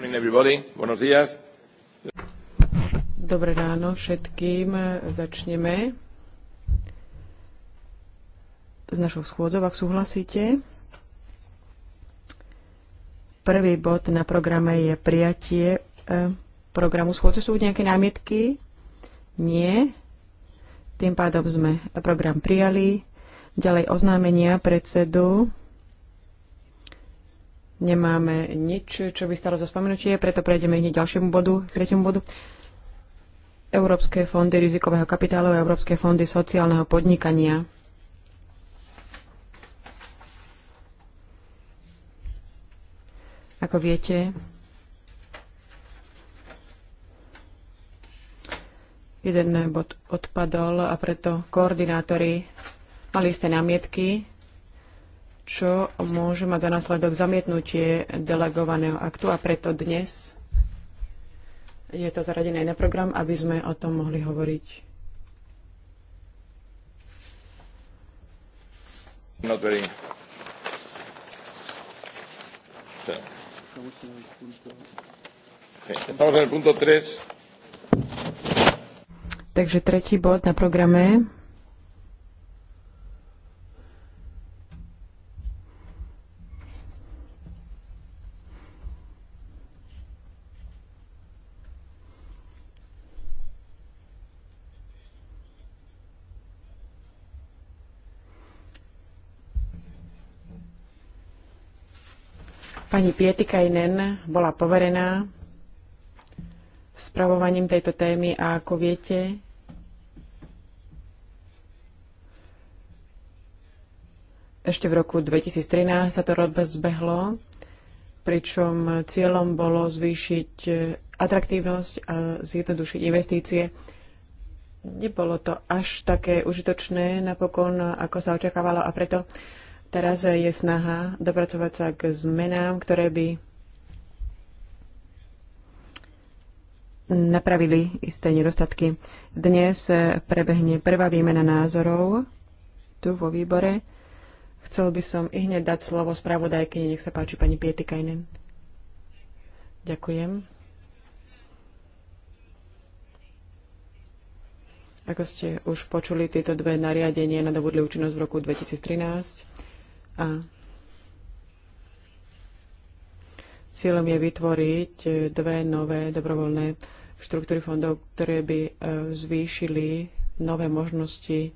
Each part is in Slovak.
Morning everybody. Buenos días. Dobré ráno všetkým. Začneme s našou schôdzou, ak súhlasíte. Prvý bod na programe je prijatie e, programu schôdze. Sú nejaké námietky? Nie. Tým pádom sme program prijali. Ďalej oznámenia predsedu nemáme nič, čo by stalo za spomenutie, preto prejdeme hneď ďalšiemu bodu, k tretiemu bodu. Európske fondy rizikového kapitálu a Európske fondy sociálneho podnikania. Ako viete, jeden bod odpadol a preto koordinátori mali isté námietky čo môže mať za následok zamietnutie delegovaného aktu a preto dnes je to zaradené na program, aby sme o tom mohli hovoriť. Not very... Takže tretí bod na programe Pani Pietikajnen bola poverená spravovaním tejto témy a ako viete, ešte v roku 2013 sa to rozbehlo, pričom cieľom bolo zvýšiť atraktívnosť a zjednodušiť investície. Nebolo to až také užitočné napokon, ako sa očakávalo a preto Teraz je snaha dopracovať sa k zmenám, ktoré by napravili isté nedostatky. Dnes prebehne prvá výmena názorov tu vo výbore. Chcel by som i hneď dať slovo spravodajke. Nech sa páči pani Pietikainen. Ďakujem. Ako ste už počuli, tieto dve nariadenie nadobudli účinnosť v roku 2013 a cieľom je vytvoriť e, dve nové dobrovoľné štruktúry fondov, ktoré by e, zvýšili nové možnosti e,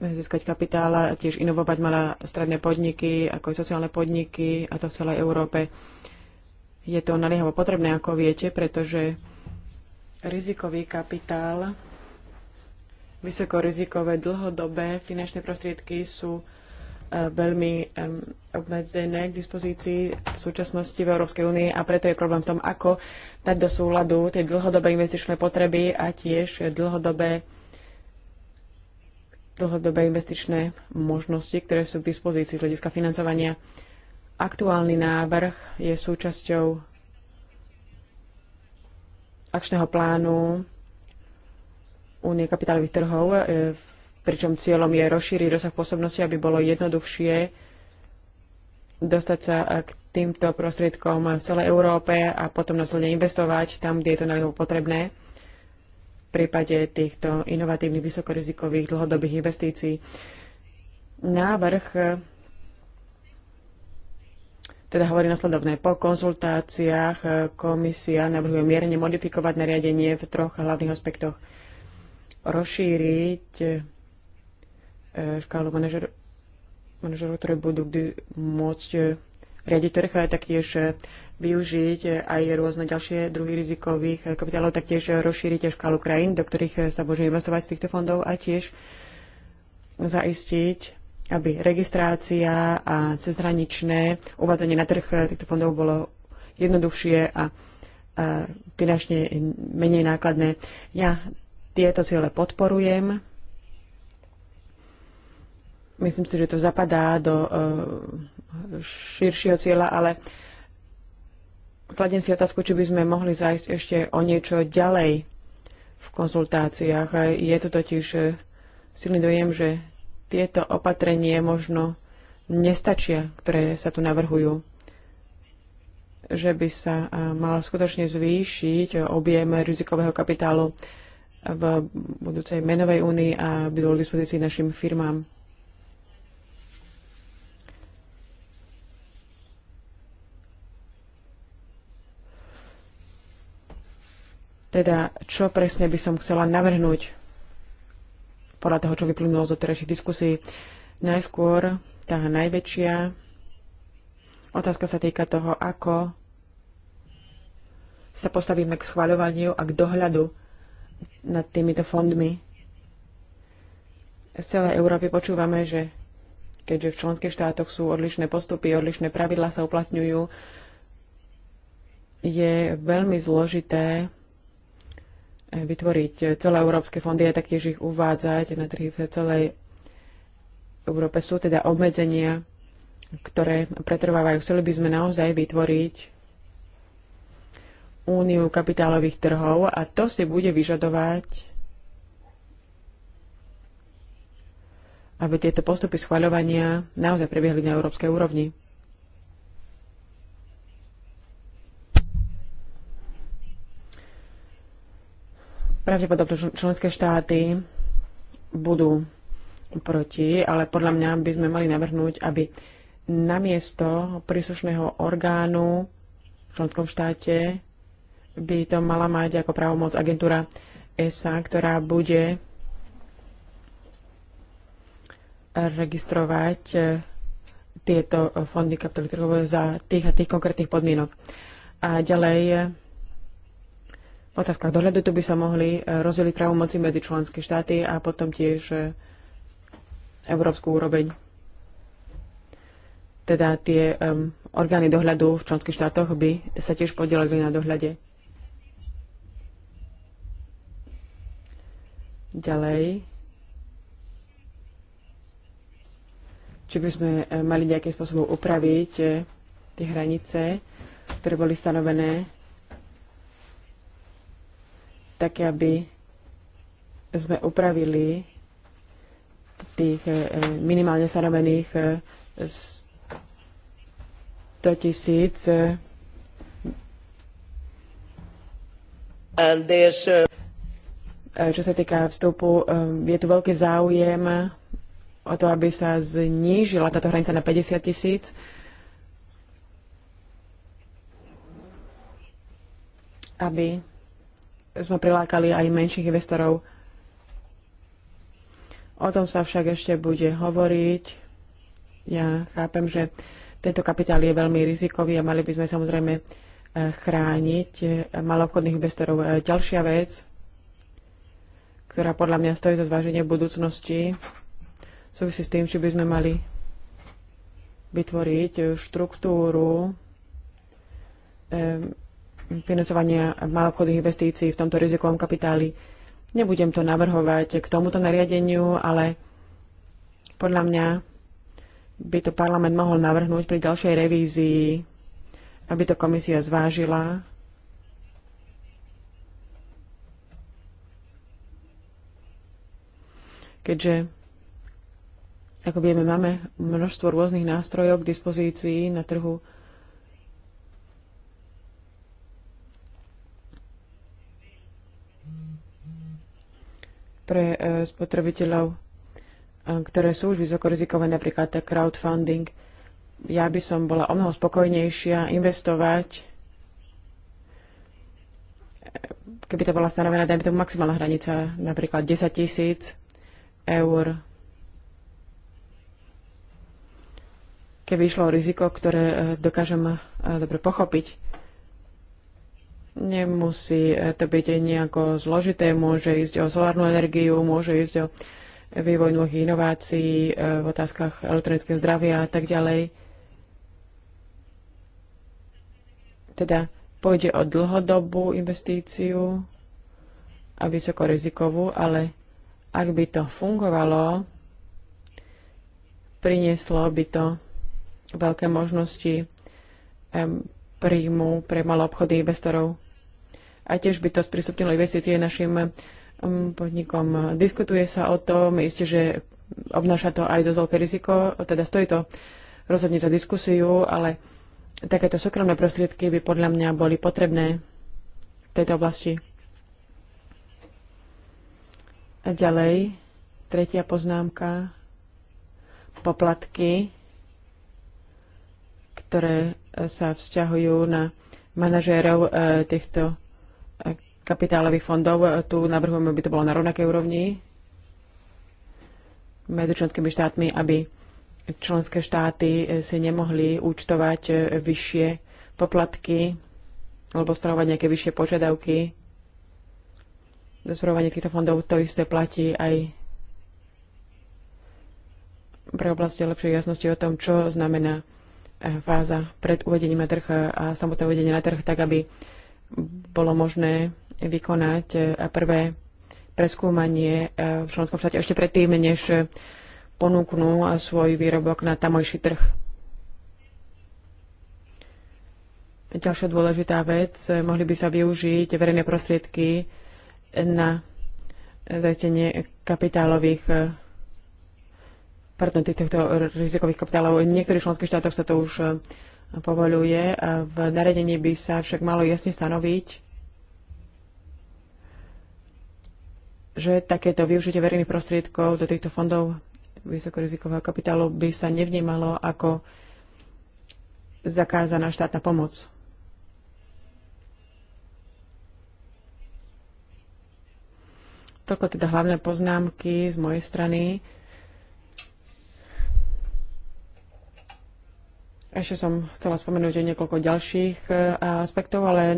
získať kapitál a tiež inovovať malé stredné podniky, ako aj sociálne podniky a to v celej Európe. Je to naliehavo potrebné, ako viete, pretože rizikový kapitál vysokorizikové dlhodobé finančné prostriedky sú e, veľmi obmedzené k dispozícii v súčasnosti v Európskej únii a preto je problém v tom, ako dať do súladu tie dlhodobé investičné potreby a tiež dlhodobé dlhodobé investičné možnosti, ktoré sú k dispozícii z hľadiska financovania. Aktuálny návrh je súčasťou akčného plánu únie kapitálových trhov, e, pričom cieľom je rozšíriť rozsah pôsobnosti, aby bolo jednoduchšie dostať sa k týmto prostriedkom v celej Európe a potom následne investovať tam, kde je to najmä potrebné v prípade týchto inovatívnych, vysokorizikových, dlhodobých investícií. Návrh e, teda hovorí nasledovné. Po konzultáciách e, komisia navrhuje mierne modifikovať nariadenie v troch hlavných aspektoch rozšíriť e, škálu manažerov, ktoré budú môcť e, riadiť trh a taktiež e, využiť aj rôzne ďalšie druhy rizikových kapitálov, taktiež rozšíriť škálu krajín, do ktorých sa môže investovať z týchto fondov a tiež zaistiť, aby registrácia a cezhraničné uvádzanie na trh týchto fondov bolo jednoduchšie a finančne menej nákladné. Ja tieto ciele podporujem. Myslím si, že to zapadá do eh, širšieho cieľa, ale kladiem si otázku, či by sme mohli zájsť ešte o niečo ďalej v konzultáciách. Je tu totiž eh, silný dojem, že tieto opatrenie možno nestačia, ktoré sa tu navrhujú. Že by sa eh, mal skutočne zvýšiť objem rizikového kapitálu v budúcej menovej únii a by k dispozícii našim firmám. Teda, čo presne by som chcela navrhnúť podľa toho, čo vyplynulo z doterajších diskusí. Najskôr tá najväčšia otázka sa týka toho, ako sa postavíme k schváľovaniu a k dohľadu nad týmito fondmi. Z celej Európy počúvame, že keďže v členských štátoch sú odlišné postupy, odlišné pravidlá sa uplatňujú, je veľmi zložité eh, vytvoriť celé európske fondy a taktiež ich uvádzať na trhy v celej Európe. Sú teda obmedzenia, ktoré pretrvávajú. Chceli by sme naozaj vytvoriť úniu kapitálových trhov a to si bude vyžadovať, aby tieto postupy schvaľovania naozaj prebiehli na európskej úrovni. Pravdepodobne členské štáty budú proti, ale podľa mňa by sme mali navrhnúť, aby namiesto príslušného orgánu v členskom štáte by to mala mať ako právomoc agentúra ESA, ktorá bude registrovať e, tieto fondy kapitálu trhov za tých a tých konkrétnych podmienok. A ďalej e, v otázkach dohľadu tu by sa mohli e, rozdeliť právomoci medzi členské štáty a potom tiež európsku úroveň. Teda tie um, orgány dohľadu v členských štátoch by sa tiež podielali na dohľade. Ďalej, či by sme eh, mali nejakým spôsobom upraviť eh, tie hranice, ktoré boli stanovené, tak aby sme upravili tých eh, minimálne stanovených 100 tisíc. And there's, uh... E, čo sa týka vstupu, e, je tu veľký záujem o to, aby sa znížila táto hranica na 50 tisíc. aby sme prilákali aj menších investorov. O tom sa však ešte bude hovoriť. Ja chápem, že tento kapitál je veľmi rizikový a mali by sme samozrejme e, chrániť maloobchodných investorov. Ďalšia vec, ktorá podľa mňa stojí za zváženie budúcnosti, súvisí s tým, či by sme mali vytvoriť eh, štruktúru eh, financovania malobchodných investícií v tomto rizikovom kapitáli. Nebudem to navrhovať k tomuto nariadeniu, ale podľa mňa by to parlament mohol navrhnúť pri ďalšej revízii, aby to komisia zvážila keďže, ako vieme, máme množstvo rôznych nástrojov k dispozícii na trhu. pre e, spotrebiteľov, e, ktoré sú už vysoko rizikové, napríklad crowdfunding. Ja by som bola o mnoho spokojnejšia investovať, e, keby to bola stanovená, dajme tomu maximálna hranica, napríklad 10 tisíc eur. Keby išlo o riziko, ktoré e, dokážem e, dobre pochopiť, nemusí e, to byť nejako zložité. Môže ísť o solárnu energiu, môže ísť o vývoj nových inovácií v otázkach elektronického zdravia a tak ďalej. Teda pôjde o dlhodobú investíciu a vysokorizikovú, ale ak by to fungovalo, prinieslo by to veľké možnosti príjmu pre malé obchody investorov. A tiež by to sprístupnilo investície našim podnikom. Diskutuje sa o tom, isté, že obnáša to aj dosť veľké riziko, teda stojí to rozhodne za diskusiu, ale takéto súkromné prostriedky by podľa mňa boli potrebné v tejto oblasti. A ďalej, tretia poznámka, poplatky, ktoré e, sa vzťahujú na manažérov e, týchto e, kapitálových fondov. Tu navrhujeme, aby to bolo na rovnakej úrovni medzi členskými štátmi, aby členské štáty si nemohli účtovať vyššie poplatky alebo stanovať nejaké vyššie požiadavky zverovanie týchto fondov, to isté platí aj pre oblasti lepšej jasnosti o tom, čo znamená eh, fáza pred uvedením na trh eh, a samotné uvedenie na trh, tak aby bolo možné vykonať eh, prvé preskúmanie v členskom štáte ešte predtým, než ponúknú svoj výrobok na tamojší trh. Ďalšia dôležitá vec, mohli by sa využiť verejné prostriedky na zajistenie kapitálových eh, pardon, týchto rizikových kapitálov. V niektorých členských štátoch sa to už eh, povoluje. V naredení by sa však malo jasne stanoviť, že takéto využitie verejných prostriedkov do týchto fondov vysokorizikového kapitálu by sa nevnímalo ako zakázaná štátna pomoc. Toľko teda hlavné poznámky z mojej strany. Ešte som chcela spomenúť aj niekoľko ďalších e, aspektov, ale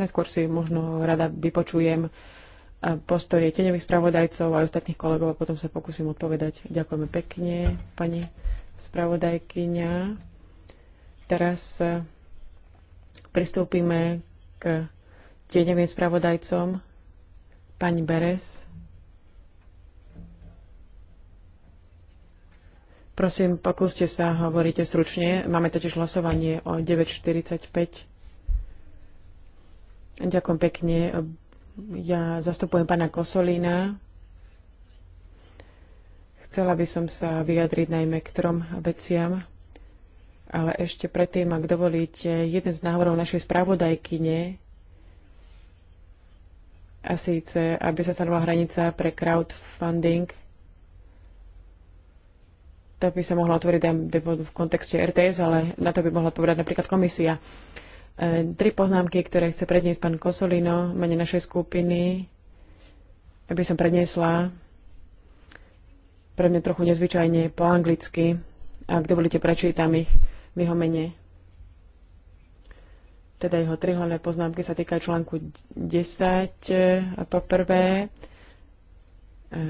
neskôr si možno rada vypočujem e, postoje teňových spravodajcov a ostatných kolegov a potom sa pokúsim odpovedať. Ďakujeme pekne, pani spravodajkyňa. Teraz e, pristúpime k tieňovým spravodajcom. Pani Beres. Prosím, pokúste sa, hovoríte stručne. Máme totiž hlasovanie o 9.45. Ďakujem pekne. Ja zastupujem pána Kosolína. Chcela by som sa vyjadriť najmä k trom veciam, ale ešte predtým, ak dovolíte, jeden z návrhov našej spravodajkyne a síce, aby sa stanovala hranica pre crowdfunding, to by sa mohla otvoriť v kontexte RTS, ale na to by mohla povedať napríklad komisia. E, tri poznámky, ktoré chce predniesť pán Kosolino, mene našej skupiny, aby som predniesla pre mňa trochu nezvyčajne po anglicky. a Ak dovolíte, prečítam ich v jeho mene. Teda jeho tri hlavné poznámky sa týkajú článku 10. E, po prvé, e,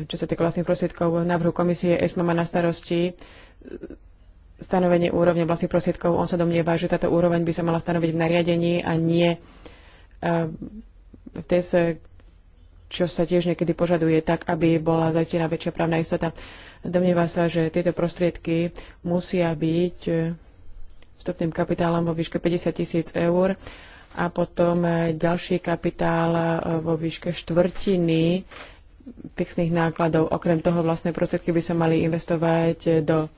čo sa týka vlastných prostriedkov, v návrhu komisie ESMA má na starosti e, stanovenie úrovne vlastných prostriedkov. On sa domnieva, že táto úroveň by sa mala stanoviť v nariadení a nie v TES, čo sa tiež niekedy požaduje, tak aby bola zaistená väčšia právna istota. Domnieva sa, že tieto prostriedky musia byť vstupným kapitálom vo výške 50 tisíc eur a potom e, ďalší kapitál e, vo výške štvrtiny fixných nákladov. Okrem toho vlastné prostriedky by sa mali investovať e, do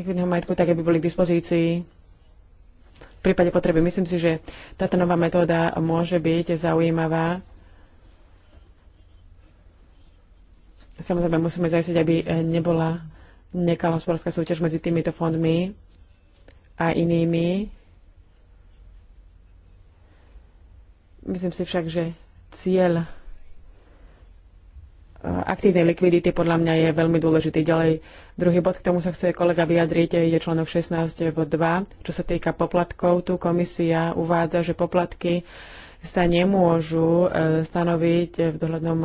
likvidného majetku, tak aby boli k dispozícii v prípade potreby. Myslím si, že táto nová metóda môže byť zaujímavá. Samozrejme, musíme zajistiť, aby nebola nejaká hospodárska súťaž medzi týmito fondmi a inými. Myslím si však, že cieľ eh, aktívnej likvidity podľa mňa je veľmi dôležitý. Ďalej, druhý bod, k tomu sa chce kolega vyjadriť, je článok 16 bod 2. Čo sa týka poplatkov, tu komisia uvádza, že poplatky sa nemôžu eh, stanoviť v dohľadnom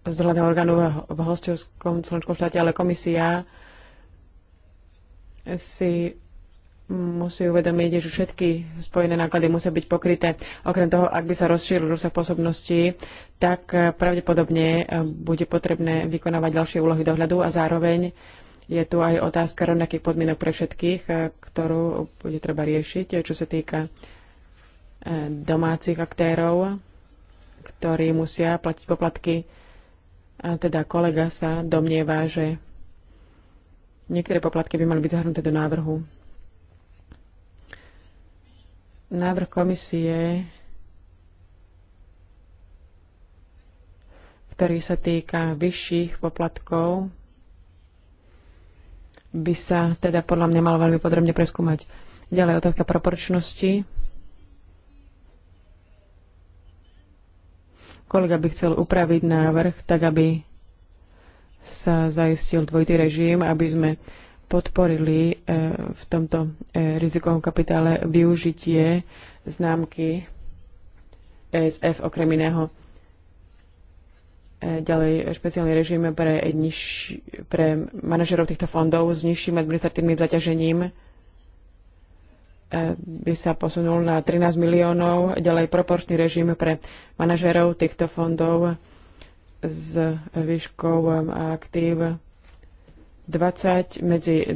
z orgánu v hostovskom členskom štáte, ale komisia si musí uvedomiť, že všetky spojené náklady musia byť pokryté. Okrem toho, ak by sa rozšíril rozsah pôsobnosti, tak eh, pravdepodobne eh, bude potrebné vykonávať ďalšie úlohy dohľadu a zároveň je tu aj otázka rovnakých podmienok pre všetkých, eh, ktorú bude treba riešiť, čo sa týka domácich aktérov, ktorí musia platiť poplatky. A teda kolega sa domnieva, že Niektoré poplatky by mali byť zahrnuté do návrhu. Návrh komisie, ktorý sa týka vyšších poplatkov, by sa teda podľa mňa malo veľmi podrobne preskúmať. Ďalej otázka proporčnosti. Kolega by chcel upraviť návrh tak, aby sa zaistil dvojitý režim, aby sme podporili e, v tomto e, rizikovom kapitále využitie známky ESF okrem iného. E, ďalej špeciálny režim pre, niž, pre manažerov týchto fondov s nižším administratívnym zaťažením by sa posunul na 13 miliónov. Ďalej proporčný režim pre manažerov týchto fondov s výškou um, aktív 20, medzi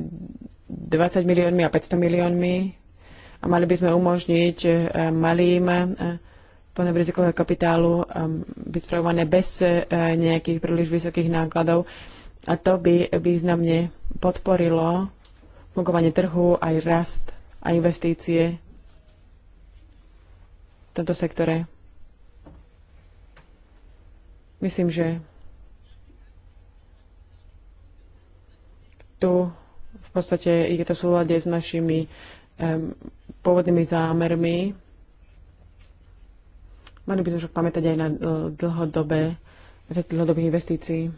20 miliónmi a 500 miliónmi a mali by sme umožniť um, malým um, plnom rizikového kapitálu byť spravované bez uh, nejakých príliš vysokých nákladov a to by významne podporilo fungovanie trhu, aj rast a investície v tomto sektore. Myslím, že tu v podstate je to v súlade s našimi um, pôvodnými zámermi. Mali by sme však pamätať aj na e, dlhodobé, dlhodobých investícií.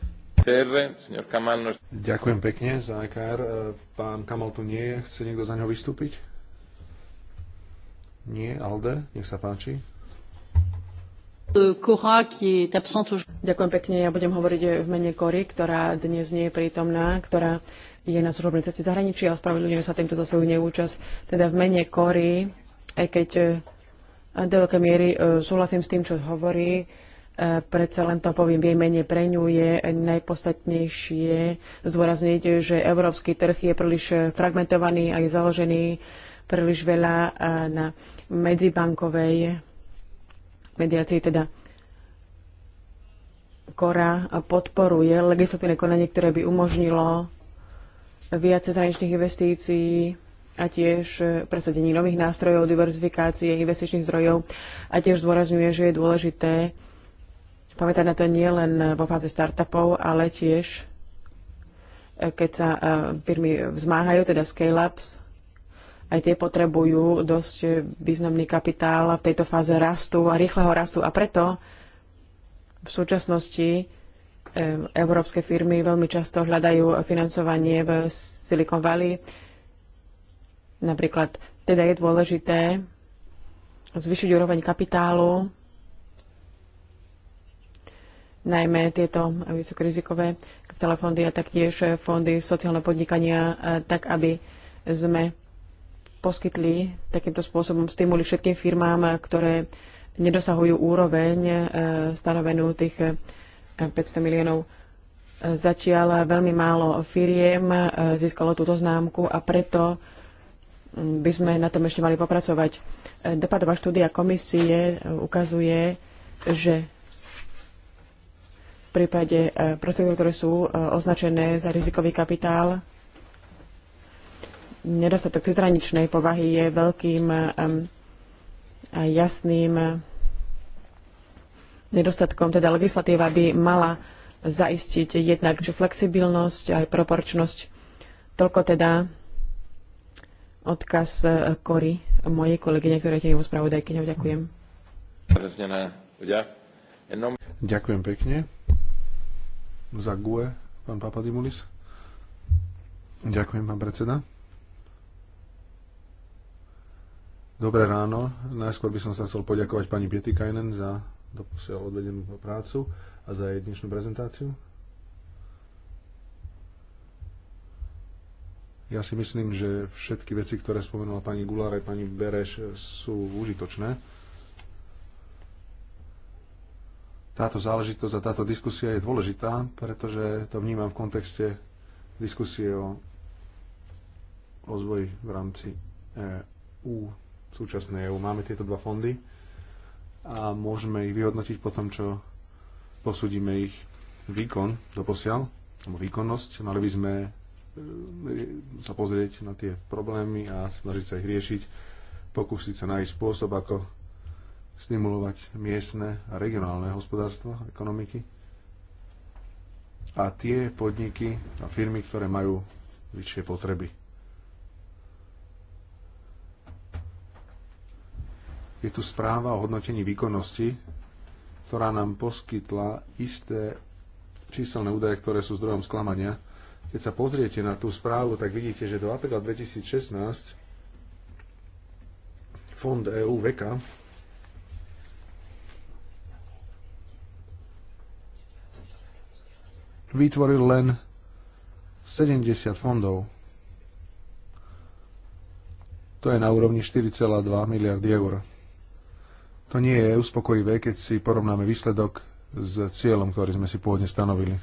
Ďakujem pekne za EKR. E, pán Kamal tu nie je. Chce niekto za neho vystúpiť? Nie, Alde, nech sa páči. Ďakujem pekne, ja budem hovoriť v mene Kory, ktorá dnes nie je prítomná, ktorá je na služobnej ceste zahraničí a ospravedlňuje sa týmto za svoju neúčasť. Teda v mene Kory, aj keď e, do veľkej miery e, súhlasím s tým, čo hovorí, e, predsa len to poviem v jej mene pre ňu je najpodstatnejšie zdôrazniť, že európsky trh je príliš fragmentovaný a je založený príliš veľa na medzibankovej mediácie, Teda Kora podporuje legislatívne konanie, ktoré by umožnilo viac zahraničných investícií a tiež presadenie nových nástrojov, diverzifikácie investičných zdrojov a tiež zdôrazňuje, že je dôležité pamätať na to nie len vo fáze startupov, ale tiež eh, keď sa eh, firmy vzmáhajú, teda scale-ups, aj tie potrebujú dosť významný kapitál v tejto fáze rastu a rýchleho rastu. A preto v súčasnosti európske firmy veľmi často hľadajú financovanie v Silicon Valley. Napríklad teda je dôležité zvyšiť úroveň kapitálu, najmä tieto vysokorizikové kapitále fondy a taktiež fondy sociálneho podnikania, eh, tak aby sme poskytli takýmto spôsobom stimuli všetkým firmám, ktoré nedosahujú úroveň e, stanovenú tých 500 e, miliónov. Zatiaľ veľmi málo firiem e, získalo túto známku a preto by sme na tom ešte mali popracovať. Dopadová štúdia komisie ukazuje, že v prípade procedúr, ktoré sú označené za rizikový kapitál, nedostatok cezhraničnej povahy je veľkým a jasným nedostatkom. Teda legislatíva by mala zaistiť jednak že flexibilnosť aj proporčnosť. Toľko teda odkaz Kory, e, mojej kolegyne, ktoré tiež spravodajkyňou. Ďakujem. Ďakujem pekne. Za GUE, pán Papadimulis. Ďakujem, pán predseda. Dobré ráno. Najskôr by som sa chcel poďakovať pani Pietikainen za doposiaľ odvedenú prácu a za jej dnešnú prezentáciu. Ja si myslím, že všetky veci, ktoré spomenula pani Guláre, pani Bereš, sú užitočné. Táto záležitosť a táto diskusia je dôležitá, pretože to vnímam v kontexte diskusie o rozvoji v rámci EU súčasnej EU. Máme tieto dva fondy a môžeme ich vyhodnotiť po tom, čo posúdime ich výkon doposiaľ, alebo výkonnosť. Mali by sme e, sa pozrieť na tie problémy a snažiť sa ich riešiť, pokúsiť sa nájsť spôsob, ako stimulovať miestne a regionálne hospodárstvo ekonomiky. A tie podniky a firmy, ktoré majú vyššie potreby. Je tu správa o hodnotení výkonnosti, ktorá nám poskytla isté číselné údaje, ktoré sú zdrojom sklamania. Keď sa pozriete na tú správu, tak vidíte, že do apríla 2016 fond EU veka vytvoril len 70 fondov. To je na úrovni 4,2 miliardy eur. To nie je uspokojivé, keď si porovnáme výsledok s cieľom, ktorý sme si pôvodne stanovili.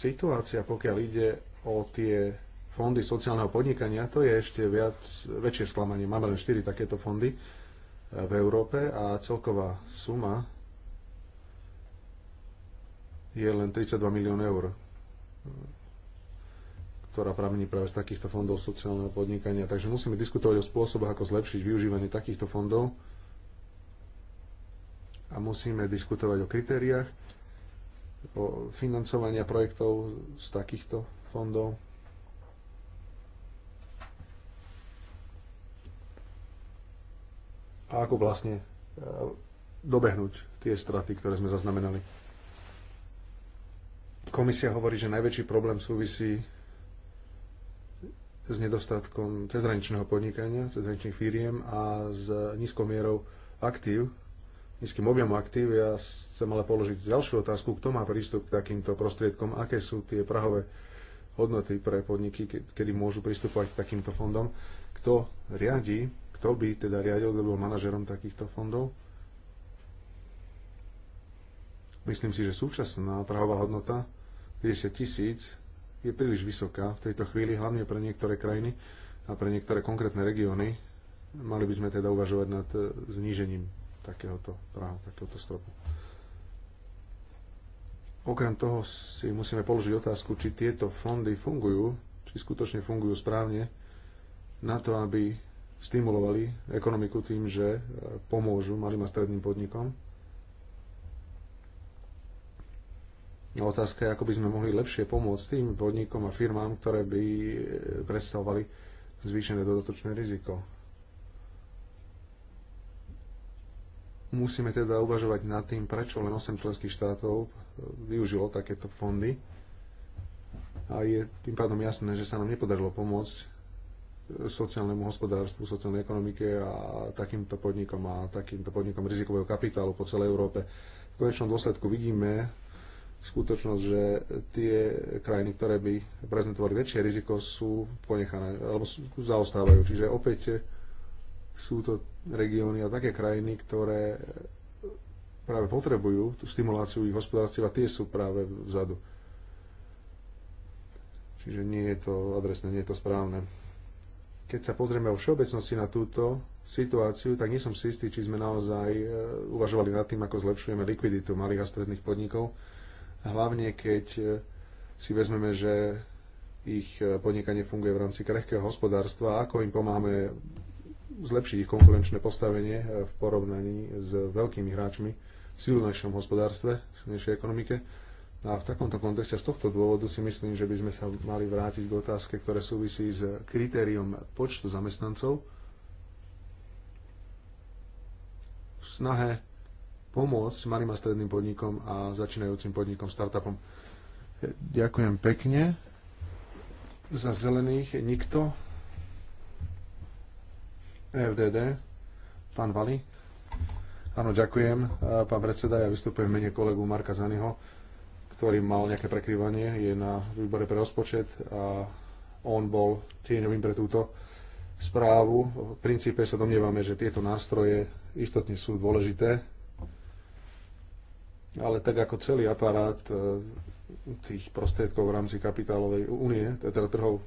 Situácia, pokiaľ ide o tie fondy sociálneho podnikania, to je ešte viac, väčšie sklamanie. Máme len 4 takéto fondy eh, v Európe a celková suma je len 32 milión eur ktorá pramení práve z takýchto fondov sociálneho podnikania. Takže musíme diskutovať o spôsoboch, ako zlepšiť využívanie takýchto fondov a musíme diskutovať o kritériách, o financovania projektov z takýchto fondov. A ako vlastne e, dobehnúť tie straty, ktoré sme zaznamenali. Komisia hovorí, že najväčší problém súvisí s nedostatkom cezhraničného podnikania, cezhraničných firiem a s nízkou mierou aktív, nízkym objemom aktív. Ja chcem ale položiť ďalšiu otázku, kto má prístup k takýmto prostriedkom, aké sú tie prahové hodnoty pre podniky, kedy môžu pristupovať k takýmto fondom, kto riadi, kto by teda riadil, kto bol manažerom takýchto fondov. Myslím si, že súčasná prahová hodnota 50 tisíc je príliš vysoká v tejto chvíli, hlavne pre niektoré krajiny a pre niektoré konkrétne regióny. Mali by sme teda uvažovať nad e, znížením takéhoto práhu, takéhoto stropu. Okrem toho si musíme položiť otázku, či tieto fondy fungujú, či skutočne fungujú správne na to, aby stimulovali ekonomiku tým, že e, pomôžu malým a stredným podnikom Otázka je, ako by sme mohli lepšie pomôcť tým podnikom a firmám, ktoré by e, predstavovali zvýšené dodatočné riziko. Musíme teda uvažovať nad tým, prečo len 8 členských štátov e, využilo takéto fondy. A je tým pádom jasné, že sa nám nepodarilo pomôcť e, sociálnemu hospodárstvu, sociálnej ekonomike a takýmto podnikom a takýmto podnikom rizikového kapitálu po celej Európe. V konečnom dôsledku vidíme skutočnosť, že tie krajiny, ktoré by prezentovali väčšie riziko, sú ponechané, alebo sú, zaostávajú. Čiže opäť sú to regióny a také krajiny, ktoré práve potrebujú tú stimuláciu ich hospodárstva a tie sú práve vzadu. Čiže nie je to adresné, nie je to správne. Keď sa pozrieme vo všeobecnosti na túto situáciu, tak nie som si istý, či sme naozaj e, uvažovali nad tým, ako zlepšujeme likviditu malých a stredných podnikov hlavne keď e, si vezmeme, že ich e, podnikanie funguje v rámci krehkého hospodárstva a ako im pomáhame zlepšiť ich konkurenčné postavenie e, v porovnaní s veľkými hráčmi v silnejšom hospodárstve, v silnejšej ekonomike. No a v takomto kontexte z tohto dôvodu si myslím, že by sme sa mali vrátiť k otázke, ktoré súvisí s kritériom počtu zamestnancov v snahe pomôcť malým a stredným podnikom a začínajúcim podnikom, startupom. E, ďakujem pekne. Za zelených nikto. E FDD. Pán Vali. Áno, ďakujem. E, pán predseda, ja vystupujem v mene kolegu Marka Zaniho, ktorý mal nejaké prekryvanie, je na výbore pre rozpočet a on bol tieňovým pre túto správu. V princípe sa domnievame, že tieto nástroje istotne sú dôležité ale tak ako celý aparát e, tých prostriedkov v rámci kapitálovej únie, teda trhov,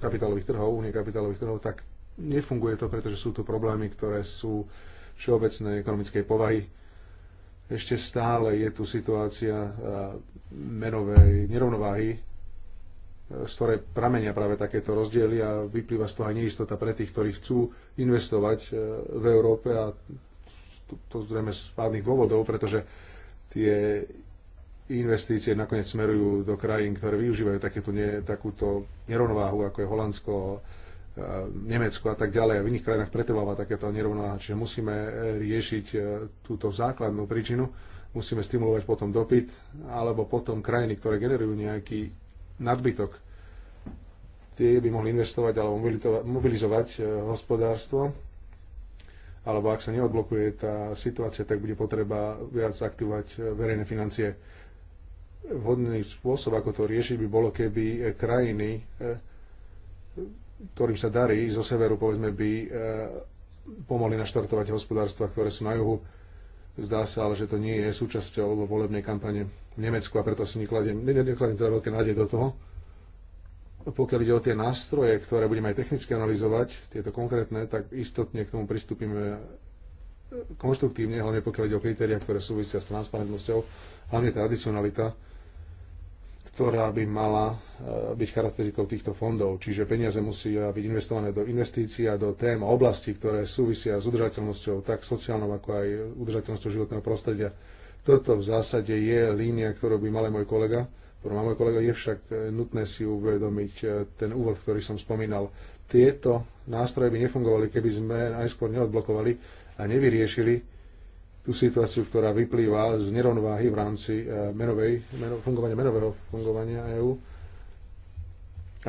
kapitálových trhov, únie kapitálových trhov, tak nefunguje to, pretože sú tu problémy, ktoré sú všeobecnej ekonomickej povahy. Ešte stále je tu situácia e, menovej nerovnováhy, e, z ktorej pramenia práve takéto rozdiely a vyplýva z toho aj neistota pre tých, ktorí chcú investovať v Európe a to, to zrejme z pádnych dôvodov, pretože tie investície nakoniec smerujú do krajín, ktoré využívajú takéto, ne, takúto nerovnováhu, ako je Holandsko, Nemecko a tak ďalej. A v iných krajinách pretrváva takéto nerovnováha. Čiže musíme e, riešiť e, túto základnú príčinu. Musíme stimulovať potom dopyt, alebo potom krajiny, ktoré generujú nejaký nadbytok. Tie by mohli investovať alebo mobilizovať e, hospodárstvo alebo ak sa neodblokuje tá situácia, tak bude potreba viac aktivovať e, verejné financie. Vhodný spôsob, ako to riešiť, by bolo, keby e, krajiny, e, ktorým sa darí zo severu, povedzme, by pomohli naštartovať hospodárstva, ktoré sú na juhu. Zdá sa ale, že to nie je súčasťou volebnej kampane v Nemecku a preto si nekladiem, nekladiem teda veľké nádej do toho pokiaľ ide o tie nástroje, ktoré budeme aj technicky analyzovať, tieto konkrétne, tak istotne k tomu pristúpime e, konštruktívne, hlavne pokiaľ ide o kritéria, ktoré súvisia s transparentnosťou, hlavne tá adicionalita, ktorá by mala e, byť charakteristikou týchto fondov. Čiže peniaze musia byť investované do investícií a do tém a oblastí, ktoré súvisia s udržateľnosťou, tak sociálnou, ako aj udržateľnosťou životného prostredia. Toto v zásade je línia, ktorú by mal môj kolega Pro máme kolega, je však e, nutné si uvedomiť e, ten úvod, ktorý som spomínal. Tieto nástroje by nefungovali, keby sme najskôr neodblokovali a nevyriešili tú situáciu, ktorá vyplýva z nerovnováhy v rámci e, menovej, meno, fungovania menového fungovania EÚ.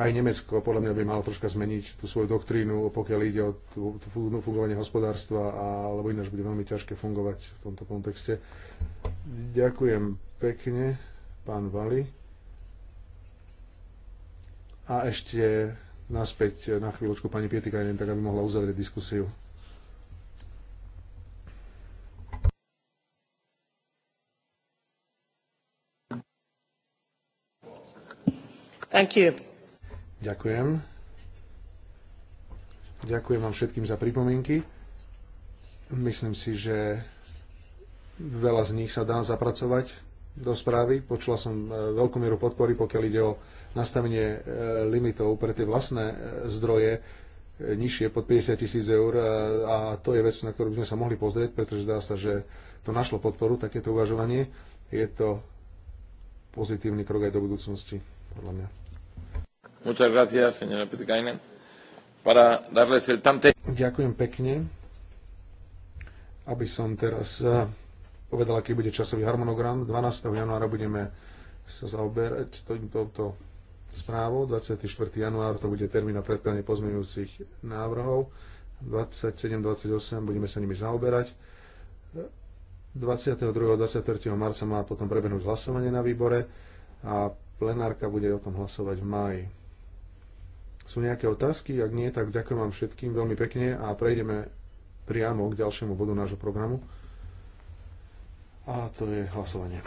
Aj Nemecko podľa mňa by malo troška zmeniť tú svoju doktrínu, pokiaľ ide o tú, tú fungovanie hospodárstva, alebo ináč bude veľmi ťažké fungovať v tomto kontexte. Ďakujem pekne, pán Vali. A ešte naspäť na chvíľočku pani Pietikajnen, tak aby mohla uzavrieť diskusiu. Thank you. Ďakujem. Ďakujem vám všetkým za pripomienky. Myslím si, že veľa z nich sa dá zapracovať do správy. Počula som e, veľkú mieru podpory, pokiaľ ide o nastavenie e, limitov pre tie vlastné e, zdroje nižšie pod 50 tisíc eur a to je vec, na ktorú by sme sa mohli pozrieť, pretože zdá sa, že to našlo podporu, takéto uvažovanie. Je to pozitívny krok aj do budúcnosti, podľa mňa. Ďakujem pekne. Aby som teraz povedal, aký bude časový harmonogram. 12. januára budeme sa zaoberať to správou. 24. január to bude termín na predkladanie pozmeňujúcich návrhov. 27, 28 budeme sa nimi zaoberať. 22. a 23. marca má potom prebehnúť hlasovanie na výbore a plenárka bude o tom hlasovať v máji. Sú nejaké otázky? Ak nie, tak ďakujem vám všetkým veľmi pekne a prejdeme priamo k ďalšiemu bodu nášho programu. A to je hlasovanie.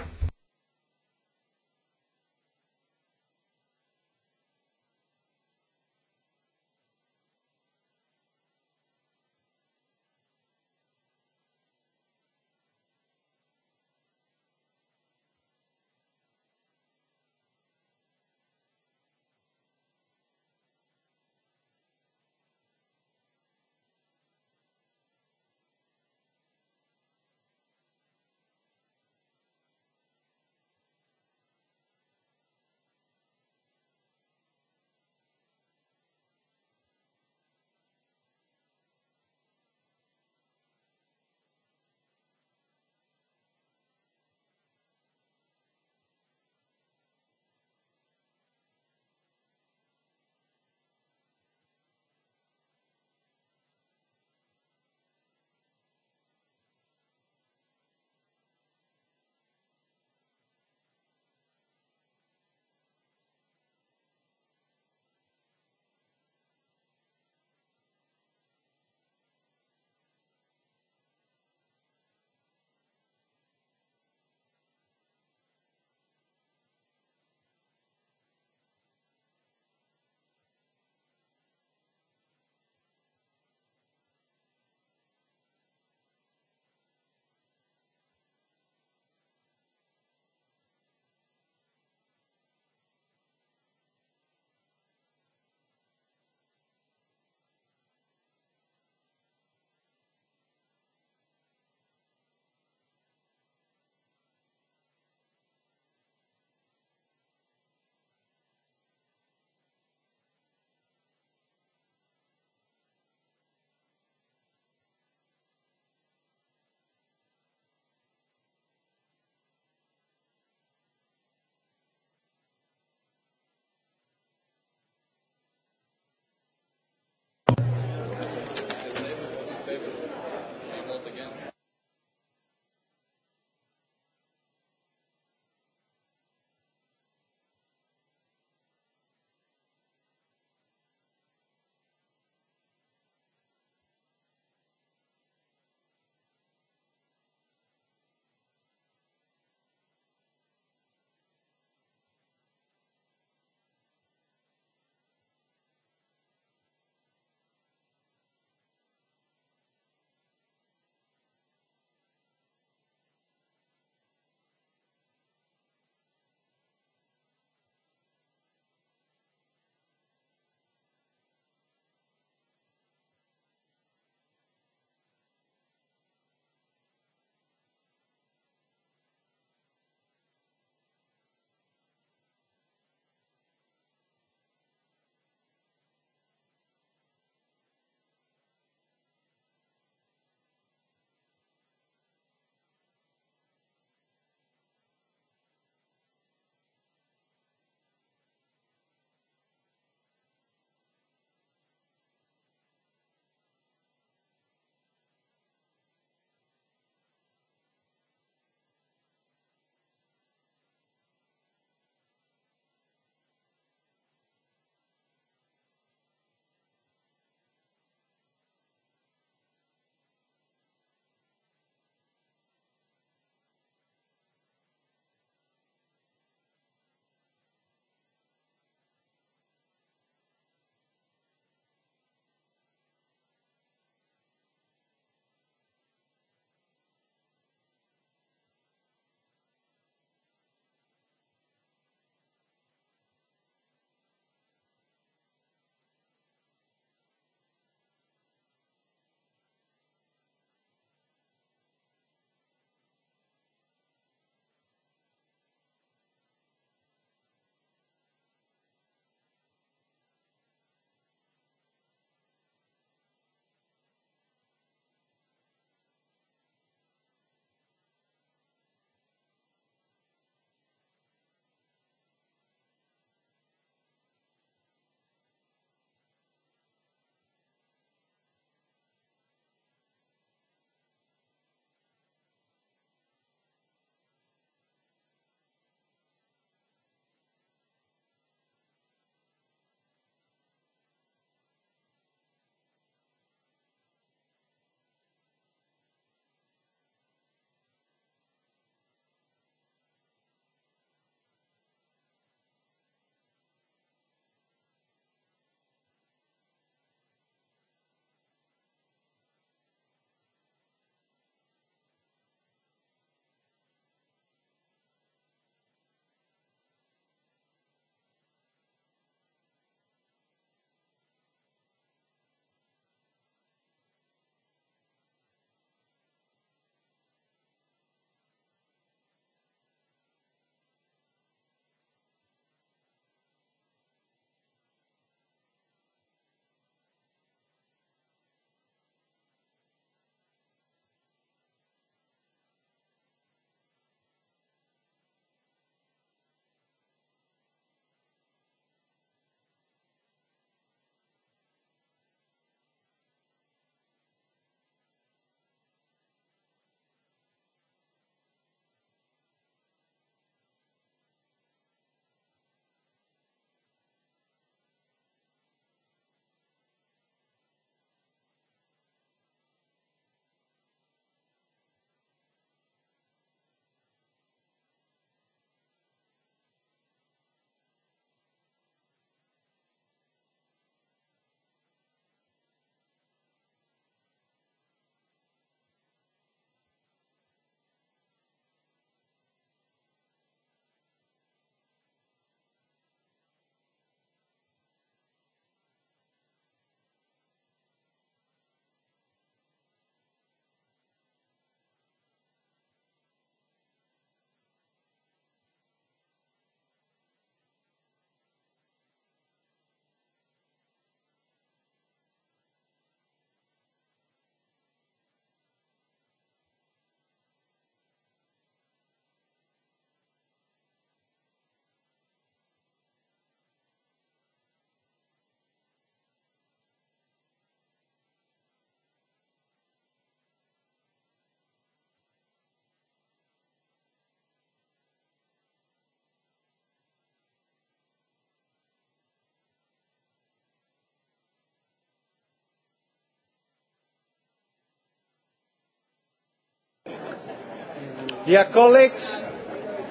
Dear colleagues,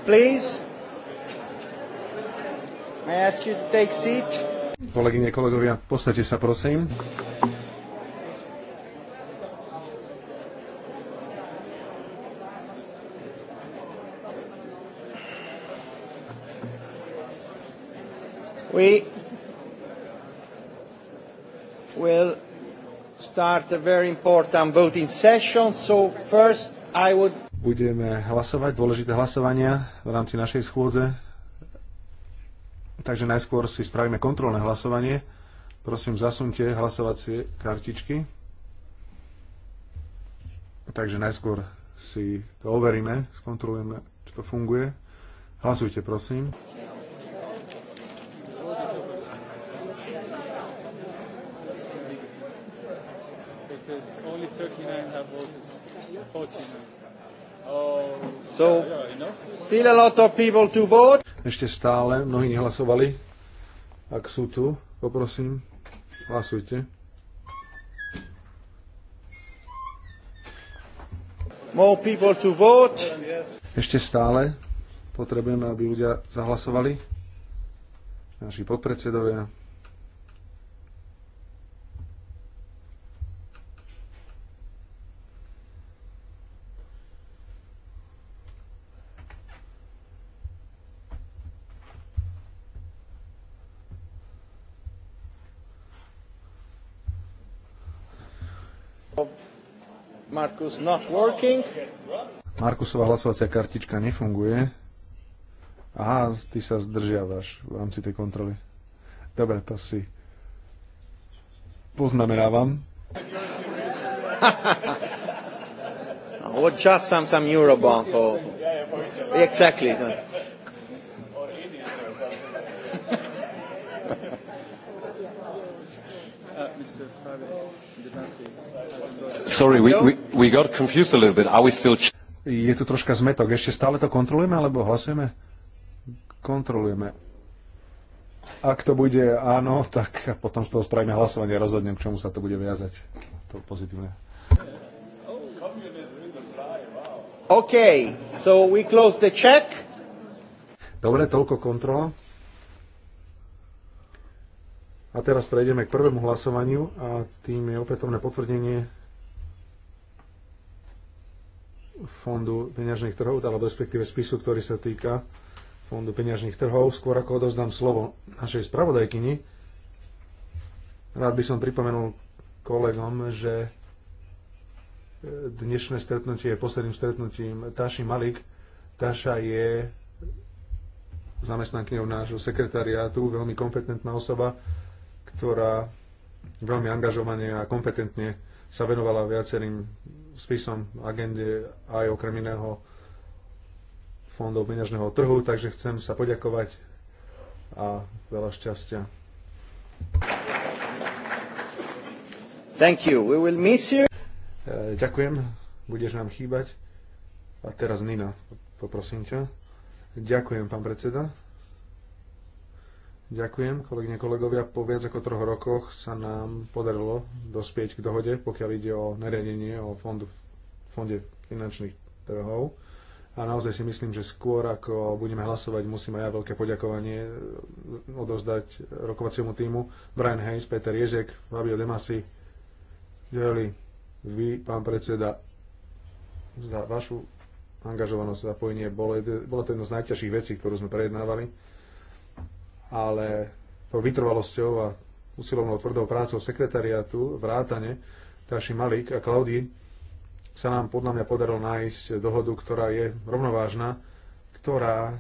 please, may I ask you to take seat? Kolegyne, kolegovia, postavte sa prosím. We will start a very important voting session, so first I would budeme hlasovať, dôležité hlasovania v rámci našej schôdze. Takže najskôr si spravíme kontrolné hlasovanie. Prosím, zasunte hlasovacie kartičky. Takže najskôr si to overíme, skontrolujeme, či to funguje. Hlasujte, prosím. Because only 39 have voted. 49. So, still a lot of people to vote. Ešte stále, mnohí nehlasovali. Ak sú tu, poprosím, hlasujte. More people to vote. Ešte stále potrebujeme, aby ľudia zahlasovali. Naši podpredsedovia. Markus not working. Markusová hlasovacia kartička nefunguje. Aha, ty sa zdržiavaš v rámci tej kontroly. Dobre, to si poznamenávam. No, what just some some Eurobond for exactly. No. Sorry, we, we, we got confused a little bit. Are we still... Je tu troška zmetok. Ešte stále to kontrolujeme alebo hlasujeme? Kontrolujeme. Ak to bude áno, tak potom z toho spravíme hlasovanie a rozhodnem, k čomu sa to bude viazať. To pozitívne. OK, so we close the check. Dobre, toľko kontrola. A teraz prejdeme k prvému hlasovaniu a tým je opätovné potvrdenie fondu peňažných trhov, alebo teda respektíve spisu, ktorý sa týka fondu peňažných trhov. Skôr ako odozdám slovo našej spravodajkyni, rád by som pripomenul kolegom, že e, dnešné stretnutie je posledným stretnutím Taši Malik. Taša je zamestnankyňou nášho sekretariátu, veľmi kompetentná osoba, ktorá veľmi angažovane a kompetentne sa venovala viacerým spisom agendy aj okrem iného fondov peňažného trhu, takže chcem sa poďakovať a veľa šťastia. Thank you. We will miss you. Eh, ďakujem, budeš nám chýbať. A teraz Nina, poprosím ťa. Ďakujem, pán predseda. Ďakujem, kolegyne, kolegovia. Po viac ako troch rokoch sa nám podarilo dospieť k dohode, pokiaľ ide o nariadenie o fondu, fonde finančných trhov. A naozaj si myslím, že skôr ako budeme hlasovať, musím aj ja veľké poďakovanie eh, odozdať rokovaciemu týmu. Brian Hayes, Peter Ježek, Fabio Demasi, Joeli, vy, pán predseda, za vašu angažovanosť, zapojenie. Bolo, bolo to jedna z najťažších vecí, ktorú sme prejednávali ale to vytrvalosťou a usilovnou tvrdou prácou sekretariátu, vrátane, Taši Malik a Klaudi, sa nám podľa mňa podarilo nájsť dohodu, ktorá je rovnovážna, ktorá e,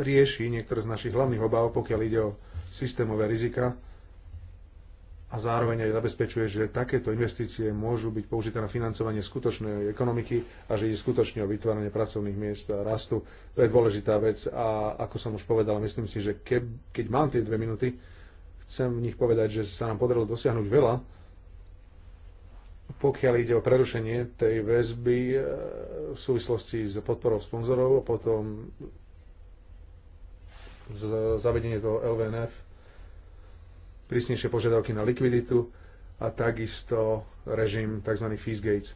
rieši niektoré z našich hlavných obáv, pokiaľ ide o systémové rizika, a zároveň aj zabezpečuje, že takéto investície môžu byť použité na financovanie skutočnej ekonomiky a že ide skutočne o vytváranie pracovných miest a rastu. To je dôležitá vec a ako som už povedal, myslím si, že keb, keď mám tie dve minúty, chcem v nich povedať, že sa nám podarilo dosiahnuť veľa, pokiaľ ide o prerušenie tej väzby e, v súvislosti s podporou sponzorov, a potom zavedenie toho LVNF prísnejšie požiadavky na likviditu a takisto režim tzv. fees gates.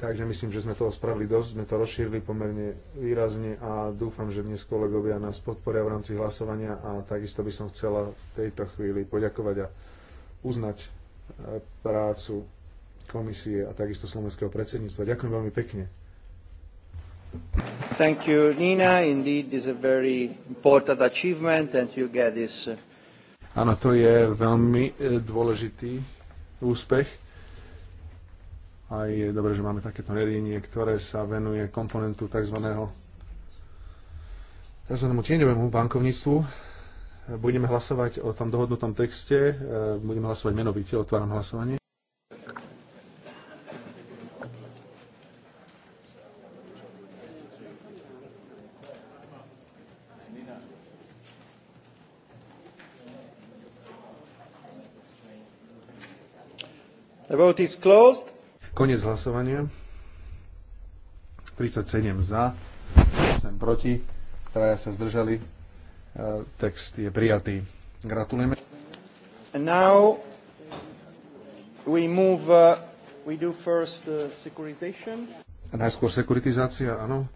Takže myslím, že sme toho spravili dosť, sme to rozšírili pomerne výrazne a dúfam, že dnes kolegovia nás podporia v rámci hlasovania a takisto by som chcela v tejto chvíli poďakovať a uznať e, prácu komisie a takisto slovenského predsedníctva. Ďakujem veľmi pekne. Thank you, Nina. Indeed, this is a very important achievement and you get this uh, Áno, to je veľmi e, dôležitý úspech. A je dobré, že máme takéto nariadenie, ktoré sa venuje komponentu tzv. tzv. tieňovému bankovníctvu. Budeme hlasovať o tom dohodnutom texte, e, budeme hlasovať menovite, otváram hlasovanie. The vote is closed. Konec hlasovania. 37 za, 8 proti, traja sa zdržali. E, text je prijatý. Gratulujeme. And now we move, uh, we do first uh, A najskôr sekuritizácia, áno.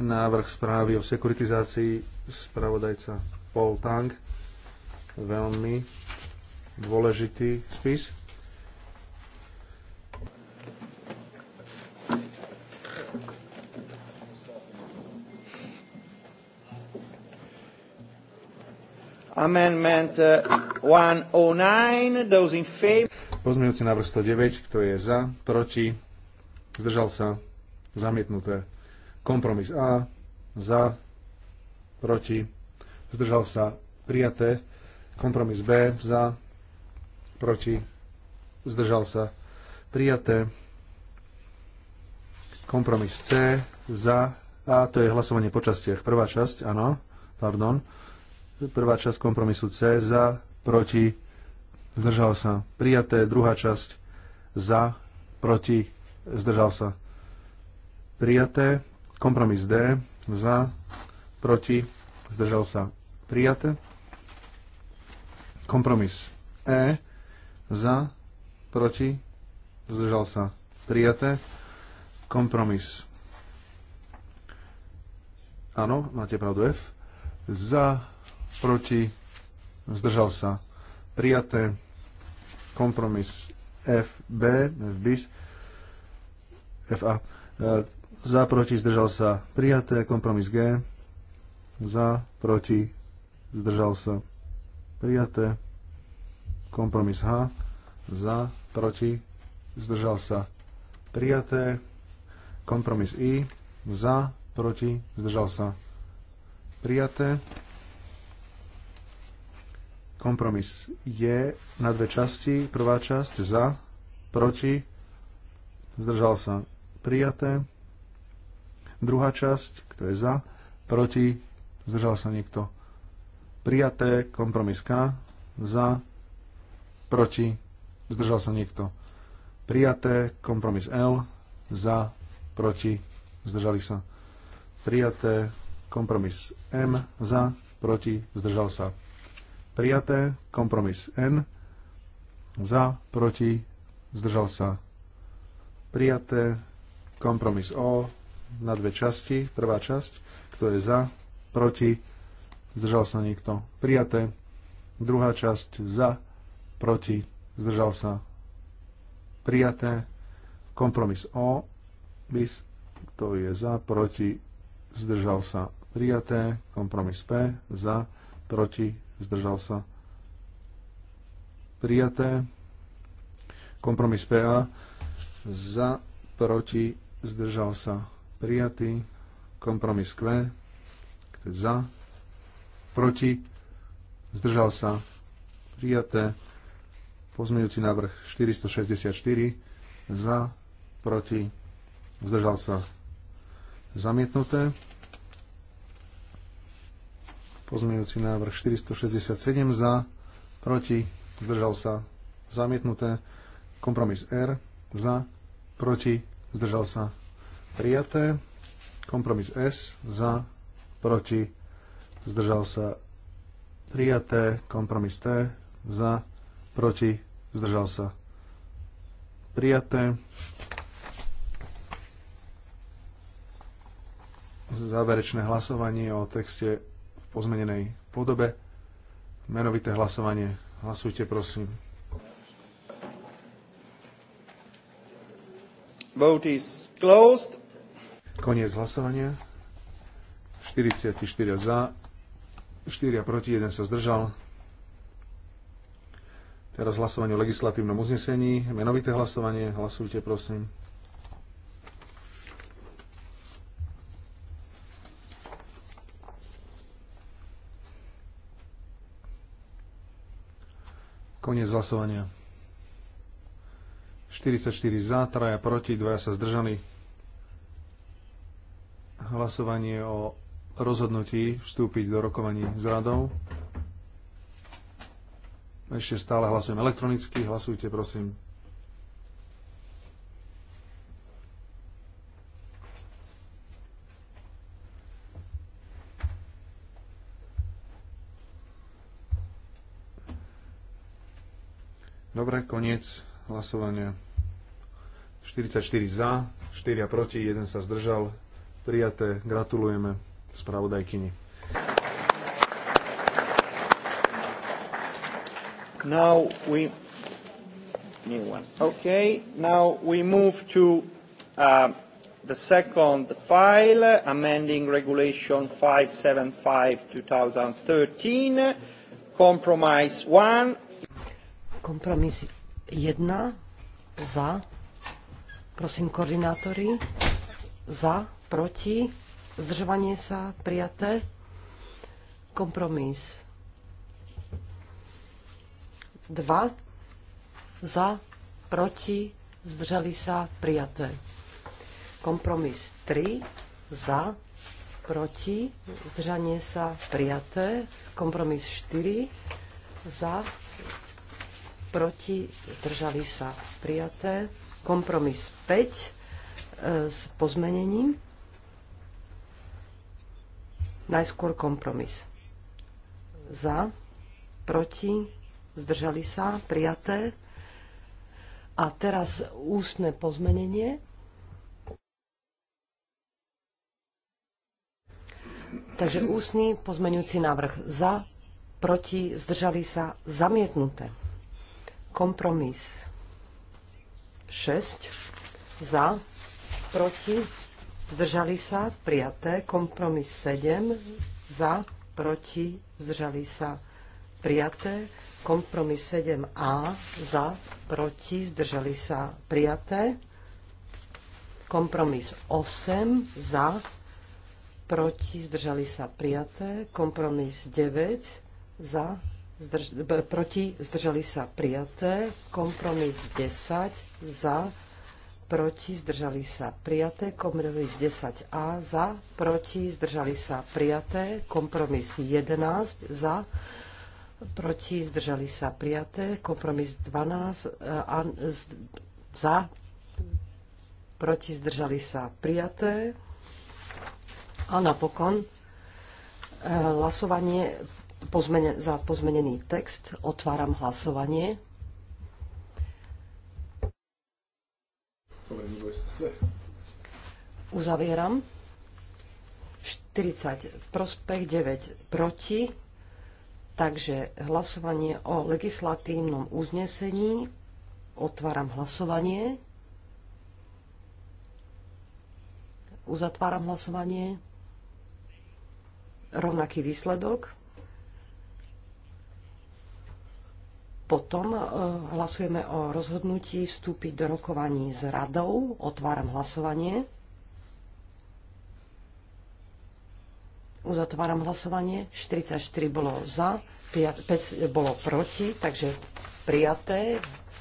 Návrh správy o sekuritizácii spravodajca Paul Tang veľmi dôležitý spis. Amendment 109, uh, Pozmeňujúci návrh 109, kto je za, proti, zdržal sa, zamietnuté. Kompromis A, za, proti, zdržal sa, prijaté. Kompromis B, za, proti, zdržal sa, prijaté. Kompromis C, za, a to je hlasovanie po častiach. Prvá časť, áno, pardon. Prvá časť kompromisu C, za, proti, zdržal sa, prijaté. Druhá časť, za, proti, zdržal sa, prijaté. Kompromis D, za, proti, zdržal sa, prijaté. Kompromis E, za, proti, zdržal sa prijaté. Kompromis. Áno, máte pravdu F. Za, proti, zdržal sa prijaté. Kompromis FB, F a Za, proti, zdržal sa prijaté. Kompromis G. Za, proti, zdržal sa prijaté. Kompromis H. Za, proti, zdržal sa prijaté. Kompromis I. Za, proti, zdržal sa prijaté. Kompromis je na dve časti. Prvá časť za, proti, zdržal sa prijaté. Druhá časť, kto je za, proti, zdržal sa niekto prijaté. Kompromis K, za, proti, zdržal sa niekto. Prijaté, kompromis L, za, proti, zdržali sa. Prijaté, kompromis M, za, proti, zdržal sa. Prijaté, kompromis N, za, proti, zdržal sa. Prijaté, kompromis O, na dve časti, prvá časť, kto je za, proti, zdržal sa niekto. Prijaté, druhá časť, za, proti, zdržal sa, prijaté. Kompromis O, bis, kto je za, proti, zdržal sa, prijaté. Kompromis P, za, proti, zdržal sa, prijaté. Kompromis PA, za, proti, zdržal sa, prijatý. Kompromis Q, za, proti, zdržal sa, prijaté Pozmeňujúci návrh 464 za, proti, zdržal sa zamietnuté. Pozmeňujúci návrh 467 za, proti, zdržal sa zamietnuté. Kompromis R za, proti, zdržal sa prijaté. Kompromis S za, proti, zdržal sa prijaté. Kompromis T za, proti, proti, zdržal sa. Prijaté. Záverečné hlasovanie o texte v pozmenenej podobe. Menovité hlasovanie. Hlasujte, prosím. Vote is closed. Koniec hlasovania. 44 za, 4 proti, 1 sa zdržal. Teraz hlasovanie o legislatívnom uznesení. Menovité hlasovanie. Hlasujte, prosím. Koniec hlasovania. 44 za, traja proti, 2 sa zdržali. Hlasovanie o rozhodnutí vstúpiť do rokovaní s radou. Ešte stále hlasujem elektronicky. Hlasujte, prosím. Dobre, koniec hlasovania. 44 za, 4 proti, 1 sa zdržal. Prijaté, gratulujeme spravodajkyni. Now we new one. Okay. Now we move to uh, the second file, amending Regulation 575/2013, compromise 1. Kompromis 1 za. Prosím koordinátori za, proti, zdržovanie sa prijaté. Kompromis 2 za, proti, zdržali sa, prijaté. Kompromis 3 za, proti, zdržanie sa, prijaté. Kompromis 4 za, proti, zdržali sa, prijaté. Kompromis 5 e, s pozmenením. Najskôr kompromis. Za, proti, zdržali sa, prijaté. A teraz ústne pozmenenie. Takže ústny pozmenujúci návrh za, proti, zdržali sa, zamietnuté. Kompromis 6, za, proti, zdržali sa, prijaté. Kompromis 7, za, proti, zdržali sa, prijaté. Kompromis 7a za, proti, zdržali sa prijaté. Kompromis 8 za, proti, zdržali sa prijaté. Kompromis 9 za, zdrž, proti, zdržali sa prijaté. Kompromis 10 za, proti, zdržali sa prijaté. Kompromis 10a za, proti, zdržali sa prijaté. Kompromis 11 za, proti, proti, zdržali sa prijaté. Kompromis 12 e, a, za, proti, zdržali sa prijaté. A napokon e, hlasovanie pozmene, za pozmenený text. Otváram hlasovanie. Uzavieram. 40 v prospech, 9 proti. Takže hlasovanie o legislatívnom uznesení. Otváram hlasovanie. Uzatváram hlasovanie. Rovnaký výsledok. Potom e, hlasujeme o rozhodnutí vstúpiť do rokovaní s radou. Otváram hlasovanie. Uzatváram hlasovanie. 44 bolo za, 5 bolo proti, takže prijaté.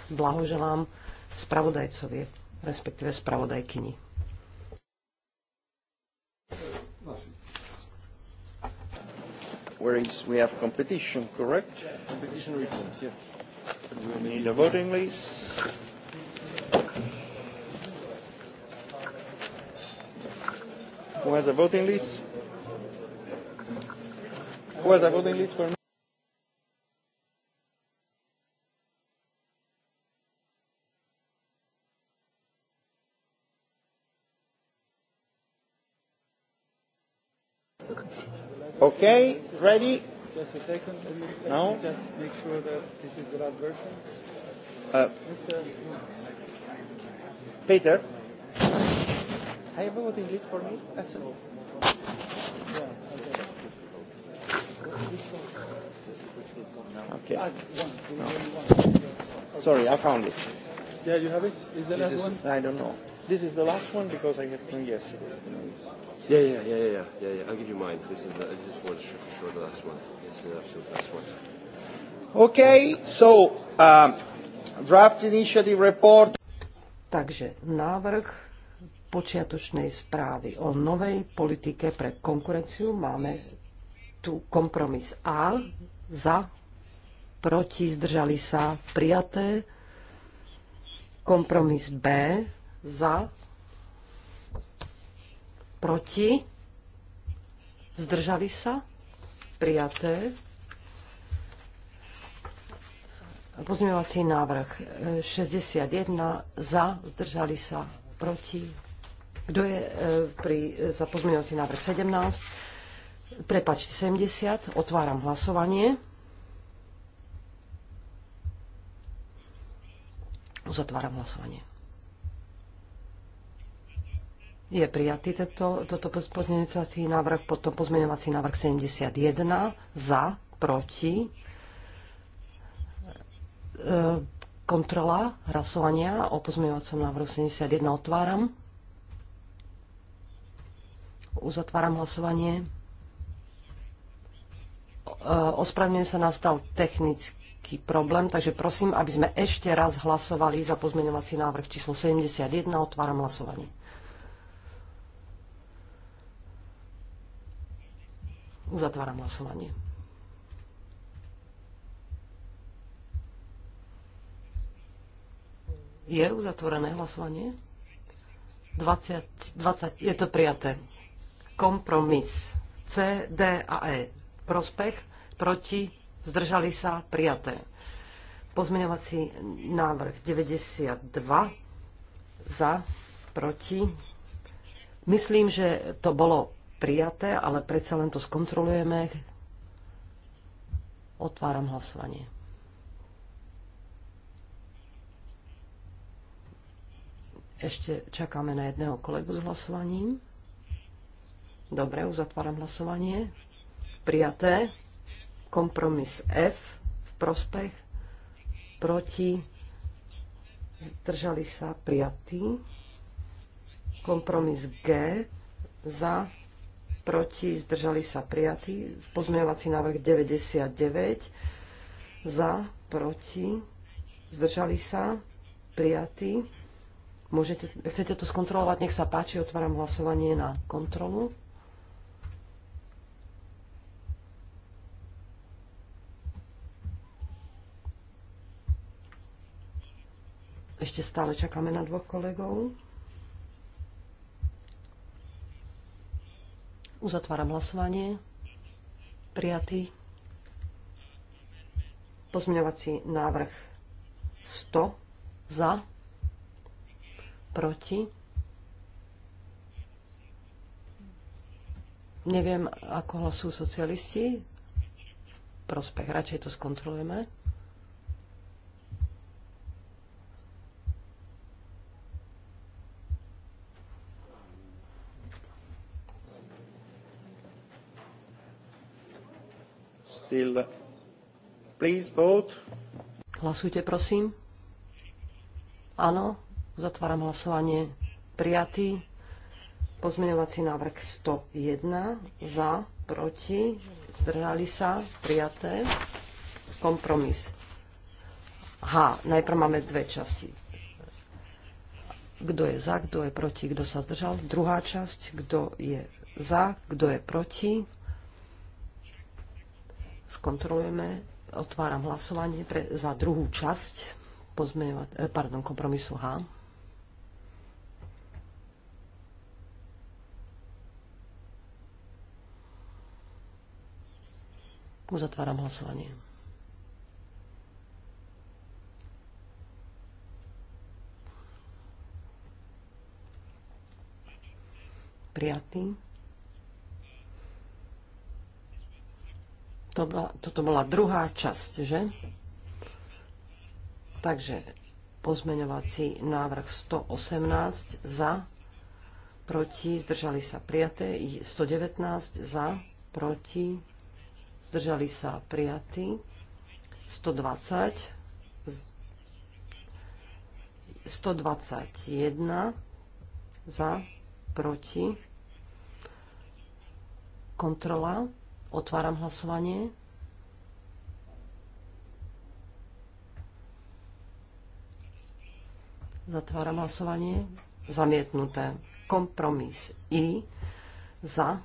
Blahoželám spravodajcovie, respektíve spravodajkyni. Where is we have competition, correct? Yeah, Competition reports, yes. We need a voting list. Who has a voting list? Who has a voting list for me? Okay, ready? Just a second. Let me, let no? me just make sure that this is the last version. Uh, Mr. Peter? I have a voting list for me? Yes. Yeah. Okay. No. Sorry, I found it. Yeah, you have it? Is the last one? I don't know. This is the last one because I had one yesterday. Yeah, yeah, yeah, yeah, yeah, yeah. I'll give you mine. This is the, this is for sure, for sure the last one. This is the absolute last one. Okay, so um, draft initiative report. Takže návrh počiatočnej správy o novej politike pre konkurenciu máme tu kompromis A za, proti, zdržali sa prijaté. Kompromis B za, proti, zdržali sa prijaté. Pozmievací návrh 61 eh, za, zdržali sa proti. Kto je eh, pri, eh, za pozmeňovací návrh 17? Prepačte, 70. Otváram hlasovanie. Uzatváram hlasovanie. Je prijatý tento, toto pozmeňovací návrh, potom pozmeňovací návrh 71 za, proti. E, kontrola hlasovania o pozmeňovacom návrhu 71 otváram. Uzatváram hlasovanie. Eh, ospravedlňujem sa, nastal technický problém, takže prosím, aby sme ešte raz hlasovali za pozmeňovací návrh číslo 71. Otváram hlasovanie. Uzatváram hlasovanie. Je uzatvorené hlasovanie? 20, 20, je to prijaté. Kompromis C, D a E prospech, proti, zdržali sa, prijaté. Pozmeňovací návrh 92 za, proti. Myslím, že to bolo prijaté, ale predsa len to skontrolujeme. Otváram hlasovanie. Ešte čakáme na jedného kolegu s hlasovaním. Dobre, uzatváram hlasovanie prijaté. Kompromis F v prospech, proti, zdržali sa prijatí. Kompromis G za, proti, zdržali sa prijatí. Pozmeňovací návrh 99 za, proti, zdržali sa prijatí. Môžete, chcete to skontrolovať? Nech sa páči, otváram hlasovanie na kontrolu. Ešte stále čakáme na dvoch kolegov. Uzatváram hlasovanie. Prijatý. Pozmeňovací návrh 100 za, proti. Neviem, ako hlasujú socialisti. V prospech, radšej to skontrolujeme. still. Please vote. Hlasujte, prosím. Áno, zatváram hlasovanie. Prijatý. Pozmeňovací návrh 101. Za, proti, zdržali sa, prijaté. Kompromis. H. Najprv máme dve časti. Kto je za, kto je proti, kto sa zdržal. Druhá časť, kto je za, kto je proti, Skontrolujeme. Otváram hlasovanie pre, za druhú časť eh, pardon, kompromisu H. Uzatváram hlasovanie. Prijatý. To bola, toto bola druhá časť, že? Takže pozmeňovací návrh 118 za, proti, zdržali sa prijaté, 119 za, proti, zdržali sa prijatí, 120, 121 za, proti, kontrola, Otváram hlasovanie. Zatváram hlasovanie. Zamietnuté. Kompromis I. Za.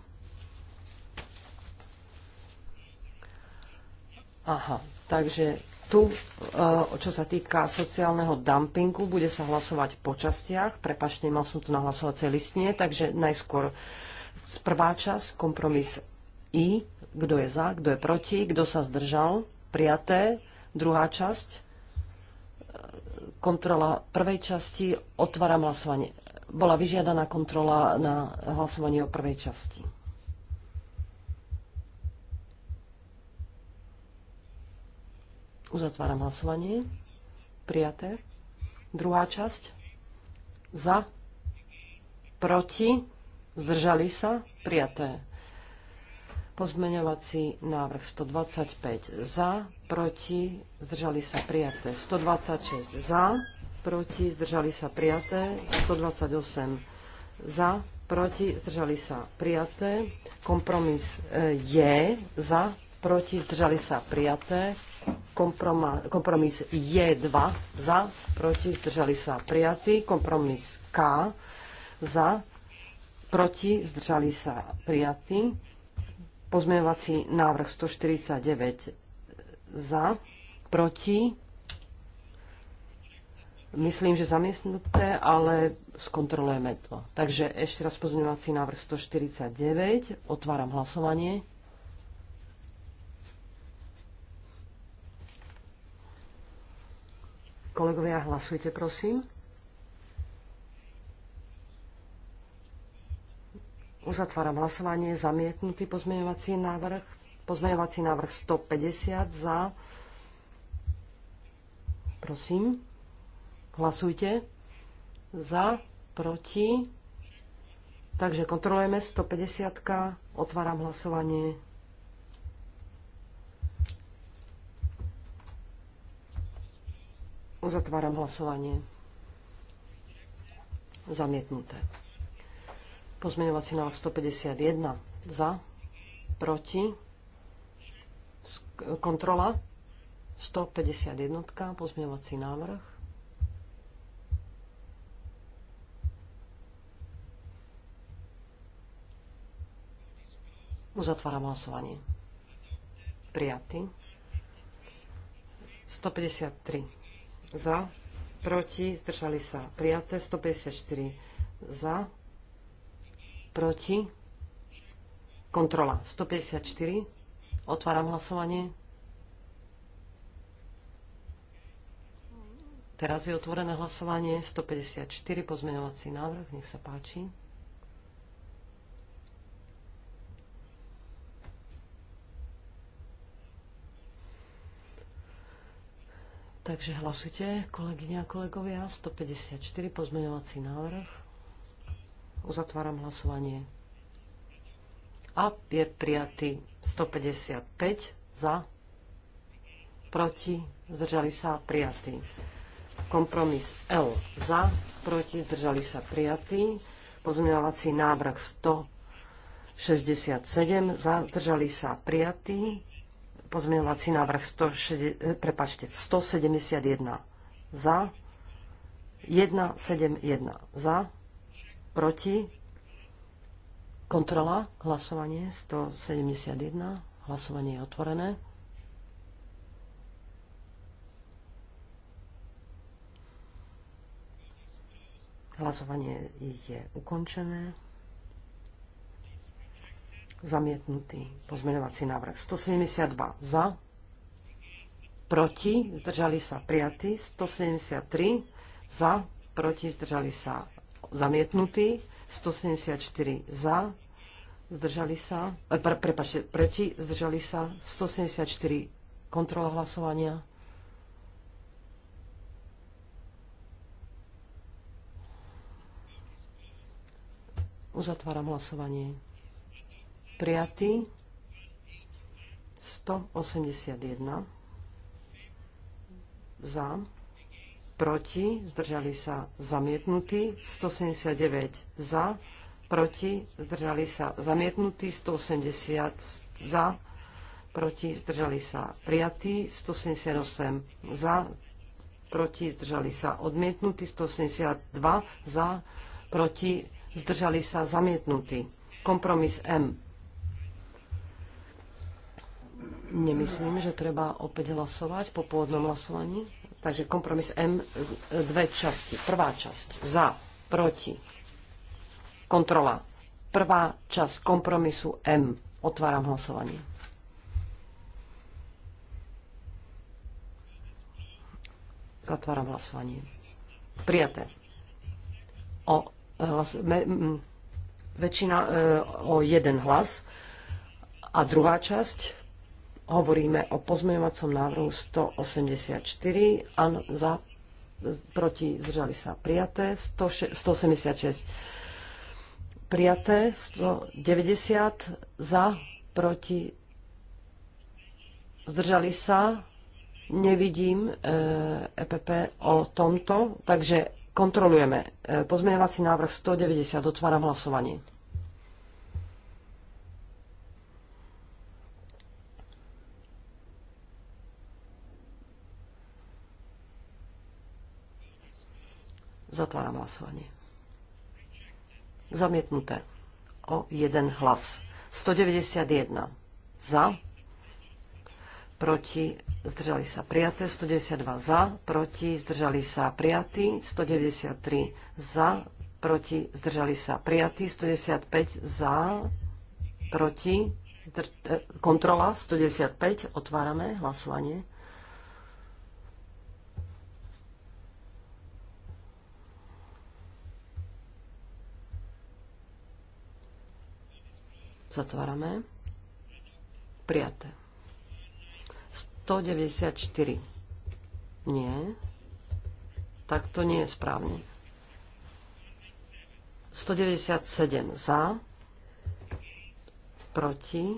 Aha, takže tu, e, čo sa týka sociálneho dumpingu, bude sa hlasovať po častiach. Prepačne, mal som tu na hlasovacej listine, takže najskôr prvá časť, kompromis I. Kto je za, kto je proti, kto sa zdržal? Prijaté. Druhá časť. Kontrola prvej časti. Otváram hlasovanie. Bola vyžiadaná kontrola na hlasovanie o prvej časti. Uzatváram hlasovanie. Prijaté. Druhá časť. Za. Proti. Zdržali sa. Prijaté. Pozmeňovací návrh 125 za, proti, zdržali sa prijaté. 126 za, proti, zdržali sa prijaté. 128 za, proti, zdržali sa prijaté. Kompromis e, je za, proti, zdržali sa prijaté. Komproma, kompromis J2 za, proti, zdržali sa prijatí. Kompromis K za, proti, zdržali sa prijatí Pozmeňovací návrh 149 za, proti. Myslím, že zamiestnuté, ale skontrolujeme to. Takže ešte raz pozmeňovací návrh 149. Otváram hlasovanie. Kolegovia, hlasujte prosím. Uzatváram hlasovanie. Zamietnutý pozmeňovací návrh. Pozmeňovací návrh 150 za. Prosím. Hlasujte. Za, proti. Takže kontrolujeme 150. Otváram hlasovanie. Uzatváram hlasovanie. Zamietnuté. Pozmeňovací návrh 151 za, proti, kontrola 151, pozmeňovací návrh. Uzatváram hlasovanie. Prijatý. 153 za, proti, zdržali sa prijaté, 154 za, proti, kontrola 154, otváram hlasovanie. Teraz je otvorené hlasovanie 154, pozmeňovací návrh, nech sa páči. Takže hlasujte, kolegyňa a kolegovia, 154 pozmeňovací návrh. Uzatváram hlasovanie. A je prijatý 155 za, proti, zdržali sa prijatý. Kompromis L za, proti, zdržali sa prijatý. Pozmeňovací návrh 167 za, zdržali sa prijatý. Pozmeňovací návrh 100, eh, prepačte, 171 za, 171 za, proti, kontrola, hlasovanie 171, hlasovanie je otvorené. Hlasovanie je ukončené. Zamietnutý pozmeňovací návrh 172 za, proti, zdržali sa prijatí, 173 za, proti, zdržali sa zamietnutý, 174 za, zdržali sa, e, pre, prepačte, proti, zdržali sa, 174 kontrola hlasovania. Uzatváram hlasovanie. Prijatý 181 za proti, zdržali sa zamietnutí, 179 za, proti, zdržali sa zamietnutí, 180 za, proti, zdržali sa prijatí, 178 za, proti, zdržali sa odmietnutí, 182 za, proti, zdržali sa zamietnutí. Kompromis M. Nemyslím, že treba opäť hlasovať po pôvodnom hlasovaní. Takže kompromis M, dve časti. Prvá časť za, proti, kontrola. Prvá časť kompromisu M. Otváram hlasovanie. Zatváram hlasovanie. Prijaté. O, eh, hlas, me, m, väčšina e, o jeden hlas. A druhá časť Hovoríme o pozmeňovacom návrhu 184. an za, proti, zdržali sa prijaté. 186 176 prijaté. 190 za, proti, zdržali sa. Nevidím e, EPP o tomto, takže kontrolujeme. E, pozmeňovací návrh 190. Otváram hlasovanie. Zatváram hlasovanie. Zamietnuté. O jeden hlas. 191 za, proti, zdržali sa prijaté, 192 za, proti, zdržali sa prijatí, 193 za, proti, zdržali sa prijatí, 195 za, proti, e, kontrola 195, otvárame hlasovanie. Zatvárame. Prijaté. 194. Nie. Tak to nie je správne. 197 za. Proti.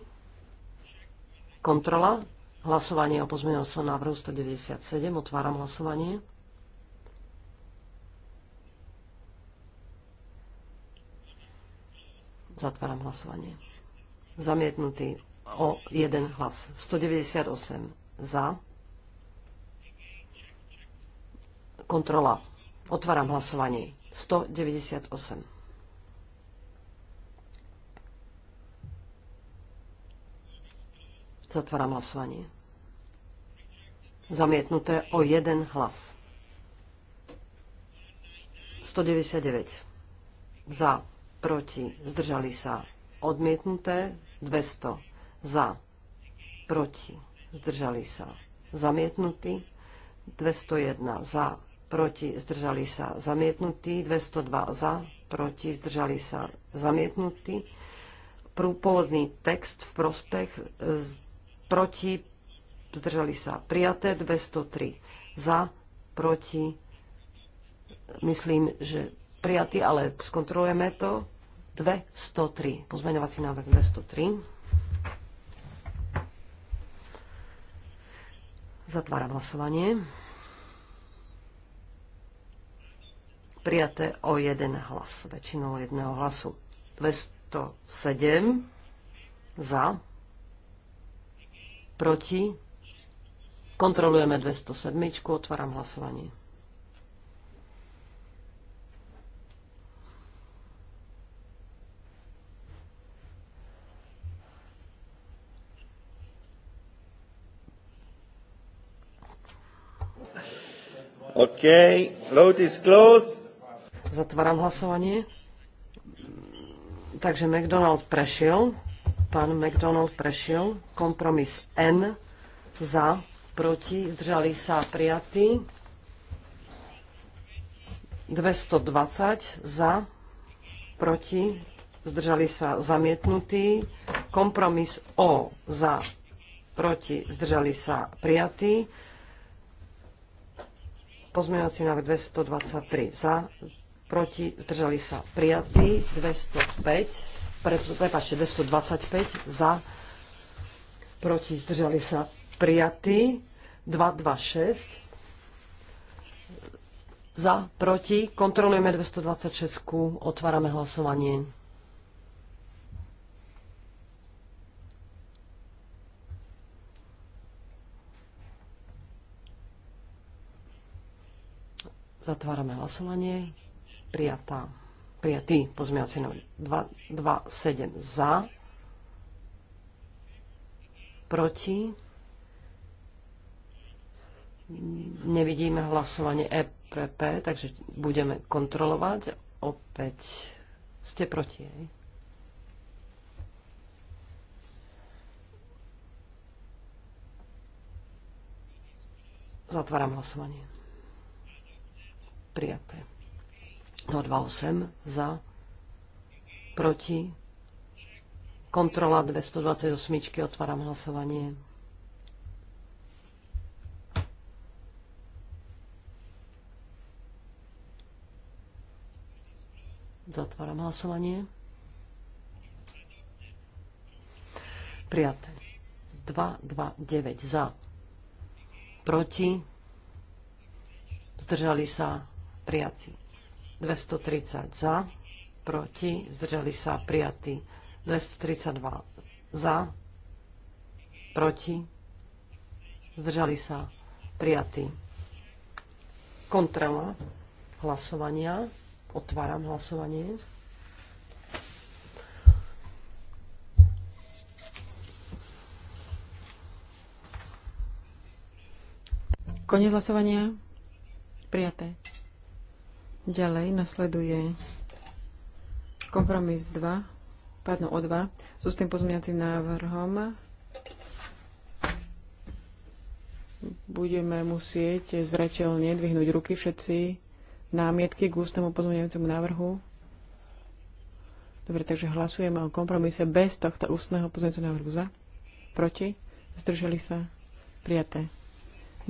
Kontrola. Hlasovanie o pozmeňovacom návrhu 197. Otváram hlasovanie. Zatváram hlasovanie. Zamietnutý o jeden hlas. 198 za. Kontrola. Otváram hlasovanie. 198. Zatváram hlasovanie. Zamietnuté o jeden hlas. 199. Za, proti, zdržali sa. Odmietnuté 200 za, proti, zdržali sa, zamietnutý, 201 za, proti, zdržali sa, zamietnutý, 202 za, proti, zdržali sa, zamietnutý, prúpovodný text v prospech, z, proti, zdržali sa, prijaté, 203 za, proti, myslím, že prijatý, ale skontrolujeme to, 203. Pozmeňovací návrh 203. Zatváram hlasovanie. Prijaté o jeden hlas, väčšinou jedného hlasu. 207 za, proti. Kontrolujeme 207. Otváram hlasovanie. OK, vote is closed. Zatváram hlasovanie. Takže McDonald prešiel. Pán McDonald prešiel. Kompromis N za, proti, zdržali sa prijatí. 220 za, proti, zdržali sa zamietnutí. Kompromis O za, proti, zdržali sa prijatí. Pozmeňovací návrh 223 za, proti, zdržali sa prijatí, 205, pre, prepáčte, 225 za, proti, zdržali sa prijatí, 226 za, proti, kontrolujeme 226, otvárame hlasovanie. Zatvárame hlasovanie. Prijatá. Prijatý 2, návrh 7 za. Proti. Nevidíme hlasovanie EPP, takže budeme kontrolovať. Opäť ste proti, jej. Zatváram hlasovanie prijaté. 228 no, za, proti, kontrola 228, otváram hlasovanie. Zatváram hlasovanie. Prijaté. 2, 2, 9 za. Proti. Zdržali sa prijatý. 230 za, proti, zdržali sa, prijatý. 232 za, proti, zdržali sa, prijatý. Kontrola hlasovania. Otváram hlasovanie. Koniec hlasovania. Prijaté. Ďalej nasleduje kompromis 2, pardon, o 2, s tým pozmeňacím návrhom. Budeme musieť zreteľne dvihnúť ruky všetci námietky k ústnemu pozmeňujúcemu návrhu. Dobre, takže hlasujeme o kompromise bez tohto ústneho pozmeňujúceho návrhu za. Proti? Zdržali sa? Prijaté.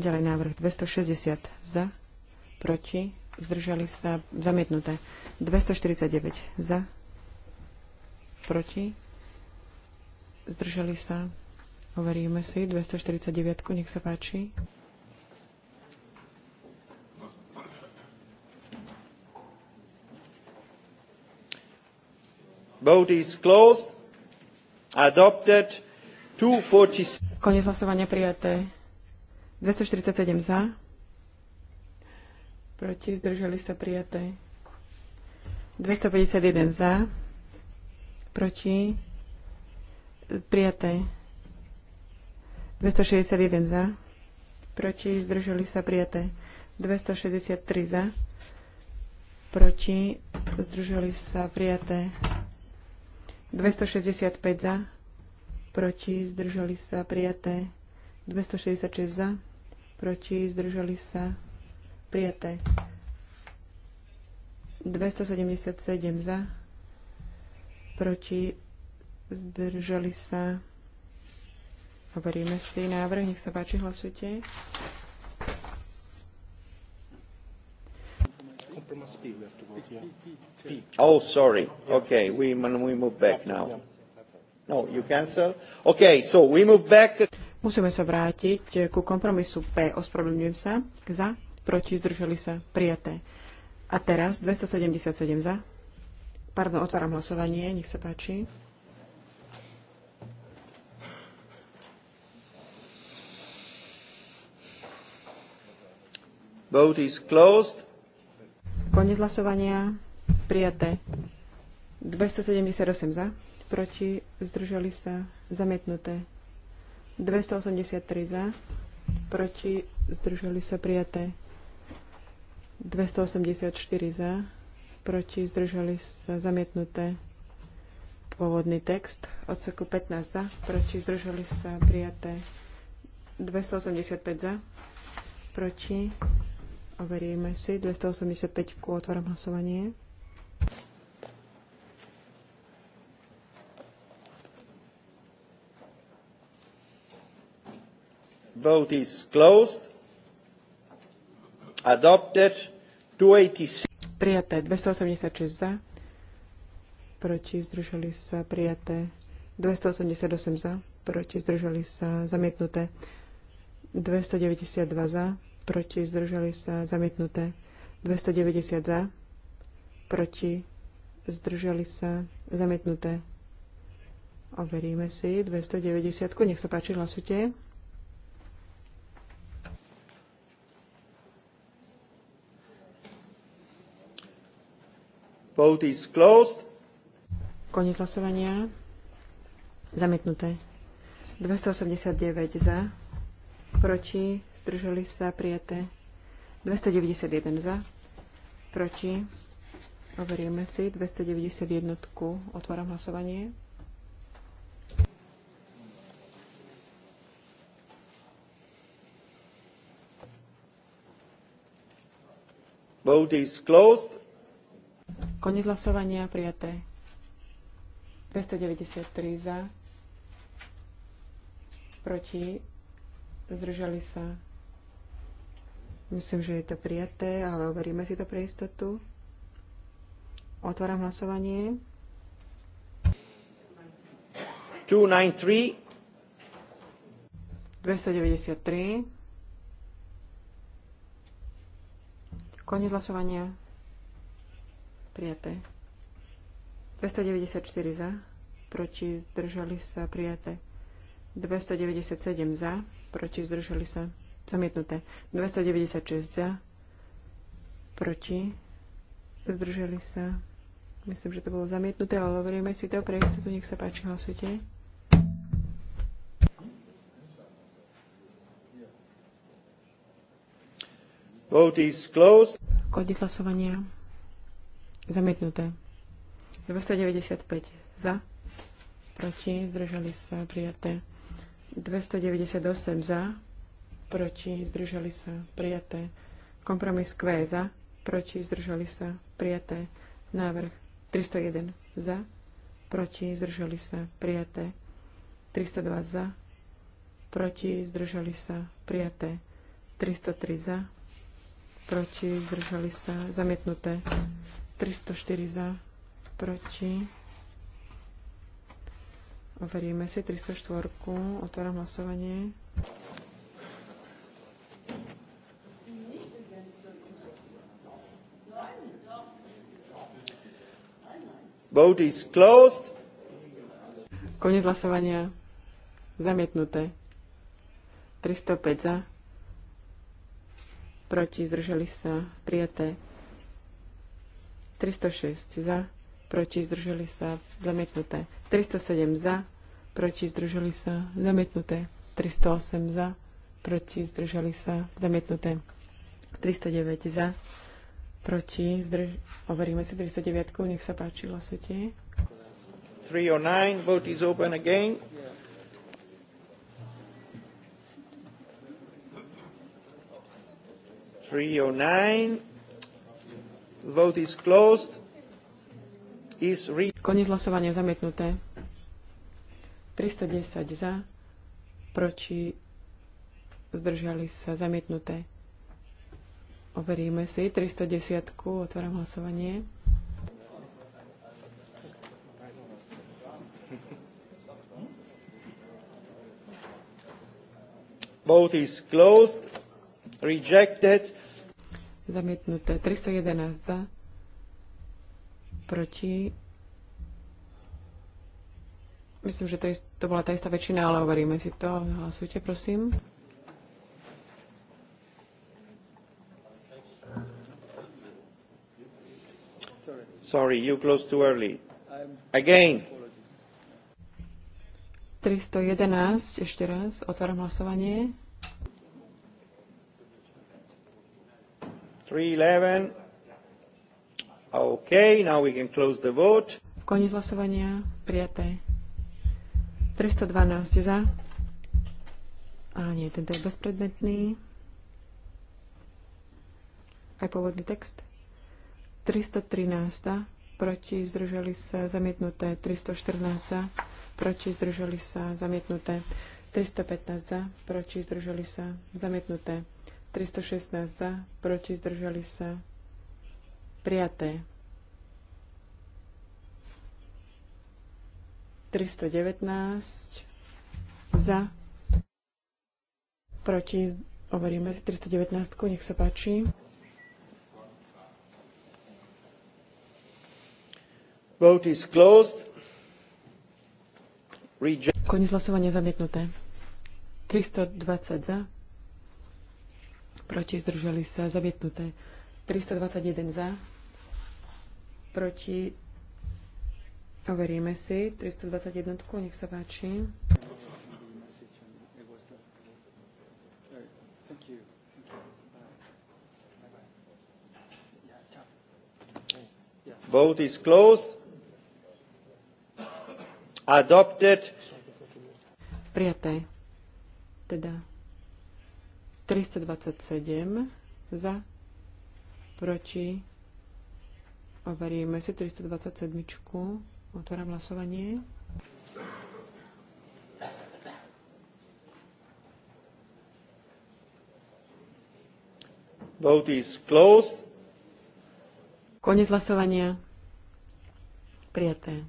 Ďalej návrh 260 za. Proti? zdržali sa zamietnuté. 249 za, proti, zdržali sa, overíme si, 249, nech sa páči. Vote is closed. Adopted. 247. Konec hlasovania prijaté. 247 za, proti, zdržali sa prijaté. 251 za, proti, prijaté. 261 za, proti, zdržali sa prijaté. 263 za, proti, zdržali sa prijaté. 265 za, proti, zdržali sa prijaté. 266 za, proti, zdržali sa Prijaté. 277 za. Proti. Zdržali sa. Overíme si návrh. Nech sa páči, hlasujte. Oh, sorry. Okay, we, we move back now. No, you cancel? Okay, so we move back. Musíme sa vrátiť ku kompromisu P. Ospravedlňujem sa. Za proti, zdržali sa, prijaté. A teraz 277 za. Pardon, otváram hlasovanie, nech sa páči. Vote is closed. Konec hlasovania. Prijaté. 278 za. Proti. Zdržali sa. Zamietnuté. 283 za. Proti. Zdržali sa. Prijaté. 284 za, proti zdržali sa zamietnuté pôvodný text, odseku 15 za, proti zdržali sa prijaté 285 za, proti, overíme si, 285 ku otvorom hlasovanie. Vote is closed. Adopted. Prijaté 286 za. Proti zdržali sa prijaté 288 za. Proti zdržali sa zamietnuté 292 za. Proti zdržali sa zamietnuté 290 za. Proti zdržali sa zamietnuté. Overíme si 290. Nech sa páči, hlasujte. Vote is closed. Koniec hlasovania. Zamietnuté. 289 za. Proti. Zdržali sa. Prijaté. 291 za. Proti. Overieme si. 291. Otváram hlasovanie. Vote is closed. Konec hlasovania prijaté. 293 za. Proti. Zdržali sa. Myslím, že je to prijaté, ale overíme si to pre istotu. Otváram hlasovanie. 293. 293. Koniec hlasovania prijaté. 294 za, proti zdržali sa prijaté. 297 za, proti zdržali sa zamietnuté. 296 za, proti zdržali sa. Myslím, že to bolo zamietnuté, ale hovoríme si to pre istotu. Nech sa páči, hlasujte. Vote is closed. Kodit hlasovania. Zamietnuté. 295 za, proti, zdržali sa, prijaté. 298 za, proti, zdržali sa, prijaté. Kompromis Q za, proti, zdržali sa, prijaté. Návrh 301 za, proti, zdržali sa, prijaté. 302 za, proti, zdržali sa, prijaté. 303 za, proti, zdržali sa, zamietnuté. 304 za, proti. Overíme si 304. Otváram hlasovanie. Vote is closed. Konec hlasovania. Zamietnuté. 305 za. Proti zdržali sa. Prijaté. 306 za, proti zdržali sa zamietnuté. 307 za, proti zdržali sa zamietnuté. 308 za, proti zdržali sa zamietnuté. 309 za, proti zdrž... Overíme si 309, nech sa páči, hlasujte. 309, vote is open again. Three oh nine. Vote is closed. Is re- Konec hlasovania zamietnuté. 310 za, proti, zdržali sa zamietnuté. Overíme si 310. Otváram hlasovanie. Vote is closed. Rejected. Zamietnuté 311 za. Proti. Myslím, že to, je, to bola tá istá väčšina, ale overíme si to. Hlasujte, prosím. Sorry, you closed too early. Again. 311, ešte raz, otváram hlasovanie. 311. OK, now we can close the vote. Koniec hlasovania. Prijaté. 312 za. A nie, tento je bezpredmetný. Aj pôvodný text. 313 za. Proti zdržali sa zamietnuté. 314 za. Proti zdržali sa zamietnuté. 315 za. Proti zdržali sa zamietnuté. 316 za, proti zdržali sa prijaté. 319 za, proti, overíme si 319, nech sa páči. Vote is closed. Reject. Koniec hlasovania zamietnuté. 320 za, proti zdržali sa zavietnuté. 321 za, proti overíme si 321, nech sa páči. Vote is closed. Adopted. Prijaté. Teda 327 za, proti, overíme si 327. Otváram hlasovanie. Vote is closed. Konec hlasovania. Prijaté.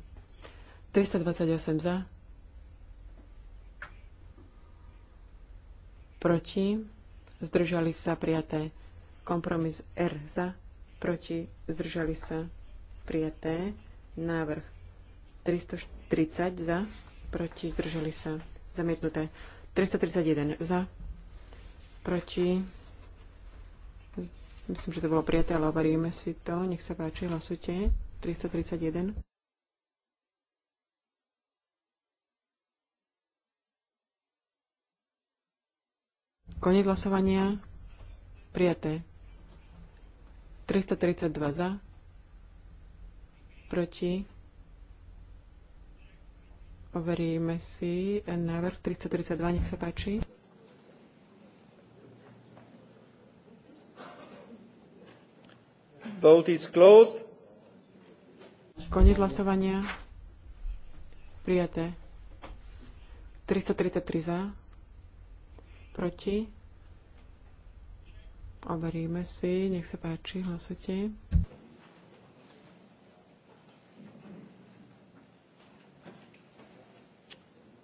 328 za. Proti zdržali sa prijaté. Kompromis R za, proti, zdržali sa prijaté. Návrh 330 za, proti, zdržali sa zamietnuté. 331 za, proti, myslím, že to bolo prijaté, ale overíme si to. Nech sa páči, hlasujte. 331. Koniec hlasovania. Prijaté. 332 za. Proti. Overíme si návrh 332, nech sa páči. Vote is closed. Koniec hlasovania. Prijaté. 333 za. Proti? Overíme si. Nech sa páči, hlasujte.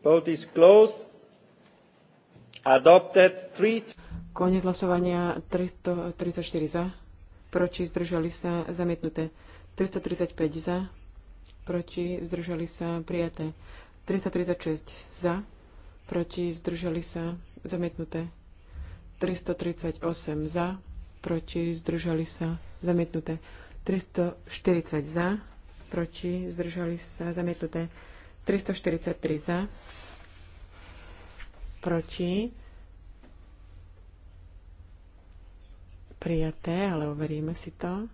Vote is closed. Adopted. Three... Konec hlasovania 334 za. Proti zdržali sa zamietnuté. 335 za. Proti zdržali sa prijaté. 336 za. Proti zdržali sa zamietnuté. 338 za, proti, zdržali sa, zamietnuté. 340 za, proti, zdržali sa, zamietnuté. 343 za, proti, prijaté, ale overíme si to.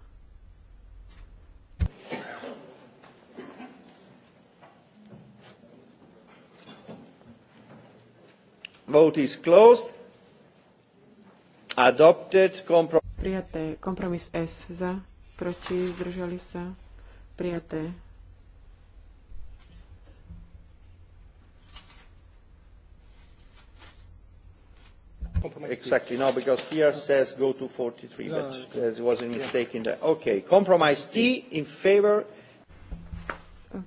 Vote is closed. Adopted. Comprom- prijaté. Kompromis S za. Proti. Zdržali sa. Prijaté. Exactly, no, because here says go to 43, no, but no, no. there was a mistake in that. Okay, compromise T in favor.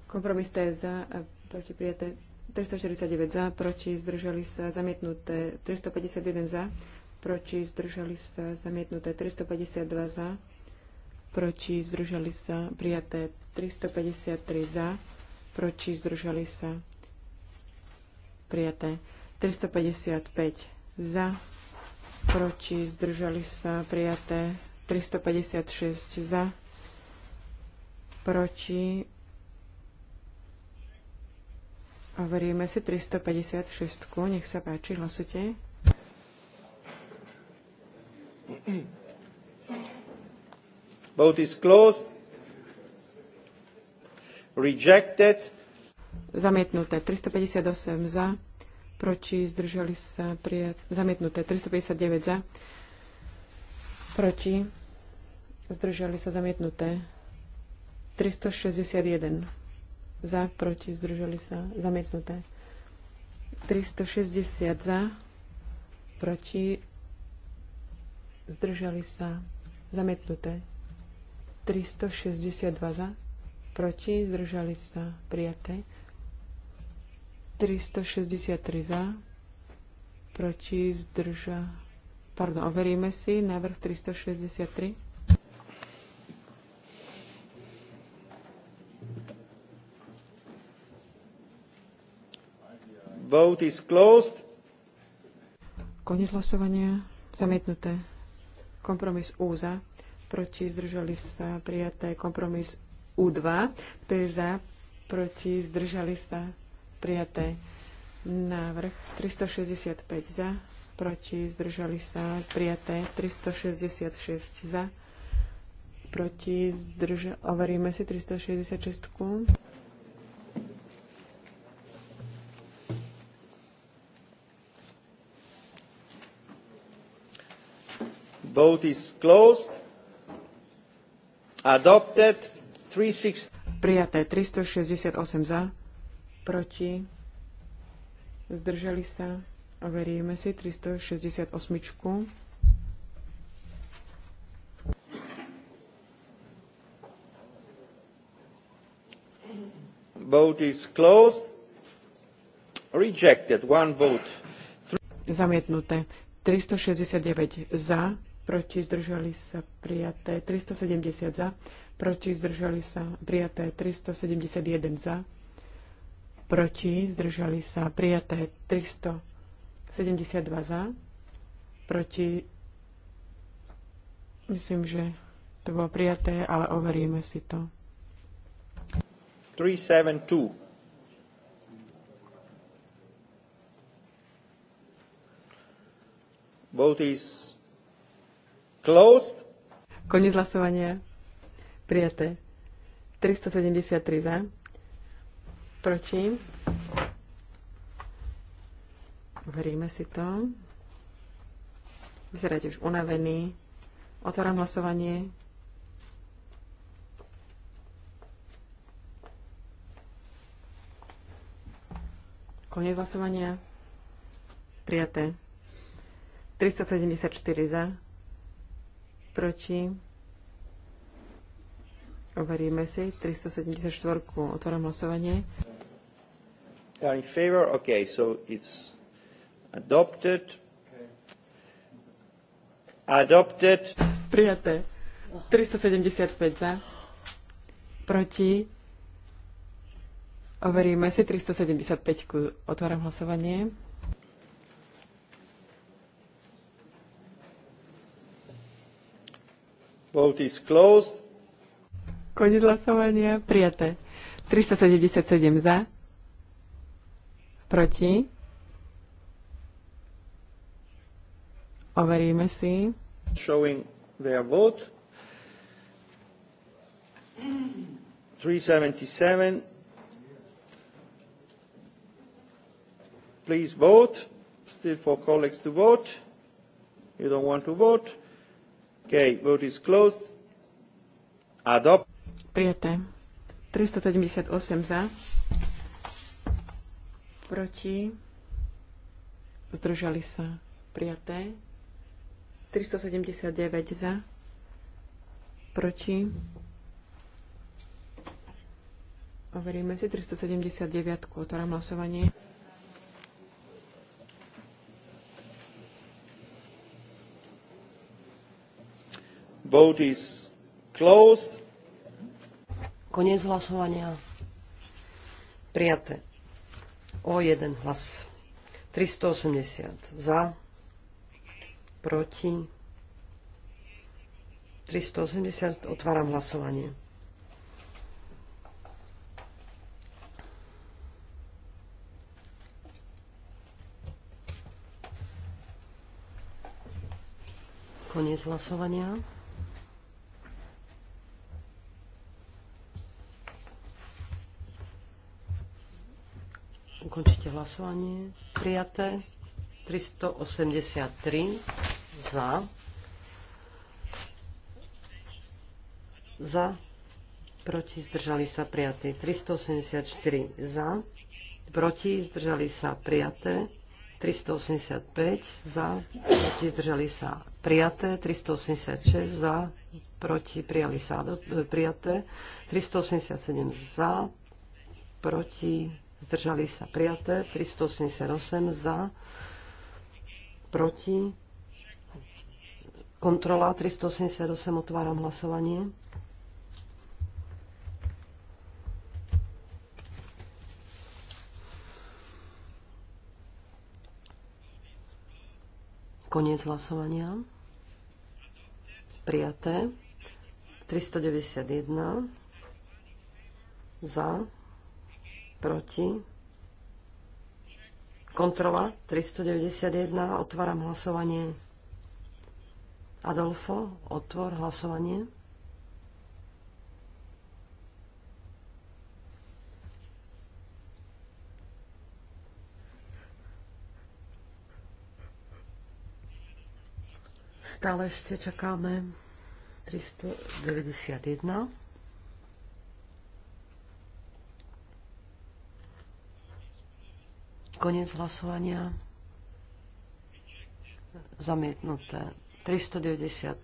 Compromise T za, proti prijaté 349 za, proti zdržali sa zamietnuté 351 za, proti zdržali sa zamietnuté 352 za, proti zdržali sa prijaté 353 za, proti zdržali sa prijaté 355 za, proti zdržali sa prijaté 356 za, proti Overíme si 356. Nech sa páči, hlasujte. Vote is closed. Rejected. Zamietnuté 358 za, proti zdržali sa prijat... Zamietnuté 359 za, proti zdržali sa zamietnuté 361 za, proti, zdržali sa, zamietnuté. 360 za, proti, zdržali sa, zamietnuté. 362 za, proti, zdržali sa, prijaté. 363 za, proti, zdrža... Pardon, overíme si návrh 363. Vote is closed. Koniec hlasovania. Zamietnuté. Kompromis U za. Proti zdržali sa prijaté. Kompromis U2. To je za. Proti zdržali sa prijaté. Návrh 365 za. Proti zdržali sa prijaté. 366 za. Proti zdržali... Overíme si 366. -ku. Vote is closed. Adopted. 360. Prijaté 368 za, proti, zdržali sa, overíme si 368. Vote is closed. Rejected. One vote. Zamietnuté. 369 za, proti zdržali sa prijaté 370 za, proti zdržali sa prijaté 371 za, proti zdržali sa prijaté 372 za, proti myslím, že to bolo prijaté, ale overíme si to. 372. Vote is Closed. Koniec hlasovania. Prijaté. 373 za. Proti. Overíme si to. Vyzeráte už unavený. Otváram hlasovanie. Koniec hlasovania. Prijaté. 374 za proti. Overíme si 374. Otváram hlasovanie. Are in favor? Okay, so it's adopted. Adopted. Prijaté. 375 za. Proti. Overíme si 375. Otváram hlasovanie. Vote is closed. Koniec hlasovania. Prijaté. 377 za. Proti. Overíme si. Showing their vote. 377. Please vote. Still for colleagues to vote. You don't want to vote. Okay, vote is closed. Adopt. Prijaté. 378 za. Proti. Zdržali sa. Prijaté. 379 za. Proti. Overíme si 379. Otváram hlasovanie. Vote is closed. hlasovania. Prijaté. O jeden hlas. 380 za, proti, 380, otváram hlasovanie. Koniec hlasovania. Ukončite hlasovanie. Prijaté. 383 za. Za. Proti zdržali sa prijaté. 384 za. Proti zdržali sa prijaté. 385 za. Proti zdržali sa prijaté. 386 za. Proti prijali sa prijaté. 387 za. Proti zdržali sa prijaté, 388 za, proti, kontrola 388, otváram hlasovanie. Koniec hlasovania. Prijaté. 391 za proti. Kontrola 391, otváram hlasovanie. Adolfo, otvor hlasovanie. Stále ešte čakáme 391. Koniec hlasovania. Zamietnuté. 395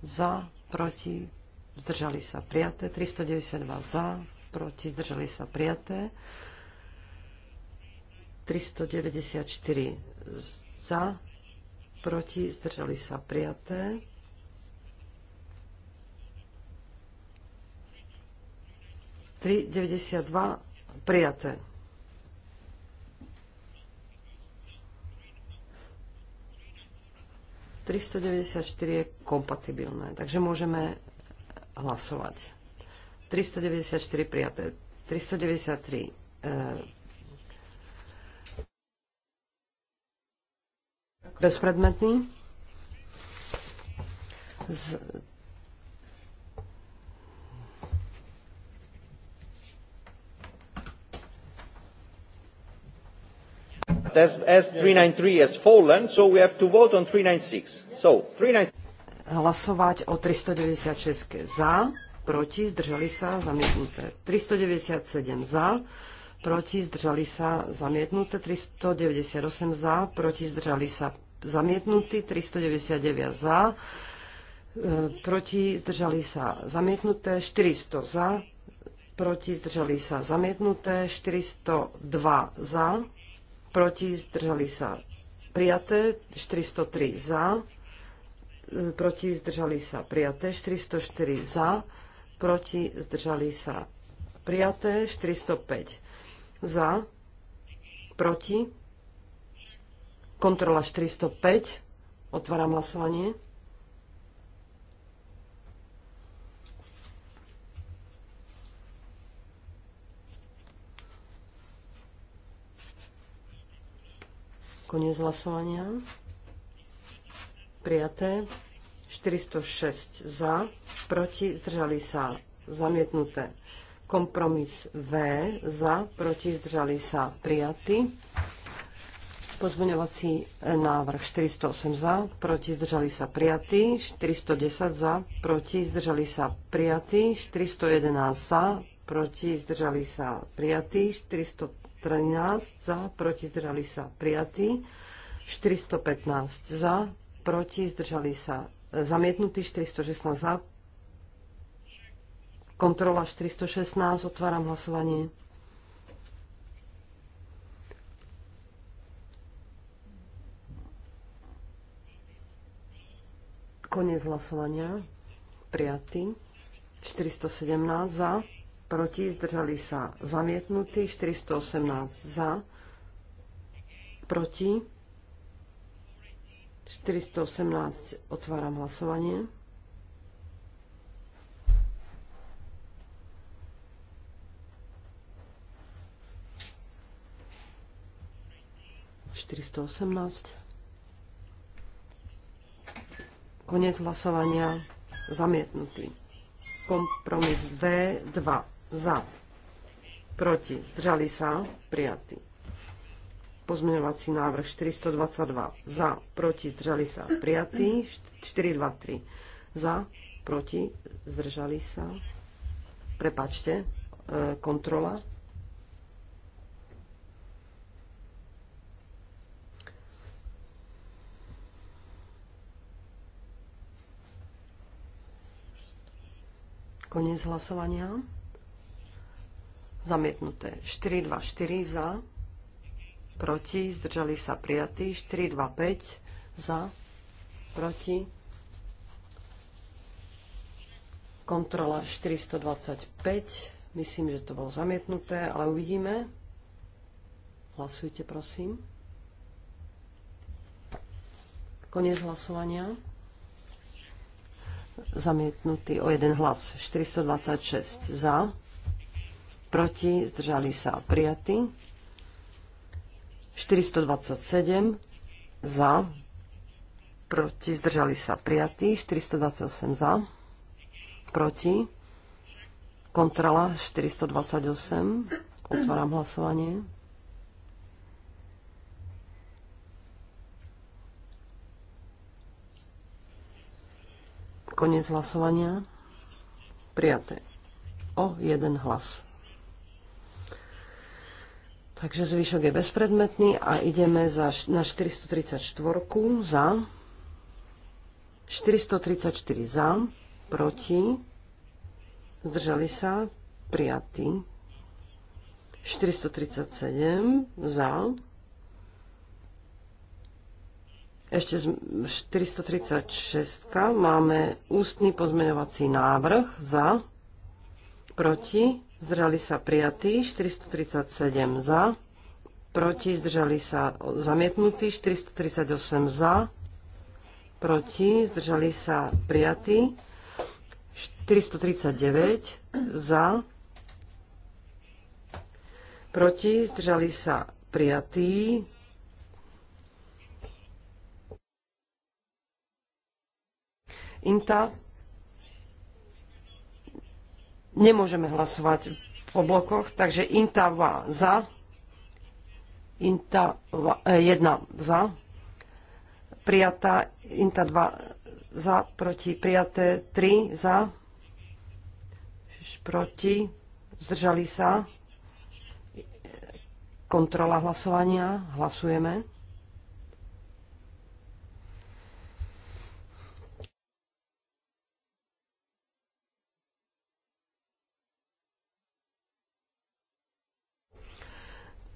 za, proti, zdržali sa prijaté. 392 za, proti, zdržali sa prijaté. 394 za, proti, zdržali sa prijaté. 392 prijaté. 394 je kompatibilné, takže môžeme hlasovať. 394 prijaté, 393 e, eh, bezpredmetný. Z as, as 393 has fallen, so we have to vote on 396. So, 396. Hlasovať o 396 za, proti, zdržali sa, zamietnuté. 397 za, proti, zdržali sa, zamietnuté. 398 za, proti, zdržali sa, zamietnutý. 399 e, za, proti, zdržali sa, zamietnuté. 400 za, proti, zdržali sa, zamietnuté. 402 za, proti, zdržali sa prijaté, 403 za, proti, zdržali sa prijaté, 404 za, proti, zdržali sa prijaté, 405 za, proti, kontrola 405, otváram hlasovanie. Koniec hlasovania. Prijaté. 406 za, proti, zdržali sa, zamietnuté. Kompromis V za, proti, zdržali sa, prijatý. Pozmeňovací e, návrh 408 za, proti, zdržali sa, prijatý. 410 za, proti, zdržali sa, prijatý. 411 za, proti, zdržali sa, prijatý. 400 13 za, proti zdržali sa prijatí, 415 za, proti zdržali sa e, zamietnutí, 416 za, kontrola 416, otváram hlasovanie. Konec hlasovania. Prijatý. 417 za, proti, zdržali sa zamietnutí, 418 za, proti, 418 otváram hlasovanie. Konec hlasovania zamietnutý. Kompromis V2 za, proti, zdržali sa, prijatý. Pozmeňovací návrh 422 za, proti, zdržali sa, prijatý. 423 za, proti, zdržali sa, prepačte, e, kontrola. Koniec hlasovania. Zamietnuté. 4, 2, 4 za. Proti. Zdržali sa prijatí. 4, 2, 5 za. Proti. Kontrola 425. Myslím, že to bolo zamietnuté, ale uvidíme. Hlasujte, prosím. Koniec hlasovania. Zamietnutý o jeden hlas. 426 za proti, zdržali sa prijatí. 427 za, proti, zdržali sa prijatí. 428 za, proti, kontrola 428. Otváram hlasovanie. Koniec hlasovania. Prijaté. O jeden hlas. Takže zvyšok je bezpredmetný a ideme za, na 434 za. 434 za, proti, zdržali sa, prijatí. 437 za. Ešte 436 máme ústny pozmeňovací návrh za, proti, zdržali sa prijatí, 437 za, proti, zdržali sa zamietnutí, 438 za, proti, zdržali sa prijatí, 439 za, proti, zdržali sa prijatí, INTA Nemôžeme hlasovať po blokoch, takže INTA 2 za, INTA 1 e, za, prijatá INTA 2 za, proti prijaté 3 za, proti, zdržali sa, kontrola hlasovania, hlasujeme.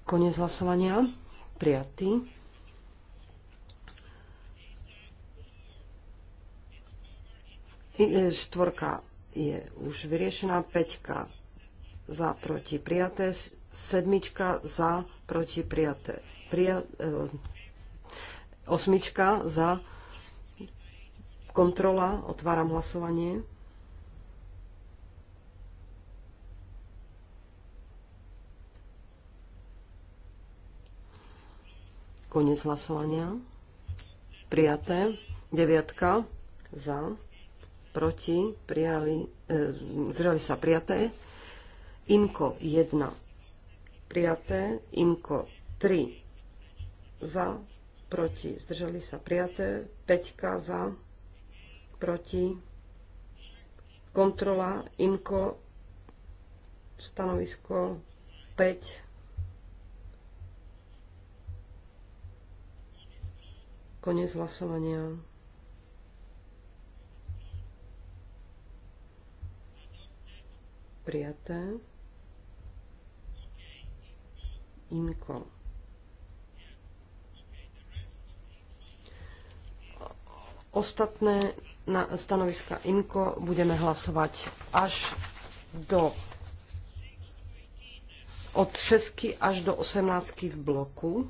Konec hlasovania. Prijatý. E, štvorka je už vyriešená. Peťka za proti prijaté. Sedmička za proti prijaté. E, osmička za kontrola. Otváram hlasovanie. Konec hlasovania. Prijaté. Deviatka. Za. Proti. Prijali. E, zreli sa prijaté. Inko 1. Prijaté. Imko 3. Za. Proti. Zdržali sa prijaté. Peťka za. Proti. Kontrola. Inko, Stanovisko 5 Konec hlasovania. Prijaté. Imko. Ostatné na stanoviska IMKO budeme hlasovať až do od 6 až do 18 v bloku.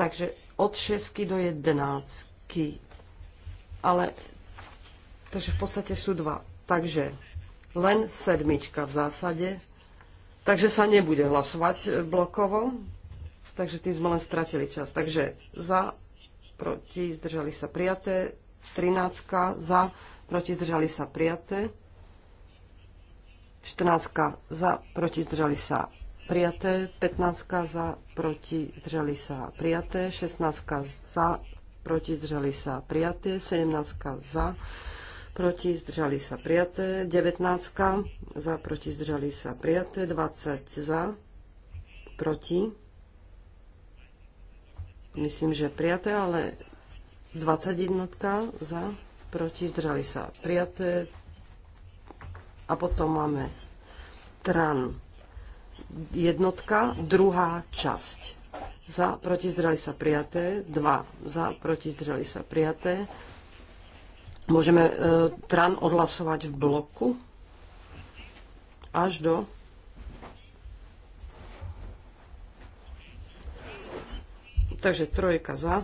Takže od 6 do 11. Ale, takže v podstate sú dva. Takže len sedmička v zásade. Takže sa nebude hlasovať e, blokovo. Takže tým sme len stratili čas. Takže za, proti, zdržali sa prijaté. 13 za, proti, zdržali sa prijaté. 14 za, proti, zdržali sa prijaté, 15 za, proti, zdržali sa, prijaté, 16 za, proti, zdržali sa, prijaté, 17 za, proti, zdržali sa, prijaté, 19 za, proti, zdržali sa, prijaté, 20 za, proti, myslím, že prijaté, ale 21 za, proti, zdržali sa, prijaté, a potom máme tran jednotka, druhá časť. Za, proti, zdrali sa prijaté. 2. Za, proti, zdrali sa prijaté. Môžeme e, tran odhlasovať v bloku až do Takže trojka za,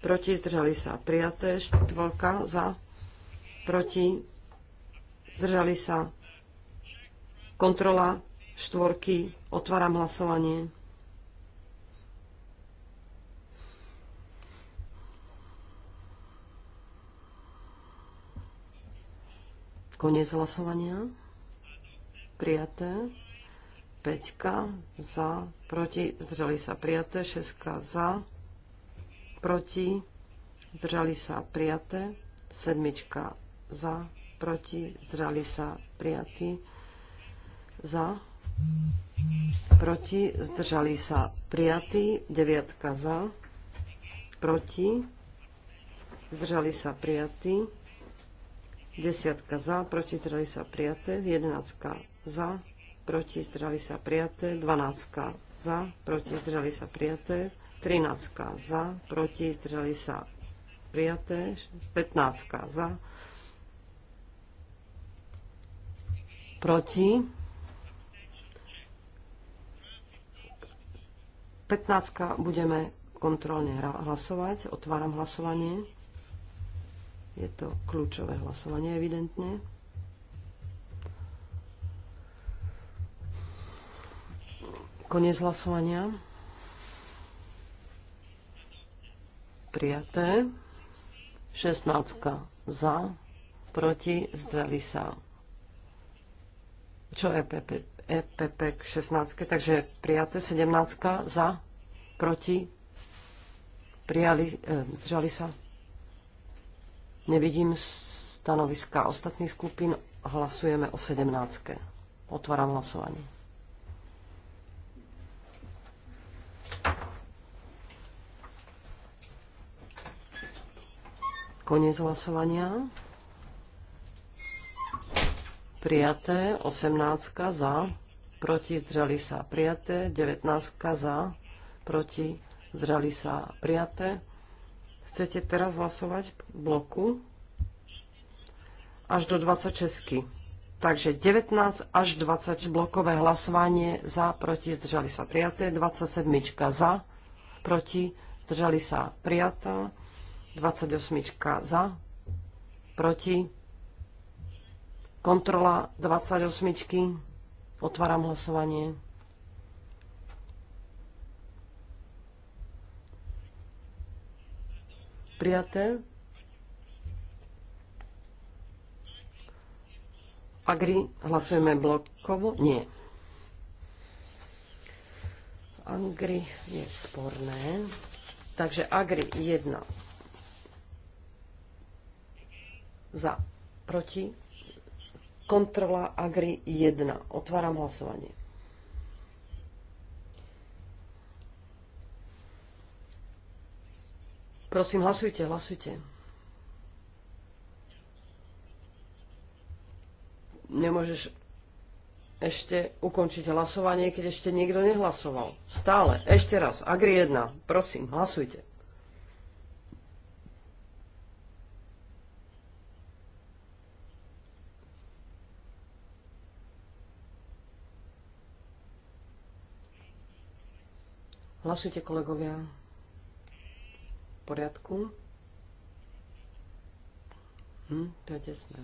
proti zdržali sa prijaté, štvorka za, proti zdržali sa kontrola štvorky. Otváram hlasovanie. Koniec hlasovania. Prijaté. Peťka za, proti, zdržali sa prijaté. Šeska za, proti, zdržali sa prijaté. Sedmička za, proti, zdržali sa prijatí. Za, proti, zdržali sa prijatí, deviatka za, proti, zdržali sa prijatí, desiatka za, proti, zdržali sa prijaté, jedenáctka za, proti, zdržali sa prijaté, dvanáctka za, proti, zdržali sa prijaté, trináctka za, proti, zdržali sa prijaté, petnáctka za, proti, 15 budeme kontrolne hlasovať. Otváram hlasovanie. Je to kľúčové hlasovanie, evidentne. Koniec hlasovania. Prijaté. 16 za, proti, zdraví sa. Čo EPP EPP k 16, takže prijaté 17 za, proti, prijali, e, sa. Nevidím stanoviska ostatných skupín, hlasujeme o 17. Otváram hlasovanie. Koniec hlasovania prijaté, 18 za, proti zdržali sa prijaté, 19 za, proti zdržali sa prijaté. Chcete teraz hlasovať bloku až do 26. Takže 19 až 20 blokové hlasovanie za, proti zdržali sa prijaté, 27 za, proti zdržali sa prijatá, 28 za, proti Kontrola 28. Otváram hlasovanie. Prijaté. Agri hlasujeme blokovo? Nie. Agri je sporné. Takže Agri 1. Za. Proti. Kontrola Agri 1. Otváram hlasovanie. Prosím, hlasujte, hlasujte. Nemôžeš ešte ukončiť hlasovanie, keď ešte niekto nehlasoval. Stále, ešte raz, Agri 1, prosím, hlasujte. Hlasujte, kolegovia. V poriadku. Hm, to je tesné.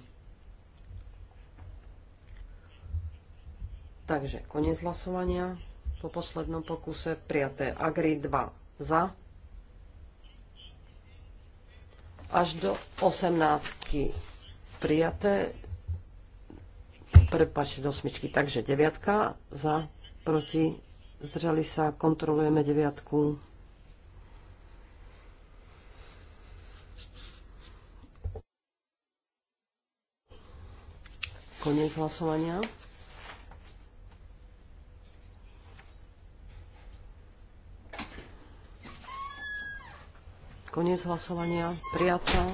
Takže koniec hlasovania. Po poslednom pokuse prijaté Agri 2 za. Až do 18 prijaté. Prepačte, do osmičky. Takže deviatka za, proti, Zdržali sa, kontrolujeme deviatku. Koniec hlasovania. Koniec hlasovania. Prijatá.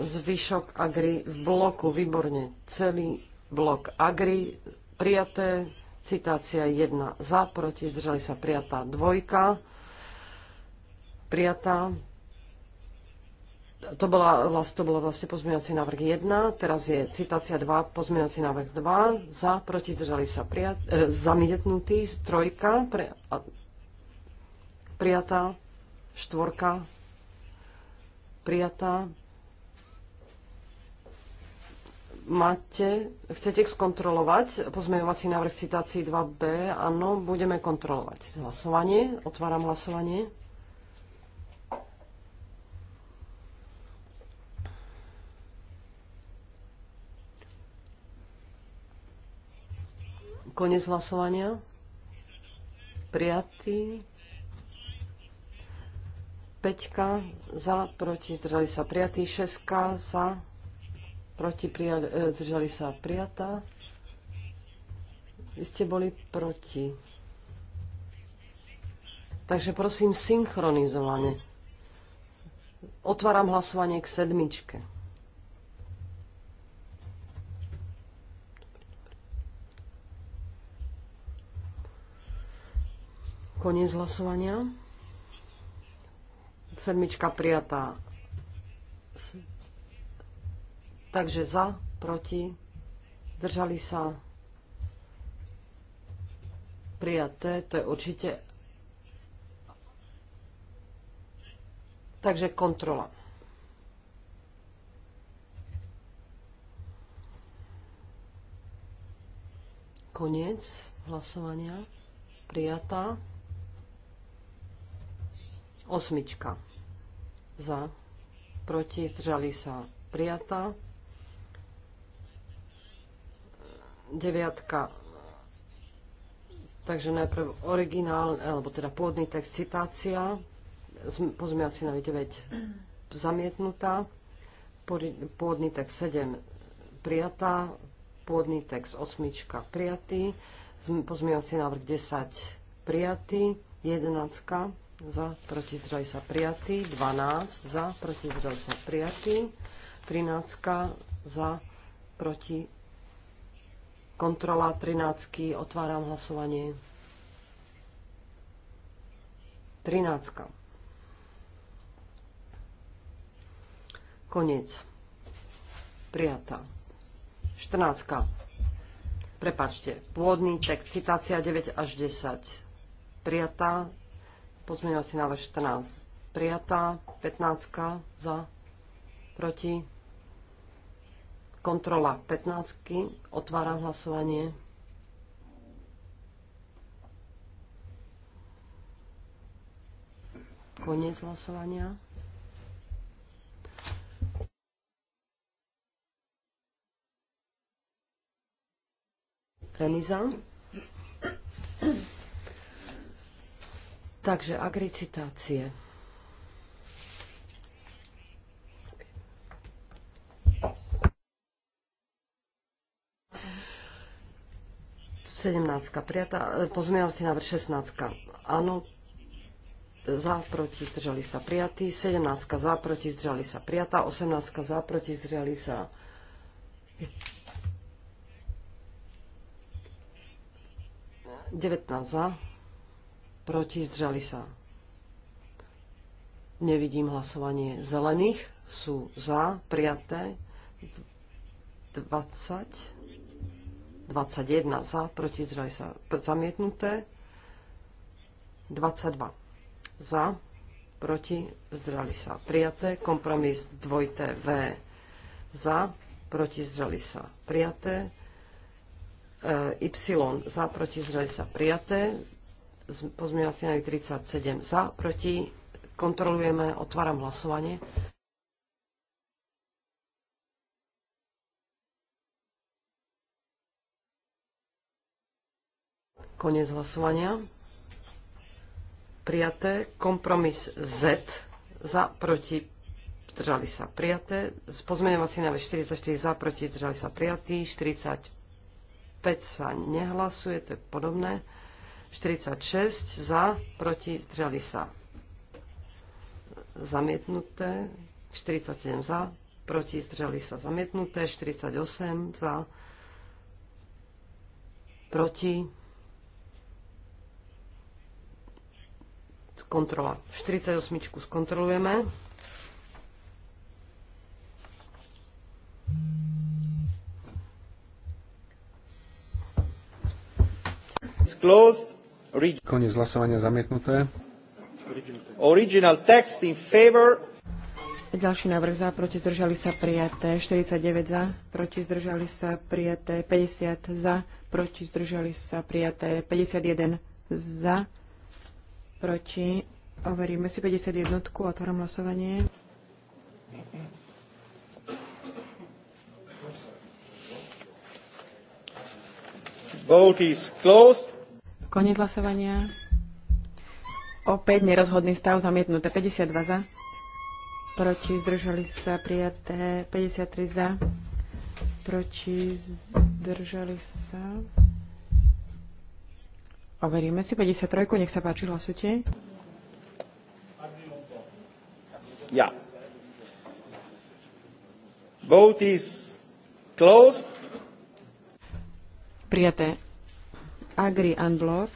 Zvyšok Agri v bloku. Výborne. Celý blok Agri prijaté. Citácia 1 za, proti, zdržali sa prijatá. Dvojka prijatá. To, bola, to bolo vlastne pozmeňovací návrh 1, teraz je citácia 2, pozmeňovací návrh 2, za, proti, držali sa prijat, e, zamietnutý, trojka, pre, a, prijatá, štvorka, prijatá, Máte, chcete skontrolovať pozmeňovací návrh citácií 2b? Áno, budeme kontrolovať hlasovanie. Otváram hlasovanie. Konec hlasovania. Prijatý. Peťka za, proti, zdržali sa prijatý. Šeska za, proti, prija- e, zdržali sa prijatá. Vy ste boli proti. Takže prosím synchronizovane. Otváram hlasovanie k sedmičke. Koniec hlasovania. Sedmička prijatá. Takže za, proti, držali sa prijaté, to je určite. Takže kontrola. Koniec hlasovania. Prijatá. Osmička. Za. Proti. Zdržali sa. Prijatá. deviatka. Takže najprv originál, alebo teda pôvodný text citácia, si na 9 zamietnutá, pôvodný text 7 prijatá, pôvodný text 8 prijatý, si návrh 10 prijatý, 11 za, proti zdržali sa prijatý, 12 za, proti zdržali sa prijatý, 13 za, proti Kontrola 13. Otváram hlasovanie. 13. Koniec. Prijatá. 14. Prepačte. Pôvodný text. Citácia 9 až 10. Prijatá. Pozmeňovací návrh 14. Prijatá. 15. Za. Proti Kontrola 15. Otváram hlasovanie. Koniec hlasovania. Remiza. Takže agricitácie. 17. Prijatá, e, pozmeňovací návrh 16. Áno, za, proti, zdržali sa prijatí. 17. za, proti, zdržali sa prijatá. 18. za, proti, zdržali sa 19 za, proti, zdržali sa. Nevidím hlasovanie zelených, sú za, prijaté. 20 21 za, proti zdržali sa zamietnuté. 22 za, proti zdrali sa prijaté. Kompromis dvojité V za, proti zdrali sa prijaté. E, y za, proti zdrali sa prijaté. Pozmeňovací návrh 37 za, proti. Kontrolujeme, otváram hlasovanie. Konec hlasovania. Prijaté. Kompromis Z. Za, proti, zdržali sa prijaté. Pozmeňovací návrh 44 za, proti, zdržali sa prijatí. 45 sa nehlasuje, to je podobné. 46 za, proti, zdržali sa zamietnuté. 47 za, proti, zdržali sa zamietnuté. 48 za, proti, kontrola. 48 skontrolujeme. Koniec hlasovania zamietnuté. Original text in favor. Ďalší návrh za, proti zdržali sa prijaté. 49 za, proti zdržali sa prijaté. 50 za, proti zdržali sa prijaté. 51 za, proti. Overíme si 51. Otváram hlasovanie. Vote is closed. hlasovania. Opäť nerozhodný stav zamietnuté. 52 za. Proti zdržali sa prijaté 53 za. Proti zdržali sa. Overíme si 53, nech sa páči, hlasujte. Ja. Vote is closed. Prijaté. Agri unblock.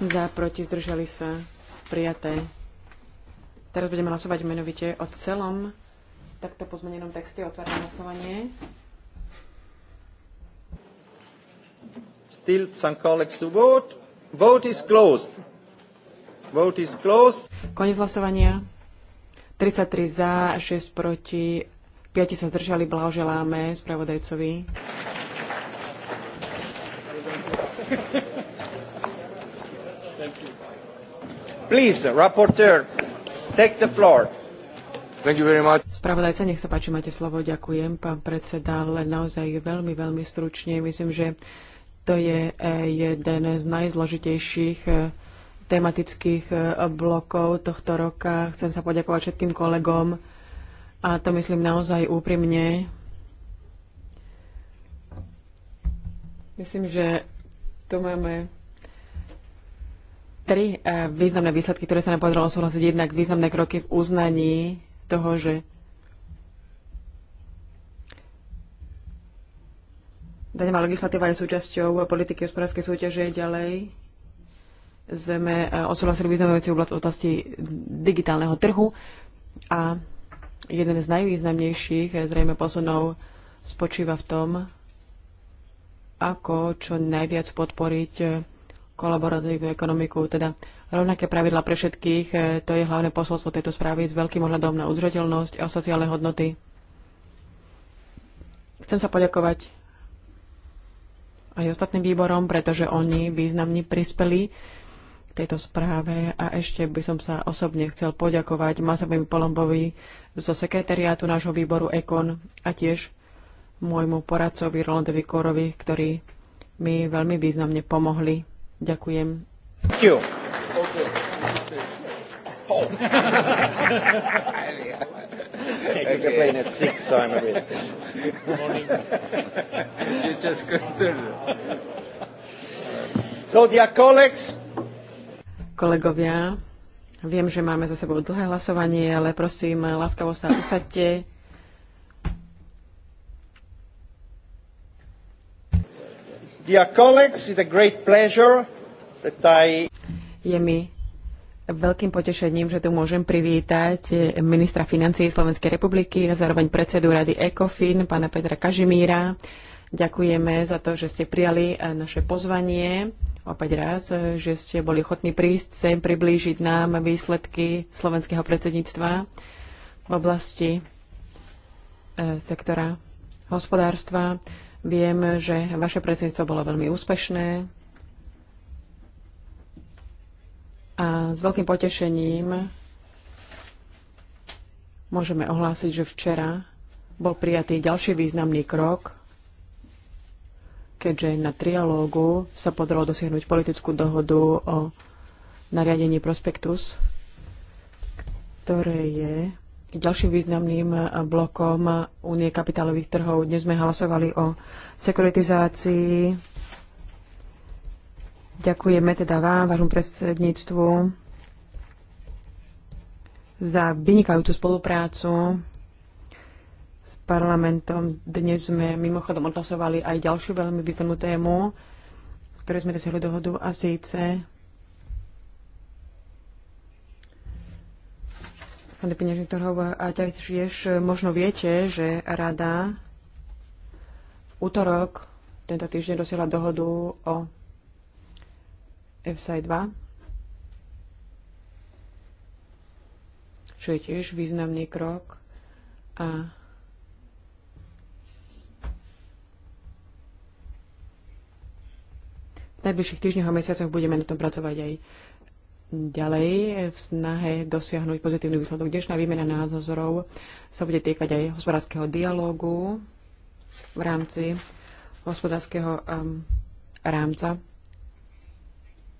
Za, proti, zdržali sa. Prijaté. Teraz budeme hlasovať menovite o celom takto pozmenenom texte. Otváram hlasovanie. Still some colleagues to vote. Vote is closed. Vote is closed. Koniec hlasovania. 33 za, 6 proti, 5 sa zdržali, blahoželáme spravodajcovi. Please, rapporteur, take the floor. Thank you very much. Spravodajca, nech sa páči, máte slovo. Ďakujem, pán predseda, len naozaj veľmi, veľmi stručne. Myslím, že to je eh, jeden z najzložitejších eh, tematických eh, blokov tohto roka. Chcem sa poďakovať všetkým kolegom a to myslím naozaj úprimne. Myslím, že tu máme tri významné výsledky, ktoré sa nám podarilo súhlasiť. Jednak významné kroky v uznaní toho, že Daňová legislatíva je súčasťou politiky hospodárskej súťaže ďalej. Sme e, odsúhlasili významné veci v oblasti digitálneho trhu a jeden z najvýznamnejších e, zrejme posunov spočíva v tom, ako čo najviac podporiť e, kolaboratívnu ekonomiku, teda rovnaké pravidla pre všetkých. To je hlavné posolstvo tejto správy s veľkým ohľadom na udržateľnosť a sociálne hodnoty. Chcem sa poďakovať aj ostatným výborom, pretože oni významne prispeli k tejto správe a ešte by som sa osobne chcel poďakovať Masovým Polombovi zo sekretariátu nášho výboru EKON a tiež môjmu poradcovi Rolandovi Korovi, ktorí mi veľmi významne pomohli. Ďakujem. Thank you. Okay home. I can play at six, so I'm a Good morning. you just continue. So, dear colleagues. Kolegovia, viem, že máme za sebou dlhé hlasovanie, ale prosím, láskavo sa usadte. Dear colleagues, it's a great pleasure that I... Je mi veľkým potešením, že tu môžem privítať ministra financií Slovenskej republiky a zároveň predsedu rady ECOFIN, pána Petra Kažimíra. Ďakujeme za to, že ste prijali eh, naše pozvanie. Opäť raz, eh, že ste boli ochotní prísť sem, priblížiť nám výsledky slovenského predsedníctva v oblasti eh, sektora hospodárstva. Viem, že vaše predsedníctvo bolo veľmi úspešné A s veľkým potešením môžeme ohlásiť, že včera bol prijatý ďalší významný krok, keďže na trialógu sa podarilo dosiahnuť politickú dohodu o nariadení prospektus, ktoré je ďalším významným blokom Únie kapitálových trhov. Dnes sme hlasovali o sekuritizácii Ďakujeme teda vám, vášmu predsedníctvu, za vynikajúcu spoluprácu s parlamentom. Dnes sme mimochodom odhlasovali aj ďalšiu veľmi významnú tému, ktoré sme dosiahli dohodu a síce fondy peňažných a tiež možno viete, že rada v útorok tento týždeň dosiahla dohodu o FSI 2, čo je tiež významný krok a v najbližších týždňoch a mesiacoch budeme na tom pracovať aj ďalej v snahe dosiahnuť pozitívny výsledok. Dnešná výmena názorov sa bude týkať aj hospodárskeho dialógu v rámci hospodárskeho um, rámca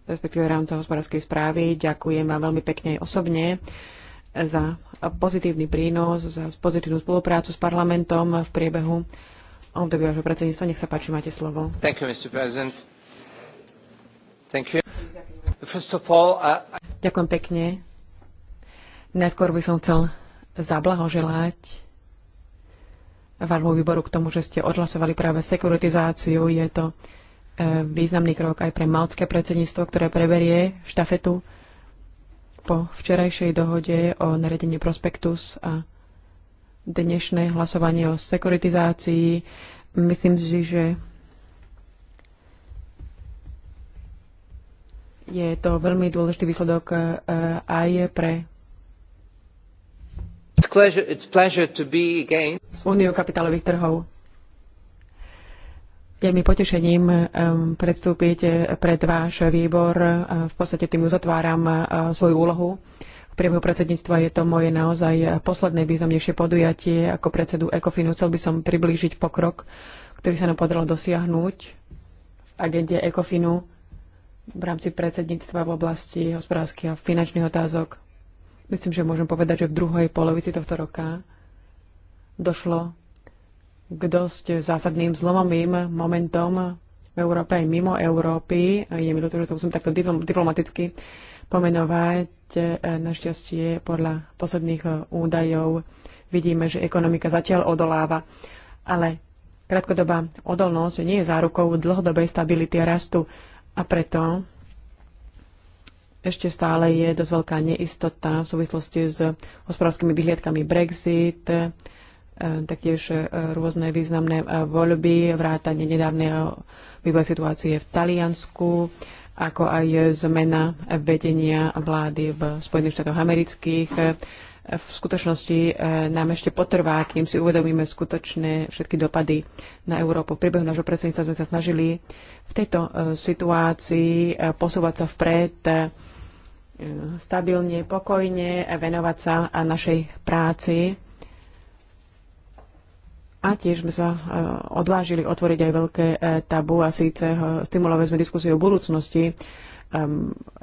respektíve rámca hospodárskej správy. Ďakujem vám veľmi pekne aj osobne za pozitívny prínos, za pozitívnu spoluprácu s parlamentom v priebehu obdobia vášho predsedníctva. Nech sa páči, máte slovo. Thank you, Mr. President. Thank you. First of all, Ďakujem pekne. Najskôr by som chcel zablahoželať vášmu výboru k tomu, že ste odhlasovali práve sekuritizáciu. Je to E, významný krok aj pre malcké predsedníctvo, ktoré preberie štafetu po včerajšej dohode o naredení prospektus a dnešné hlasovanie o sekuritizácii. Myslím si, že je to veľmi dôležitý výsledok e, aj pre Úniu kapitálových trhov. Je mi potešením um, predstúpiť eh, pred váš výbor. Eh, v podstate tým uzatváram eh, svoju úlohu. V priebehu predsedníctva je to moje naozaj posledné významnejšie podujatie ako predsedu ECOFINu. Chcel by som priblížiť pokrok, ktorý sa nám podarilo dosiahnuť v agende ECOFINu v rámci predsedníctva v oblasti hospodárskych a finančných otázok. Myslím, že môžem povedať, že v druhej polovici tohto roka došlo k dosť zásadným zlomovým momentom v Európe aj mimo Európy. Je mi ľúto, že to musím takto diplomaticky pomenovať. Našťastie podľa posledných eh, údajov vidíme, že ekonomika zatiaľ odoláva. Ale krátkodobá odolnosť nie je zárukou dlhodobej stability a rastu. A preto ešte stále je dosť veľká neistota v súvislosti s hospodárskymi vyhliadkami Brexit, E, taktiež e, rôzne významné e, voľby, vrátanie nedávneho vývoja situácie v Taliansku, ako aj zmena vedenia vlády v Spojených štátoch amerických. V skutočnosti nám ešte potrvá, kým si uvedomíme skutočné všetky dopady na Európu. V priebehu nášho predsednictva sme sa snažili v tejto situácii posúvať sa vpred stabilne, pokojne, venovať sa našej práci a tiež sme sa e, odvážili otvoriť aj veľké e, tabu a síce e, stimulovali sme diskusiu o budúcnosti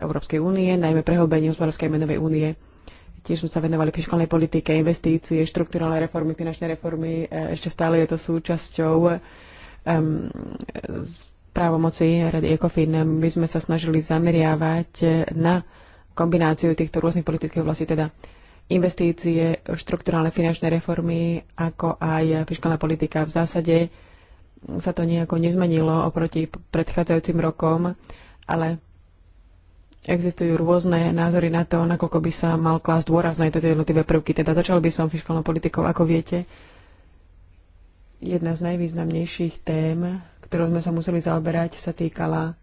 Európskej únie, najmä prehlbenie hospodárskej menovej únie. Tiež sme sa venovali fiskálnej politike, investície, štruktúralnej reformy, finančnej reformy. Ešte stále je to súčasťou um, právomoci Rady ECOFIN. My sme sa snažili zameriavať na kombináciu týchto rôznych politických oblastí, teda investície, štrukturálne finančné reformy, ako aj fiskálna politika. V zásade sa to nejako nezmenilo oproti predchádzajúcim rokom, ale existujú rôzne názory na to, nakoľko by sa mal klásť dôraz na tieto jednotlivé prvky. Teda začal by som fiskálnou politikou, ako viete. Jedna z najvýznamnejších tém, ktorou sme sa museli zaoberať, sa týkala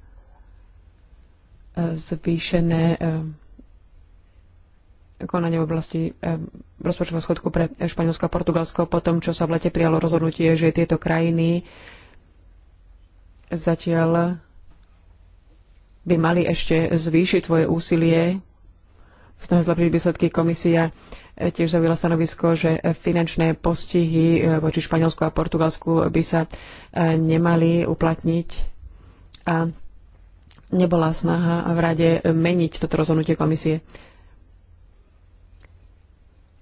eh, zvýšené eh, konanie v oblasti eh, rozpočtového schodku pre Španielsko a Portugalsko po tom, čo sa v lete prijalo rozhodnutie, že tieto krajiny zatiaľ by mali ešte zvýšiť svoje úsilie v snahe zlepšiť výsledky komisia eh, tiež zaujala stanovisko, že finančné postihy eh, voči Španielsku a Portugalsku by sa nemali uplatniť a nebola snaha v rade meniť toto rozhodnutie komisie.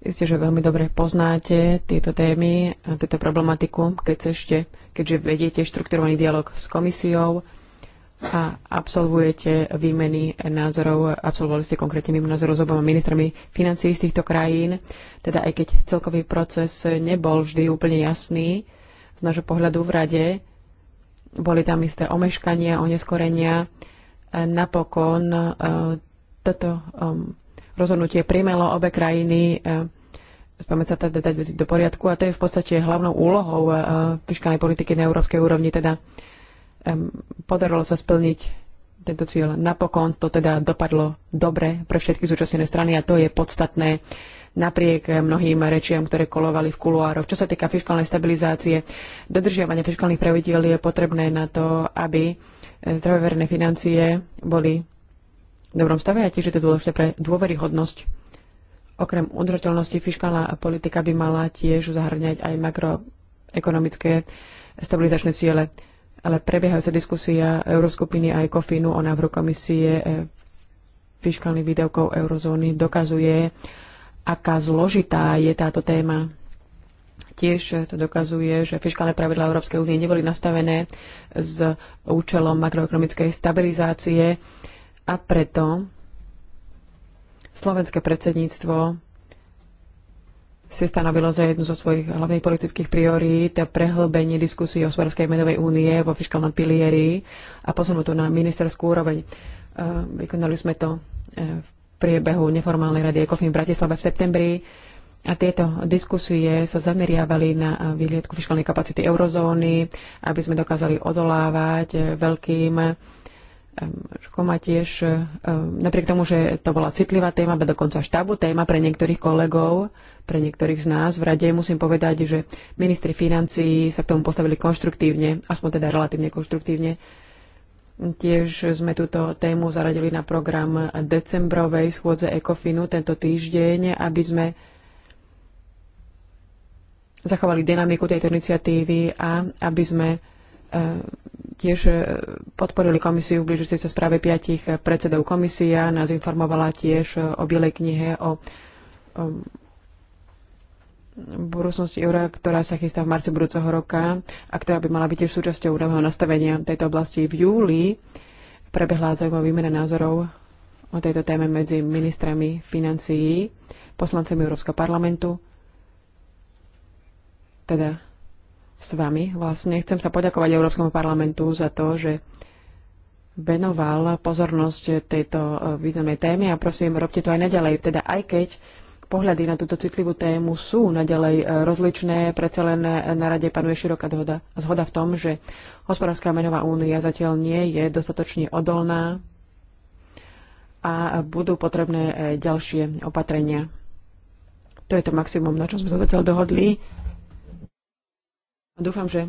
Isté, že veľmi dobre poznáte tieto témy tieto problematiku, keď ešte, keďže vediete štrukturovaný dialog s komisiou a absolvujete výmeny názorov, absolvovali ste konkrétne výmeny názorov s oboma ministrami financií z týchto krajín, teda aj keď celkový proces nebol vždy úplne jasný, z nášho pohľadu v rade, boli tam isté omeškania, oneskorenia. Napokon e, toto rozhodnutie primelo obe krajiny e, spomeň sa teda dať veci do poriadku a to je v podstate hlavnou úlohou e, fiskálnej politiky na európskej úrovni. Teda podarilo sa splniť tento cieľ. Napokon to teda dopadlo dobre pre všetky zúčastnené strany a to je podstatné napriek mnohým rečiam, ktoré kolovali v kuluároch. Čo sa týka fiskálnej stabilizácie, dodržiavanie fiskálnych pravidiel je potrebné na to, aby e, zdravé verejné financie boli dobrom stave a tiež je to dôležité pre dôveryhodnosť. Okrem udržateľnosti fiskálna politika by mala tiež zahrňať aj makroekonomické stabilizačné ciele. Ale sa diskusia Euroskupiny a ECOFINu o návrhu komisie eh, fiskálnych výdavkov eurozóny dokazuje, aká zložitá je táto téma. Tiež eh, to dokazuje, že fiskálne pravidlá Európskej únie neboli nastavené s účelom makroekonomickej stabilizácie. A preto slovenské predsedníctvo si stanovilo za jednu zo svojich hlavných politických priorít prehlbenie diskusie o Svarskej menovej únie vo fiskálnom pilieri a posunú to na ministerskú úroveň. E, vykonali sme to e, v priebehu neformálnej rady ECOFIN v Bratislave v septembri a tieto diskusie sa zameriavali na vyliedku fiskálnej kapacity eurozóny, aby sme dokázali odolávať e, veľkým Koma tiež, e, e, napriek tomu, že to bola citlivá téma, ba dokonca štábu téma pre niektorých kolegov, pre niektorých z nás v rade, musím povedať, že ministri financií sa k tomu postavili konštruktívne, aspoň teda relatívne konštruktívne. Tiež sme túto tému zaradili na program decembrovej schôdze ECOFINu tento týždeň, aby sme zachovali dynamiku tejto iniciatívy a aby sme E, tiež e, podporili komisiu v blížiacej sa správe piatich predsedov komisia. Nás informovala tiež e, o Bielej knihe o, o budúcnosti eura, ktorá sa chystá v marci budúceho roka a ktorá by mala byť tiež súčasťou nového nastavenia tejto oblasti. V júli prebehla zaujímavá výmena názorov o tejto téme medzi ministrami financií, poslancami Európskeho parlamentu, teda s vami. Vlastne chcem sa poďakovať Európskemu parlamentu za to, že venoval pozornosť tejto e, významnej témy a prosím, robte to aj naďalej. Teda aj keď pohľady na túto citlivú tému sú naďalej e, rozličné, predsa len e, na rade panuje široká dohoda, zhoda v tom, že hospodárska menová únia zatiaľ nie je dostatočne odolná a budú potrebné ďalšie opatrenia. To je to maximum, na čom sme sa zatiaľ dohodli dúfam, že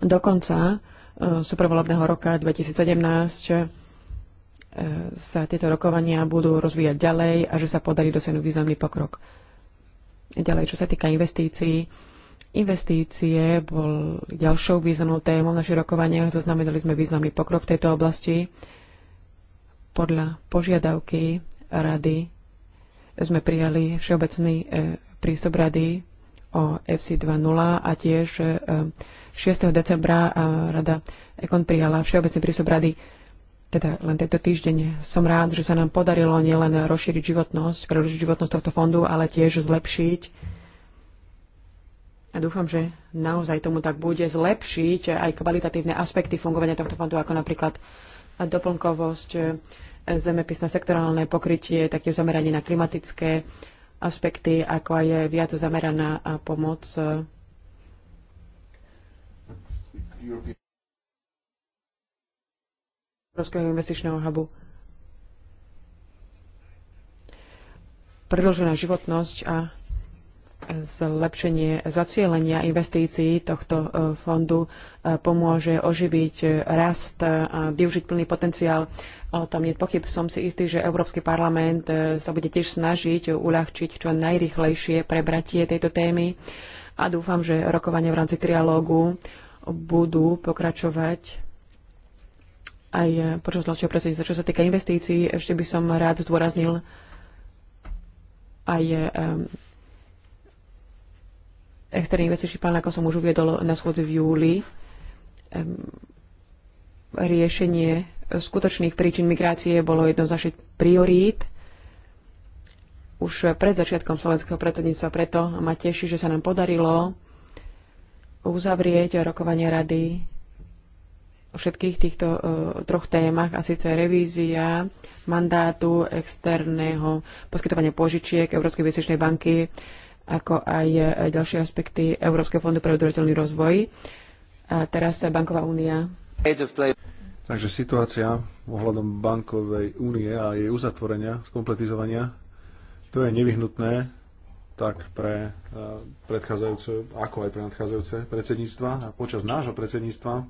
do konca e, supervolebného roka 2017 e, sa tieto rokovania budú rozvíjať ďalej a že sa podarí dosiahnuť významný pokrok. Ďalej, čo sa týka investícií, investície bol ďalšou významnou témou v našich rokovaniach. Zaznamenali sme významný pokrok v tejto oblasti. Podľa požiadavky rady sme prijali všeobecný e, prístup rady o FC 2.0 a tiež 6. E, decembra e, rada Ekon prijala všeobecný prístup rady teda len tento týždeň. Som rád, že sa nám podarilo nielen rozšíriť životnosť, preložiť životnosť tohto fondu, ale tiež zlepšiť a dúfam, že naozaj tomu tak bude zlepšiť aj kvalitatívne aspekty fungovania tohto fondu, ako napríklad doplnkovosť, e, zemepisné sektorálne pokrytie, také zameranie na klimatické aspekty, ako aj viac zameraná pomoc. E, Európskeho investičného hubu. Predložená životnosť a zlepšenie zacielenia investícií tohto e, fondu e, pomôže oživiť e, rast a využiť plný potenciál. O tom je pochyb. Som si istý, že Európsky parlament sa bude tiež snažiť uľahčiť čo najrychlejšie prebratie tejto témy a dúfam, že rokovania v rámci trialógu budú pokračovať aj počas ďalšieho predsedníctva. Čo sa týka investícií, ešte by som rád zdôraznil aj externý investičný plán, ako som už uviedol na schôdzi v júli, riešenie skutočných príčin migrácie bolo jedno z našich priorít už pred začiatkom slovenského predsedníctva. Preto ma teší, že sa nám podarilo uzavrieť rokovanie rady o všetkých týchto uh, troch témach, a síce revízia mandátu externého poskytovania požičiek Európskej investičnej banky, ako aj e, ďalšie aspekty Európskeho fondu pre udržateľný rozvoj. A teraz e, Banková únia. Takže situácia ohľadom bankovej únie a jej uzatvorenia, skompletizovania, to je nevyhnutné tak pre e, predchádzajúce, ako aj pre nadchádzajúce predsedníctva. A počas nášho predsedníctva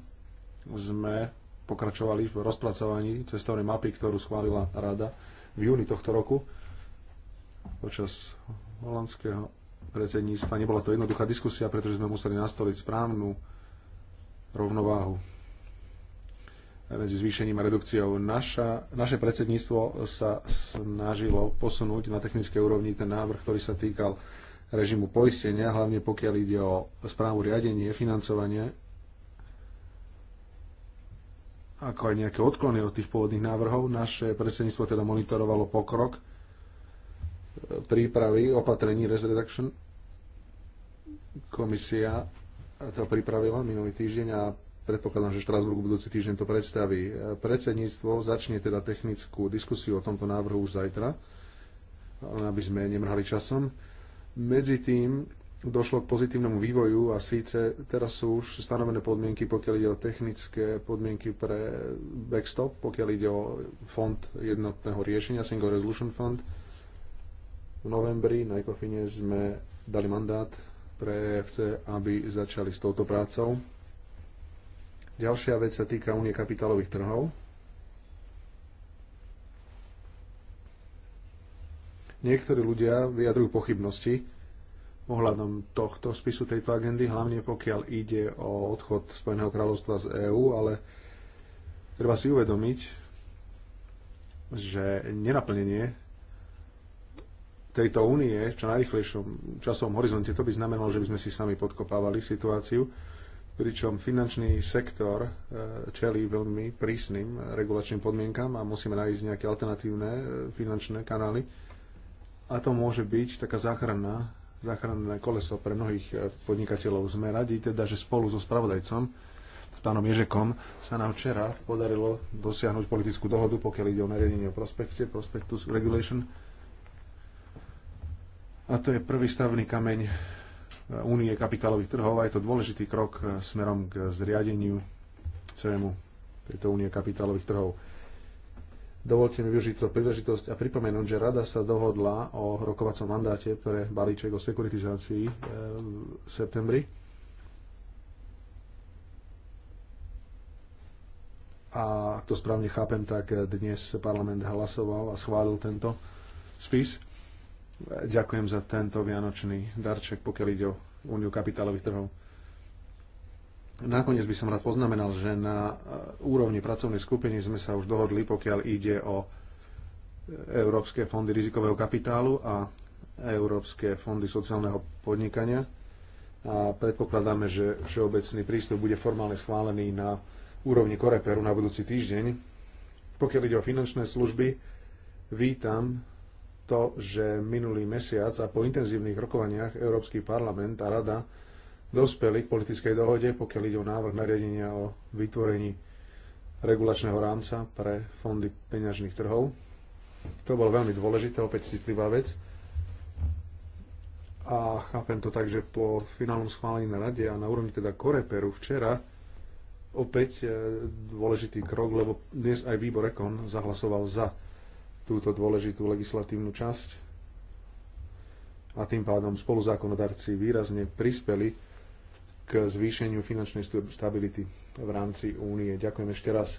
sme pokračovali v rozpracovaní cestovnej mapy, ktorú schválila rada v júni tohto roku počas holandského predsedníctva. Nebola to jednoduchá diskusia, pretože sme museli nastoliť správnu rovnováhu medzi zvýšením a redukciou. Naša, naše predsedníctvo sa snažilo posunúť na technické úrovni ten návrh, ktorý sa týkal režimu poistenia, hlavne pokiaľ ide o správu riadenie, financovanie, ako aj nejaké odklony od tých pôvodných návrhov. Naše predsedníctvo teda monitorovalo pokrok prípravy opatrení Res Reduction Komisia to pripravila minulý týždeň a predpokladám, že Štrásburg budúci týždeň to predstaví. Predsedníctvo začne teda technickú diskusiu o tomto návrhu už zajtra, aby sme nemrhali časom. Medzi tým došlo k pozitívnemu vývoju a síce teraz sú už stanovené podmienky, pokiaľ ide o technické podmienky pre backstop, pokiaľ ide o fond jednotného riešenia, Single Resolution Fund. V novembri na Ecofine sme dali mandát pre EFC, aby začali s touto prácou. Ďalšia vec sa týka únie kapitálových trhov. Niektorí ľudia vyjadrujú pochybnosti ohľadom tohto spisu tejto agendy, hlavne pokiaľ ide o odchod Spojeného kráľovstva z EÚ, ale treba si uvedomiť, že nenaplnenie tejto únie v čo najrychlejšom časovom horizonte. To by znamenalo, že by sme si sami podkopávali situáciu, pričom finančný sektor e, čelí veľmi prísnym regulačným podmienkam a musíme nájsť nejaké alternatívne e, finančné kanály. A to môže byť taká záchranná, záchranné koleso pre mnohých e, podnikateľov. Sme radi teda, že spolu so spravodajcom pánom Ježekom sa nám včera podarilo dosiahnuť politickú dohodu, pokiaľ ide o nariadenie o prospekte, prospectus regulation, a to je prvý stavný kameň e, únie kapitálových trhov a je to dôležitý krok e, smerom k zriadeniu celému tejto únie kapitálových trhov. Dovolte mi využiť to príležitosť a pripomenúť, že Rada sa dohodla o rokovacom mandáte pre balíček o sekuritizácii e, v septembri. A ak to správne chápem, tak dnes parlament hlasoval a schválil tento spis. Ďakujem za tento vianočný darček, pokiaľ ide o úniu kapitálových trhov. Nakoniec by som rád poznamenal, že na e, úrovni pracovnej skupiny sme sa už dohodli, pokiaľ ide o Európske fondy rizikového kapitálu a Európske fondy sociálneho podnikania. A predpokladáme, že všeobecný prístup bude formálne schválený na úrovni Koreperu na budúci týždeň. Pokiaľ ide o finančné služby, vítam to, že minulý mesiac a po intenzívnych rokovaniach Európsky parlament a Rada dospeli k politickej dohode, pokiaľ ide o návrh nariadenia o vytvorení regulačného rámca pre fondy peňažných trhov. To bolo veľmi dôležité, opäť citlivá vec. A chápem to tak, že po finálnom schválení na rade a na úrovni teda Koreperu včera opäť e, dôležitý krok, lebo dnes aj výbor Ekon zahlasoval za túto dôležitú legislatívnu časť a tým pádom spoluzákonodarci výrazne prispeli k zvýšeniu finančnej stability v rámci únie. Ďakujem ešte raz.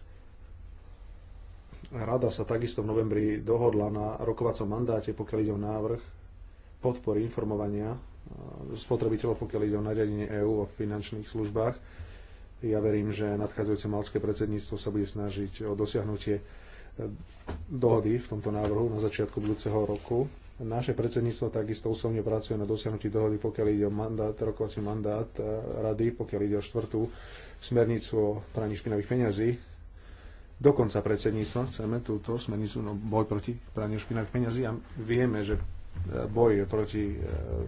Rada sa takisto v novembri dohodla na rokovacom mandáte, pokiaľ ide o návrh podpory informovania e, spotrebiteľov, pokiaľ ide o nariadenie EÚ o finančných službách. Ja verím, že nadchádzajúce malské predsedníctvo sa bude snažiť o dosiahnutie dohody v tomto návrhu na začiatku budúceho roku. Naše predsedníctvo takisto úslovne pracuje na dosiahnutí dohody, pokiaľ ide o mandát, rokovací mandát eh, rady, pokiaľ ide o štvrtú smernicu o praní špinavých peňazí. dokonca predsedníctva chceme túto smernicu no, boj proti praniu špinavých peňazí a vieme, že eh, boj proti eh,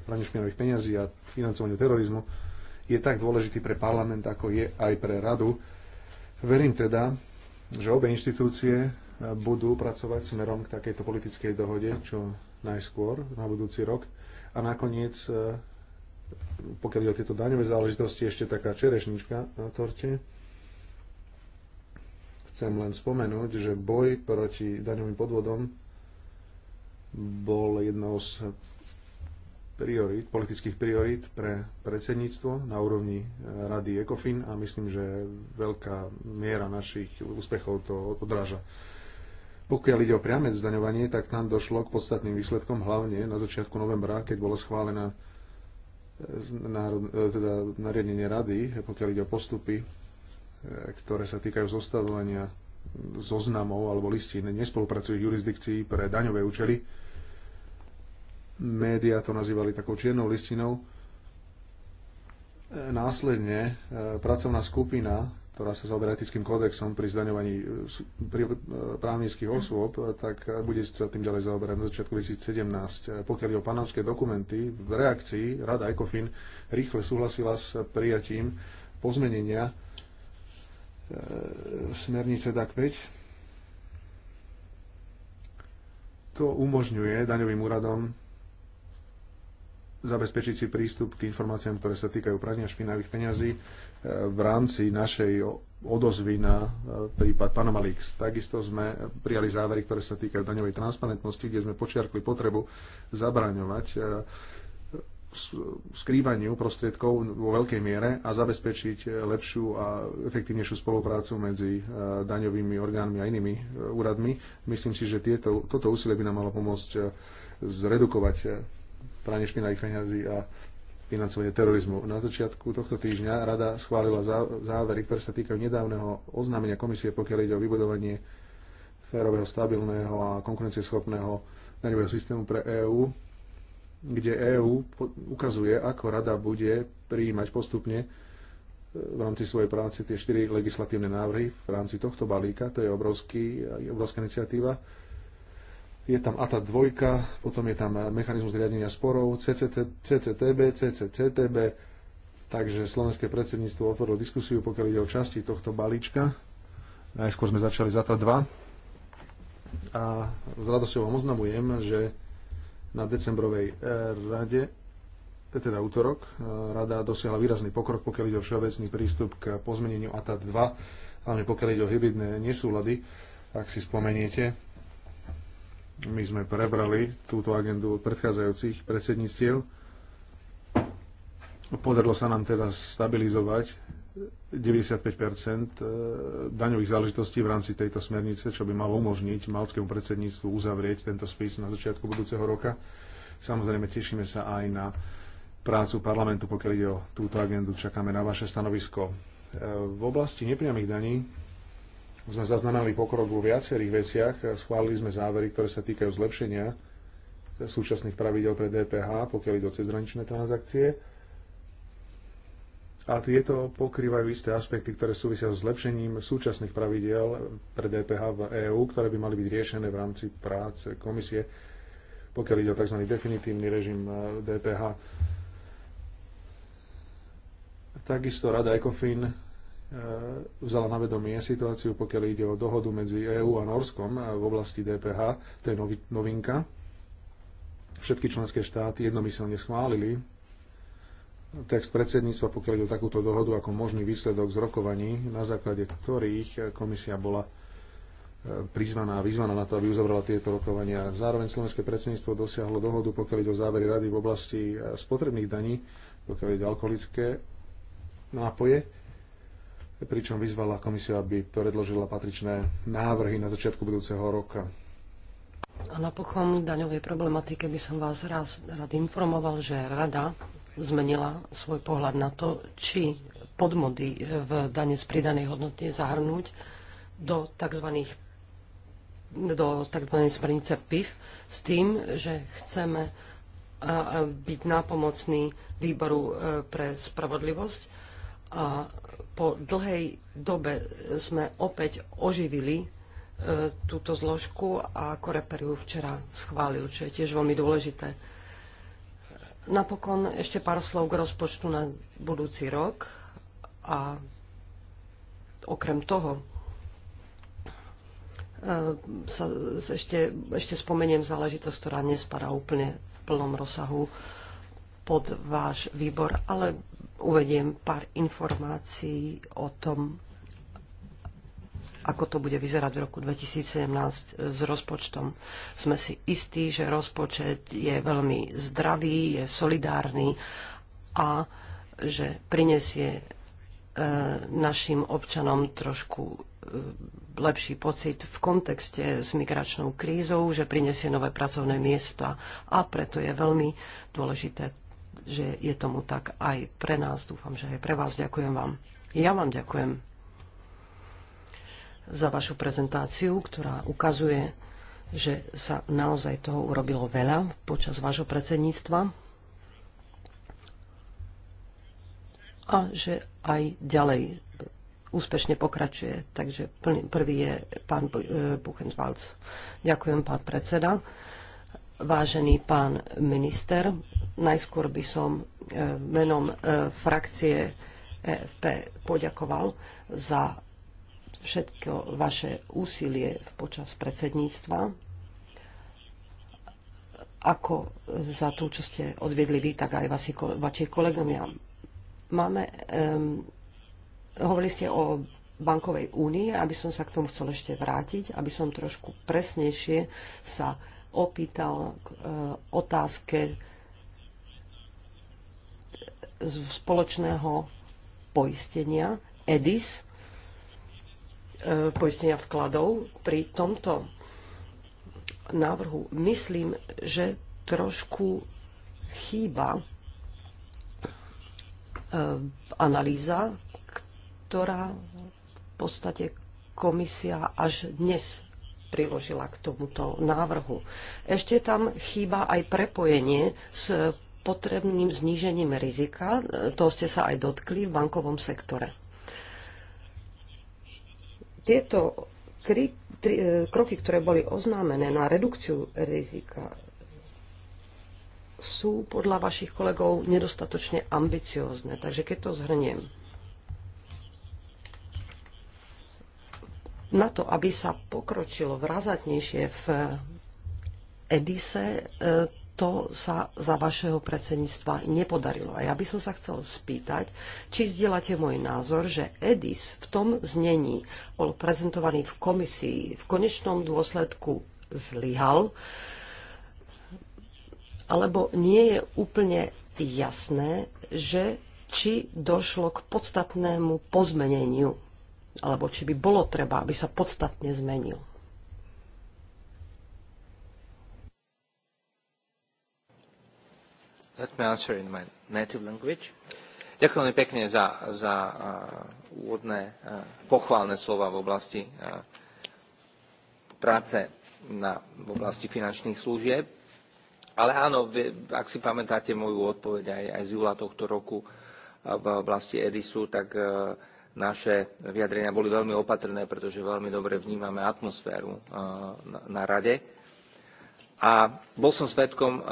praniu špinavých peňazí a financovaniu terorizmu je tak dôležitý pre parlament, ako je aj pre radu. Verím teda, že obe inštitúcie budú pracovať smerom k takejto politickej dohode, čo najskôr, na budúci rok. A nakoniec, e, pokiaľ ide o tieto daňové záležitosti, ešte taká čerešnička na torte. Chcem len spomenúť, že boj proti daňovým podvodom bol jednou z priorit, politických priorit pre predsedníctvo na úrovni e, Rady ECOFIN a myslím, že veľká miera našich úspechov to odráža. Pokiaľ ide o priame zdaňovanie, tak tam došlo k podstatným výsledkom hlavne na začiatku novembra, keď bola schválená e, e, teda nariadenie rady, pokiaľ ide o postupy, e, ktoré sa týkajú zostavovania zoznamov alebo listín nespolupracujúcich jurisdikcií pre daňové účely. Média to nazývali takou čiernou listinou. Následne pracovná skupina ktorá sa zaoberá etickým kódexom pri zdaňovaní e, e, právnických osôb, e, tak bude sa tým ďalej zaoberať na začiatku 2017. Pokiaľ je o panamské dokumenty, v reakcii Rada ECOFIN rýchle súhlasila s prijatím pozmenenia smernice DAC 5. To umožňuje daňovým úradom zabezpečiť si prístup k informáciám, ktoré sa týkajú prania špinavých peňazí e, v rámci našej odozvy na e, prípad Panama Leaks. Takisto sme prijali závery, ktoré sa týkajú daňovej transparentnosti, kde sme počiarkli potrebu zabraňovať e, skrývaniu prostriedkov vo veľkej miere a zabezpečiť lepšiu a efektívnejšiu spoluprácu medzi daňovými orgánmi a inými úradmi. Myslím si, že tieto, toto úsilie by nám malo pomôcť zredukovať pranie špinavých peňazí a financovanie terorizmu. Na začiatku tohto týždňa rada schválila závery, ktoré sa týkajú nedávneho oznámenia komisie, pokiaľ ide o vybudovanie férového, stabilného a konkurencieschopného daňového systému pre EÚ, kde EÚ ukazuje, ako rada bude prijímať postupne e, v rámci svojej práce tie štyri legislatívne návrhy v rámci tohto balíka. To je obrovský, obrovská iniciatíva je tam ATA 2, potom je tam mechanizmus riadenia sporov, CCT, CCTB, CCCTB, takže slovenské predsedníctvo otvorilo diskusiu, pokiaľ ide o časti tohto balíčka. Najskôr sme začali za ATA 2 a s radosťou vám oznamujem, že na decembrovej eh, rade, eh, teda útorok, eh, rada dosiahla výrazný pokrok, pokiaľ ide o všeobecný prístup k pozmeneniu ATA 2, hlavne pokiaľ ide o hybridné nesúlady, ak si spomeniete my sme prebrali túto agendu od predchádzajúcich predsedníctiev. Podarilo sa nám teda stabilizovať 95 eh, daňových záležitostí v rámci tejto smernice, čo by malo umožniť malskému predsedníctvu uzavrieť tento spis na začiatku budúceho roka. Samozrejme, tešíme sa aj na prácu parlamentu, pokiaľ ide o túto agendu. Čakáme na vaše stanovisko. Eh, v oblasti nepriamých daní sme zaznamenali pokrok vo viacerých veciach. Schválili sme závery, ktoré sa týkajú zlepšenia súčasných pravidel pre DPH, pokiaľ ide o cezhraničné transakcie. A tieto pokrývajú isté aspekty, ktoré súvisia so zlepšením súčasných pravidel pre DPH v EÚ, ktoré by mali byť riešené v rámci práce komisie, pokiaľ ide o tzv. definitívny režim e, DPH. Takisto Rada ECOFIN E, vzala na vedomie situáciu, pokiaľ ide o dohodu medzi EÚ a Norskom e, v oblasti DPH. To je novinka. Všetky členské štáty jednomyselne schválili text predsedníctva, pokiaľ ide o takúto dohodu ako možný výsledok z rokovaní, na základe ktorých komisia bola e, prizvaná a vyzvaná na to, aby uzavrala tieto rokovania. Zároveň slovenské predsedníctvo dosiahlo dohodu, pokiaľ ide o závery rady v oblasti spotrebných daní, pokiaľ ide o alkoholické nápoje pričom vyzvala komisiu, aby predložila patričné návrhy na začiatku budúceho roka. A napokon daňovej problematike by som vás raz rád informoval, že rada zmenila svoj pohľad na to, či podmody v dane z pridanej hodnote zahrnúť do tzv. do tzv. smernice PIF s tým, že chceme byť nápomocný výboru e, pre spravodlivosť a po dlhej dobe sme opäť oživili e, túto zložku a Koreper ju včera schválil, čo je tiež veľmi dôležité. Napokon ešte pár slov k rozpočtu na budúci rok a okrem toho e, sa ešte, ešte spomeniem záležitosť, ktorá nespadá úplne v plnom rozsahu pod váš výbor, ale uvediem pár informácií o tom, ako to bude vyzerať v roku 2017 s rozpočtom. Sme si istí, že rozpočet je veľmi zdravý, je solidárny a že prinesie e, našim občanom trošku e, lepší pocit v kontexte s migračnou krízou, že prinesie nové pracovné miesta a preto je veľmi dôležité že je tomu tak aj pre nás. Dúfam, že aj pre vás. Ďakujem vám. Ja vám ďakujem za vašu prezentáciu, ktorá ukazuje, že sa naozaj toho urobilo veľa počas vášho predsedníctva a že aj ďalej úspešne pokračuje. Takže prvý je pán e, Buchenwald. Ďakujem, pán predseda. Vážený pán minister, najskôr by som e, menom e, frakcie EFP poďakoval za všetko vaše úsilie počas predsedníctva, ako za to, čo ste odviedli vy, tak aj vaši vaši kolegovia. Máme, um, hovorili ste o bankovej únii, aby som sa k tomu chcel ešte vrátiť, aby som trošku presnejšie sa uh, opýtal k e, otázke spoločného poistenia EDIS, e, poistenia vkladov. Pri tomto návrhu myslím, že trošku chýba e, analýza, ktorá v podstate komisia až dnes priložila k tomuto návrhu. Ešte tam chýba aj prepojenie s potrebným znížením rizika. To ste sa aj dotkli v bankovom sektore. Tieto kri, tri, e, kroky, ktoré boli oznámené na redukciu rizika, sú podľa vašich kolegov nedostatočne ambiciózne. Takže keď to zhrniem, Na to, aby sa pokročilo vrazatnejšie v Edise, e, to sa za vašeho predsedníctva nepodarilo. A ja by som sa chcel spýtať, či zdieľate môj názor, že EDIS v tom znení bol prezentovaný v komisii, v konečnom dôsledku zlyhal, alebo nie je úplne jasné, že či došlo k podstatnému pozmeneniu alebo či by bolo treba, aby sa podstatne zmenil. Let me answer in my native language. Ďakujem veľmi pekne za, za uh, úvodné uh, pochválne slova v oblasti uh, práce na, v oblasti finančných služieb. Ale áno, ak si pamätáte moju odpoveď aj, aj z júla tohto roku v oblasti Edisu, tak uh, naše vyjadrenia boli veľmi opatrné, pretože veľmi dobre vnímame atmosféru eh, na rade. A bol som svetkom eh,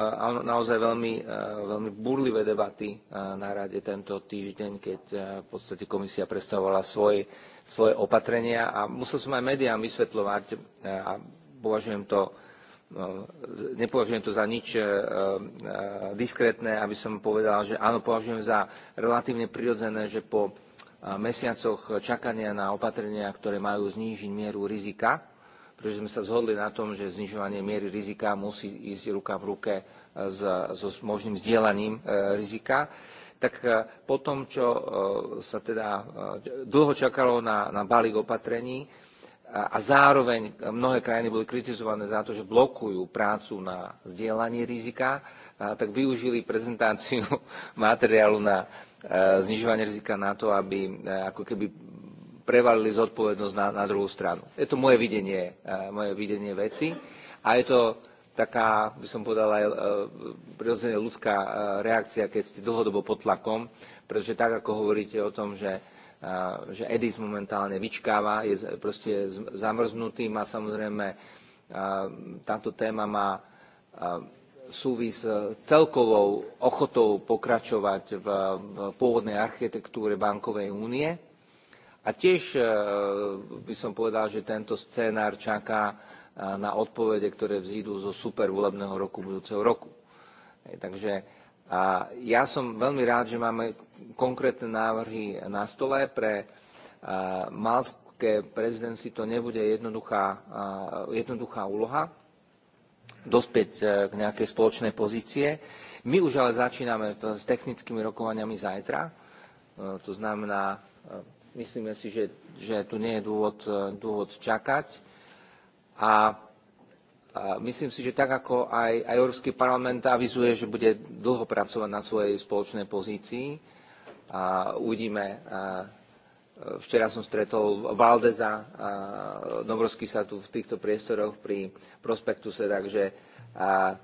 naozaj veľmi, eh, veľmi búrlivé debaty na rade tento týždeň, keď v podstate komisia predstavovala svoje, svoje opatrenia a musel som aj médiám vysvetľovať a považujem to nepovažujem to za nič diskrétne, aby som povedal, že áno, považujem za relatívne prirodzené, že po mesiacoch čakania na opatrenia, ktoré majú znížiť mieru rizika, pretože sme sa zhodli na tom, že znižovanie miery rizika musí ísť ruka v ruke e, so možným zdieľaním e, rizika tak e, po tom, čo sa teda dlho čakalo na, na balík opatrení a zároveň mnohé krajiny boli kritizované za to, že blokujú prácu na zdieľanie rizika, tak využili prezentáciu materiálu na E, znižovanie rizika na to, aby e, ako keby prevalili zodpovednosť na, na druhú stranu. Je to moje videnie, e, moje videnie veci a je to taká, by som povedal, aj prirodzene ľudská reakcia, keď ste dlhodobo pod tlakom, pretože tak, ako hovoríte o tom, že, že Edis momentálne vyčkáva, je proste zamrznutý, má samozrejme, táto téma má súvis e, celkovou ochotou pokračovať v, pôvodnej architektúre bankovej únie. A tiež e, by som povedal, že tento scénár čaká e, na odpovede, ktoré vzídu zo supervolebného roku budúceho roku. Takže ja som veľmi rád, že máme konkrétne návrhy na stole. Pre malské prezidenci to nebude jednoduchá, jednoduchá úloha dospieť e, k nejakej spoločnej pozície. My už ale začíname s technickými rokovaniami zajtra. E, to znamená, e, myslíme si, že, že tu nie je dôvod, dôvod čakať. A myslím si, že tak ako aj, aj Európsky parlament avizuje, že bude dlho pracovať na svojej spoločnej pozícii, a uvidíme, Včera som stretol Valdeza, Novorský sa tu v týchto priestoroch pri prospektu se, takže a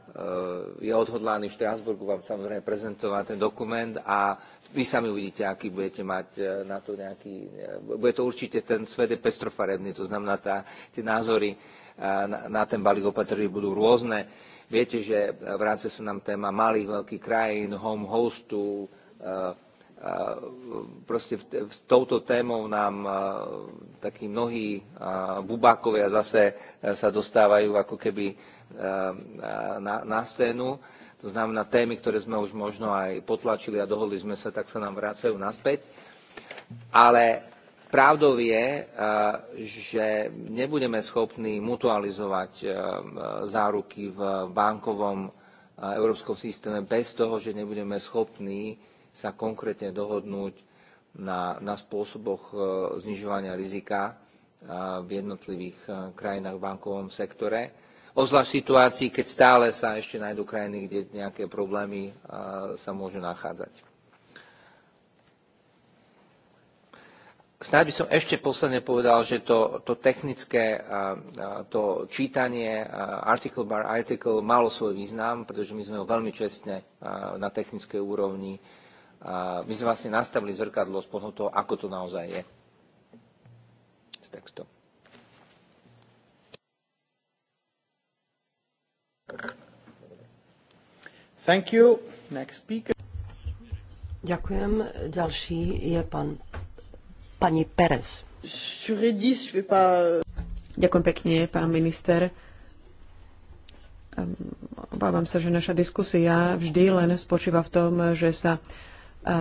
e, je odhodlaný v Štrásburgu vám samozrejme prezentovať ten dokument a vy sami uvidíte, aký budete mať e, na to nejaký... E, bude to určite ten svet je pestrofarebný, to znamená, tá, tie názory na, na ten balík opatrení budú rôzne. Viete, že rámci sa nám téma malých, veľkých krajín, home hostu, E, proste s touto témou nám e, takí mnohí e, bubákovia zase sa dostávajú ako keby na, na scénu. To znamená, témy, ktoré sme už možno aj potlačili a dohodli sme sa, tak sa nám vracajú naspäť. Ale Pravdou je, že nebudeme schopní mutualizovať záruky v bankovom európskom systéme bez toho, že nebudeme schopní sa konkrétne dohodnúť na, na spôsoboch e, znižovania rizika e, v jednotlivých e, krajinách v bankovom sektore. Ozvlášť v situácii, keď stále sa ešte nájdú krajiny, kde nejaké problémy sa môžu nachádzať. Snáď by som ešte posledne povedal, že to, to technické, to čítanie article by article malo svoj význam, pretože my sme ho veľmi čestne na technickej úrovni a my sme vlastne nastavili zrkadlo z toho, ako to naozaj je s textom. Thank you. Next speaker. Ďakujem. Ďalší je pán, pani Perez. Ďakujem pekne, pán minister. Ehm, obávam sa, že naša diskusia vždy len spočíva v tom, že sa E,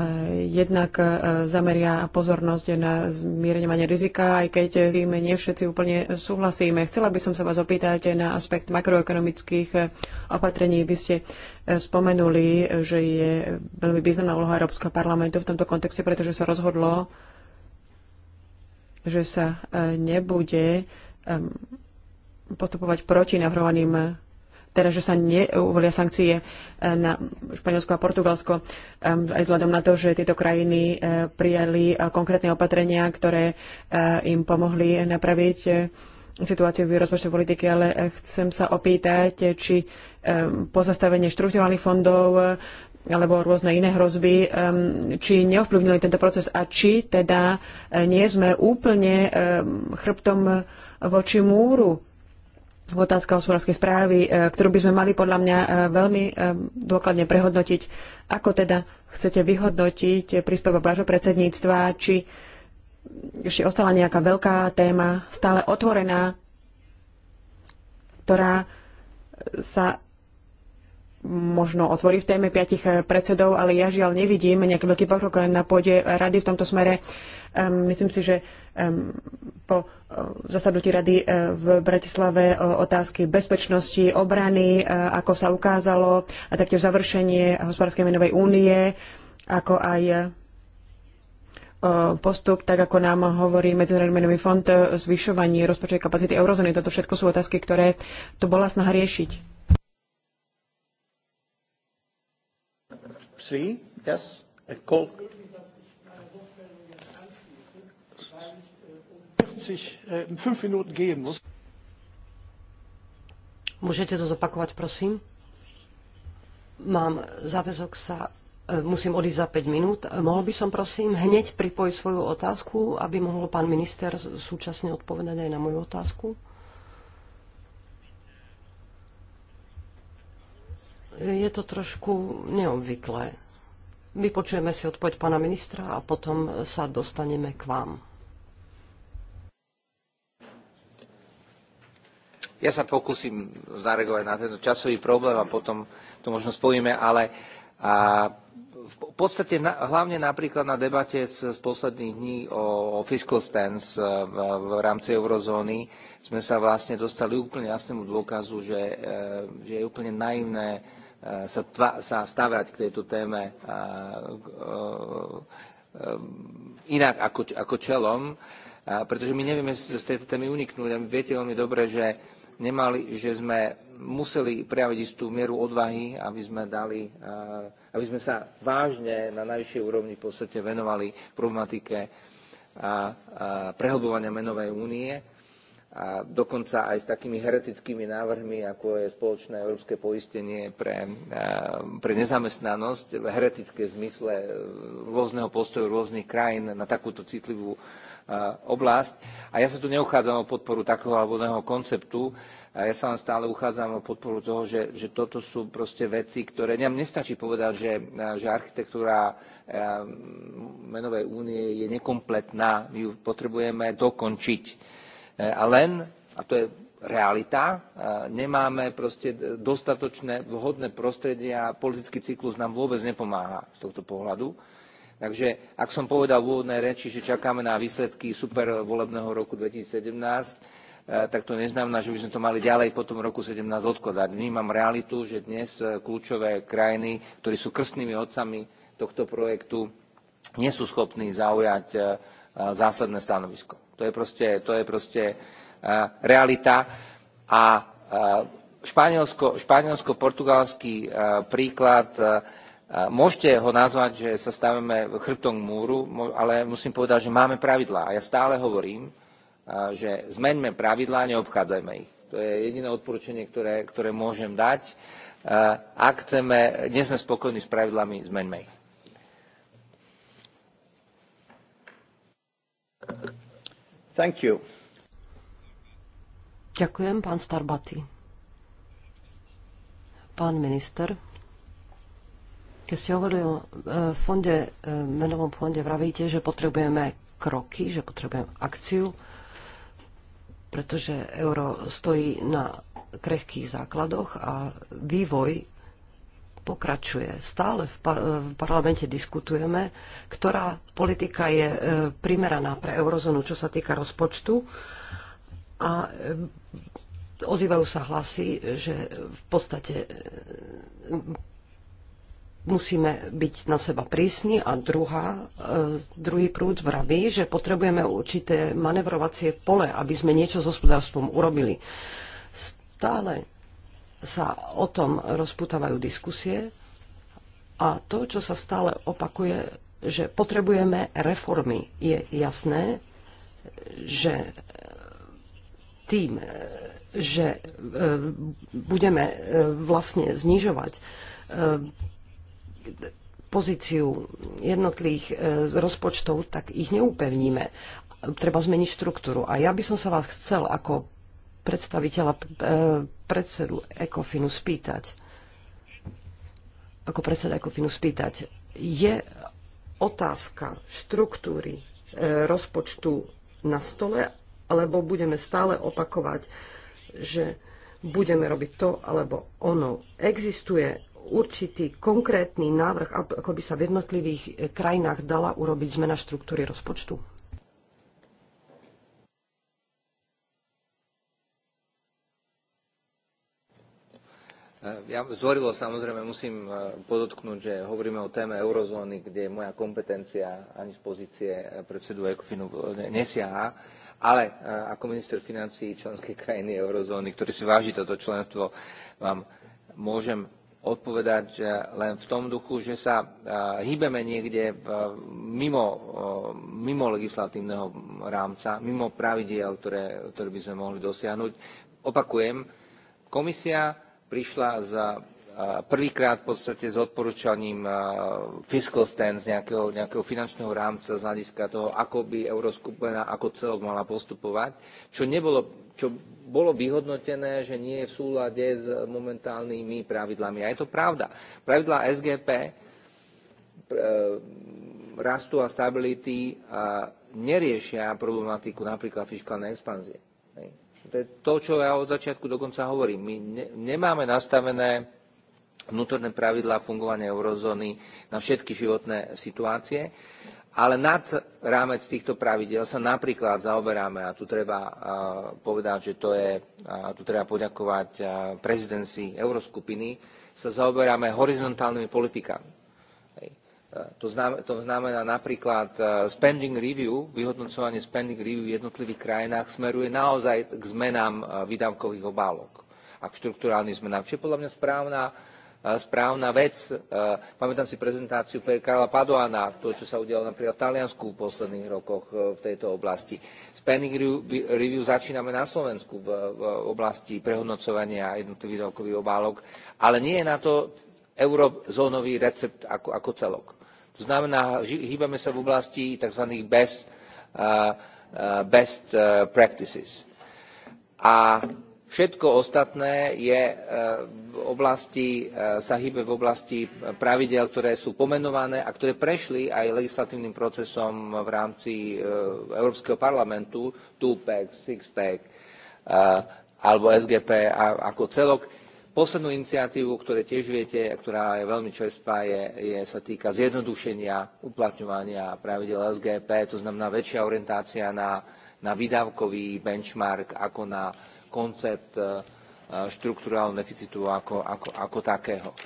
jednak e, zameria pozornosť na zmierňovanie rizika, aj keď tým nie všetci úplne súhlasíme. Chcela by som sa vás opýtať na aspekt makroekonomických e, opatrení. Vy ste spomenuli, že je veľmi významná úloha Európskeho parlamentu v tomto kontexte, pretože sa rozhodlo, že sa nebude postupovať proti navrhovaným teda že sa neuvolia sankcie eh, na Španielsko a Portugalsko, ehm, aj vzhľadom na to, že tieto krajiny eh, prijali eh, konkrétne opatrenia, ktoré im pomohli napraviť situáciu v rozpočtovej politike, ale chcem sa opýtať, či ehm, pozastavenie štruktúrnych fondov alebo rôzne iné hrozby, ehm, či neovplyvnili tento proces a či teda nie sme úplne chrbtom voči múru otázka hospodárskej správy, e, ktorú by sme mali podľa mňa e, veľmi e, dôkladne prehodnotiť. Ako teda chcete vyhodnotiť príspevok vášho predsedníctva, či ešte ostala nejaká veľká téma, stále otvorená, ktorá sa možno otvorí v téme piatich eh, predsedov, ale ja žiaľ nevidím nejaký veľký pokrok na pôde rady v tomto smere. Ehm, myslím si, že ehm, po eh, zasadnutí rady eh, v Bratislave otázky bezpečnosti, obrany, ako sa ukázalo, a taktiež završenie hospodárskej menovej únie, ako aj postup, tak ako nám hovorí Medzinárodný menový fond, zvyšovanie rozpočtovej kapacity eurozóny. Toto všetko sú otázky, ktoré tu bola snaha riešiť. three, yes, äh, Môžete to zopakovať, prosím? Mám záväzok sa, äh, musím odísť za 5 minút. Äh, mohol by som, prosím, hneď pripojiť svoju otázku, aby mohol pán minister súčasne odpovedať aj na moju otázku? je to trošku neobvyklé. Vypočujeme si odpoveď pána ministra a potom sa dostaneme k vám. Ja sa pokúsim zareagovať na tento časový problém a potom to možno spojíme, ale a v podstate na, hlavne napríklad na debate z, z posledných dní o, o fiscal stance e, v, v rámci eurozóny sme sa vlastne dostali úplne jasnému dôkazu, že, e, že je úplne naivné sa, tva, sa stavať k tejto téme e, inak ako, ako čelom, pretože my nevieme z tejto témy uniknúť. A my viete veľmi dobre, že, nemali, že sme museli prejaviť istú mieru odvahy, aby sme, dali, aby sme sa vážne na najvyššej úrovni v podstate venovali problematike prehlbovania menovej únie a dokonca aj s takými heretickými návrhmi, ako je spoločné európske poistenie pre, pre nezamestnanosť v heretické zmysle e, rôzneho postoju rôznych krajín na takúto citlivú e, oblasť. A ja sa tu neuchádzam o podporu takého alebo iného konceptu, a ja sa vám stále uchádzam o podporu toho, že, že toto sú proste veci, ktoré nám nestačí povedať, že, že architektúra menovej únie je nekompletná. My ju potrebujeme dokončiť E, a len, a to je realita, e, nemáme proste dostatočné vhodné prostredia, politický cyklus nám vôbec nepomáha z tohto pohľadu. Takže ak som povedal v úvodnej reči, že čakáme na výsledky supervolebného roku 2017, e, tak to neznamená, že by sme to mali ďalej po tom roku 17 odkladať. Vnímam realitu, že dnes kľúčové krajiny, ktorí sú krstnými otcami tohto projektu, nie sú schopní zaujať zásadné stanovisko. To je proste, to je proste realita. A španielsko, španielsko portugalský príklad Môžete ho nazvať, že sa stavíme chrbtom k múru, ale musím povedať, že máme pravidlá. A ja stále hovorím, že zmeňme pravidlá, neobchádzajme ich. To je jediné odporúčanie, ktoré, ktoré môžem dať. Ak chceme, nie sme spokojní s pravidlami, zmeňme ich. Thank you. Ďakujem, pán Starbaty. Pán minister, keď ste hovorili o e, fonde, e, menovom fonde, vravíte, že potrebujeme kroky, že potrebujeme akciu, pretože euro stojí na krehkých základoch a vývoj pokračuje. Stále v, par- v parlamente diskutujeme, ktorá politika je e, primeraná pre eurozónu, čo sa týka rozpočtu. A e, ozývajú sa hlasy, že v podstate e, musíme byť na seba prísni a druhá, e, druhý prúd vraví, že potrebujeme určité manevrovacie pole, aby sme niečo s hospodárstvom urobili. Stále sa o tom rozputávajú diskusie a to, čo sa stále opakuje, že potrebujeme reformy. Je jasné, že tým, že e, budeme e, vlastne znižovať e, pozíciu jednotlých rozpočtov, tak ich neupevníme. Treba zmeniť štruktúru. A ja by som sa vás chcel ako predstaviteľa, e, predsedu Ekofinu spýtať, ako predseda Ekofinu spýtať, je otázka štruktúry e, rozpočtu na stole, alebo budeme stále opakovať, že budeme robiť to alebo ono. Existuje určitý konkrétny návrh, ako by sa v jednotlivých e, krajinách dala urobiť zmena štruktúry rozpočtu? Ja zdvorilo samozrejme musím e, podotknúť, že hovoríme o téme eurozóny, kde moja kompetencia ani z pozície e, predsedu ECOFINu nesiaha, ale e, ako minister financí členskej krajiny eurozóny, ktorý si váži toto členstvo, vám môžem odpovedať len v tom duchu, že sa hýbeme niekde mimo, mimo legislatívneho rámca, mimo pravidiel, ktoré, ktoré by sme mohli dosiahnuť. Opakujem, komisia prišla za prvýkrát v podstate s odporúčaním fiscal stance nejakého, nejakého finančného rámca z hľadiska toho, ako by Euroskupina ako celok mala postupovať, čo, nebolo, čo bolo vyhodnotené, že nie je v súlade s momentálnymi pravidlami. A je to pravda. Pravidlá SGP e, rastu a stability a neriešia problematiku napríklad fiskálnej expanzie to je to, čo ja od začiatku dokonca hovorím. My ne, nemáme nastavené vnútorné pravidlá fungovania eurozóny na všetky životné situácie, ale nad rámec týchto pravidel sa napríklad zaoberáme, a tu treba povedať, že to je, a tu treba poďakovať prezidencii Euroskupiny, sa zaoberáme horizontálnymi politikami E, to znamená, to znamená napríklad e, spending review, vyhodnocovanie spending review v jednotlivých krajinách smeruje naozaj k zmenám e, výdavkových obálok a k štruktúrálnym zmenám, čo je podľa mňa správna, správna vec. Pamätám si prezentáciu pre Karla Padoana, to, čo sa udialo napríklad v Taliansku v posledných rokoch v tejto oblasti. Spending review začíname na Slovensku v, v oblasti prehodnocovania jednotlivých výdavkových obálok, ale nie je na to eurozónový recept ako, ako celok to znamená, hýbame sa v oblasti tzv. best, best e, practices. A všetko ostatné je e, v oblasti, e, sa hýbe v oblasti pravidel, ktoré sú pomenované a ktoré prešli aj legislatívnym procesom v rámci Európskeho parlamentu, 2-pack, 6-pack alebo SGP ako celok Poslednú iniciatívu, ktoré tiež viete, ktorá je veľmi čerstvá, je, je, sa týka zjednodušenia uplatňovania pravidel SGP, to znamená väčšia orientácia na, na výdavkový benchmark ako na koncept e, štruktúrálneho deficitu ako, ako, ako takého.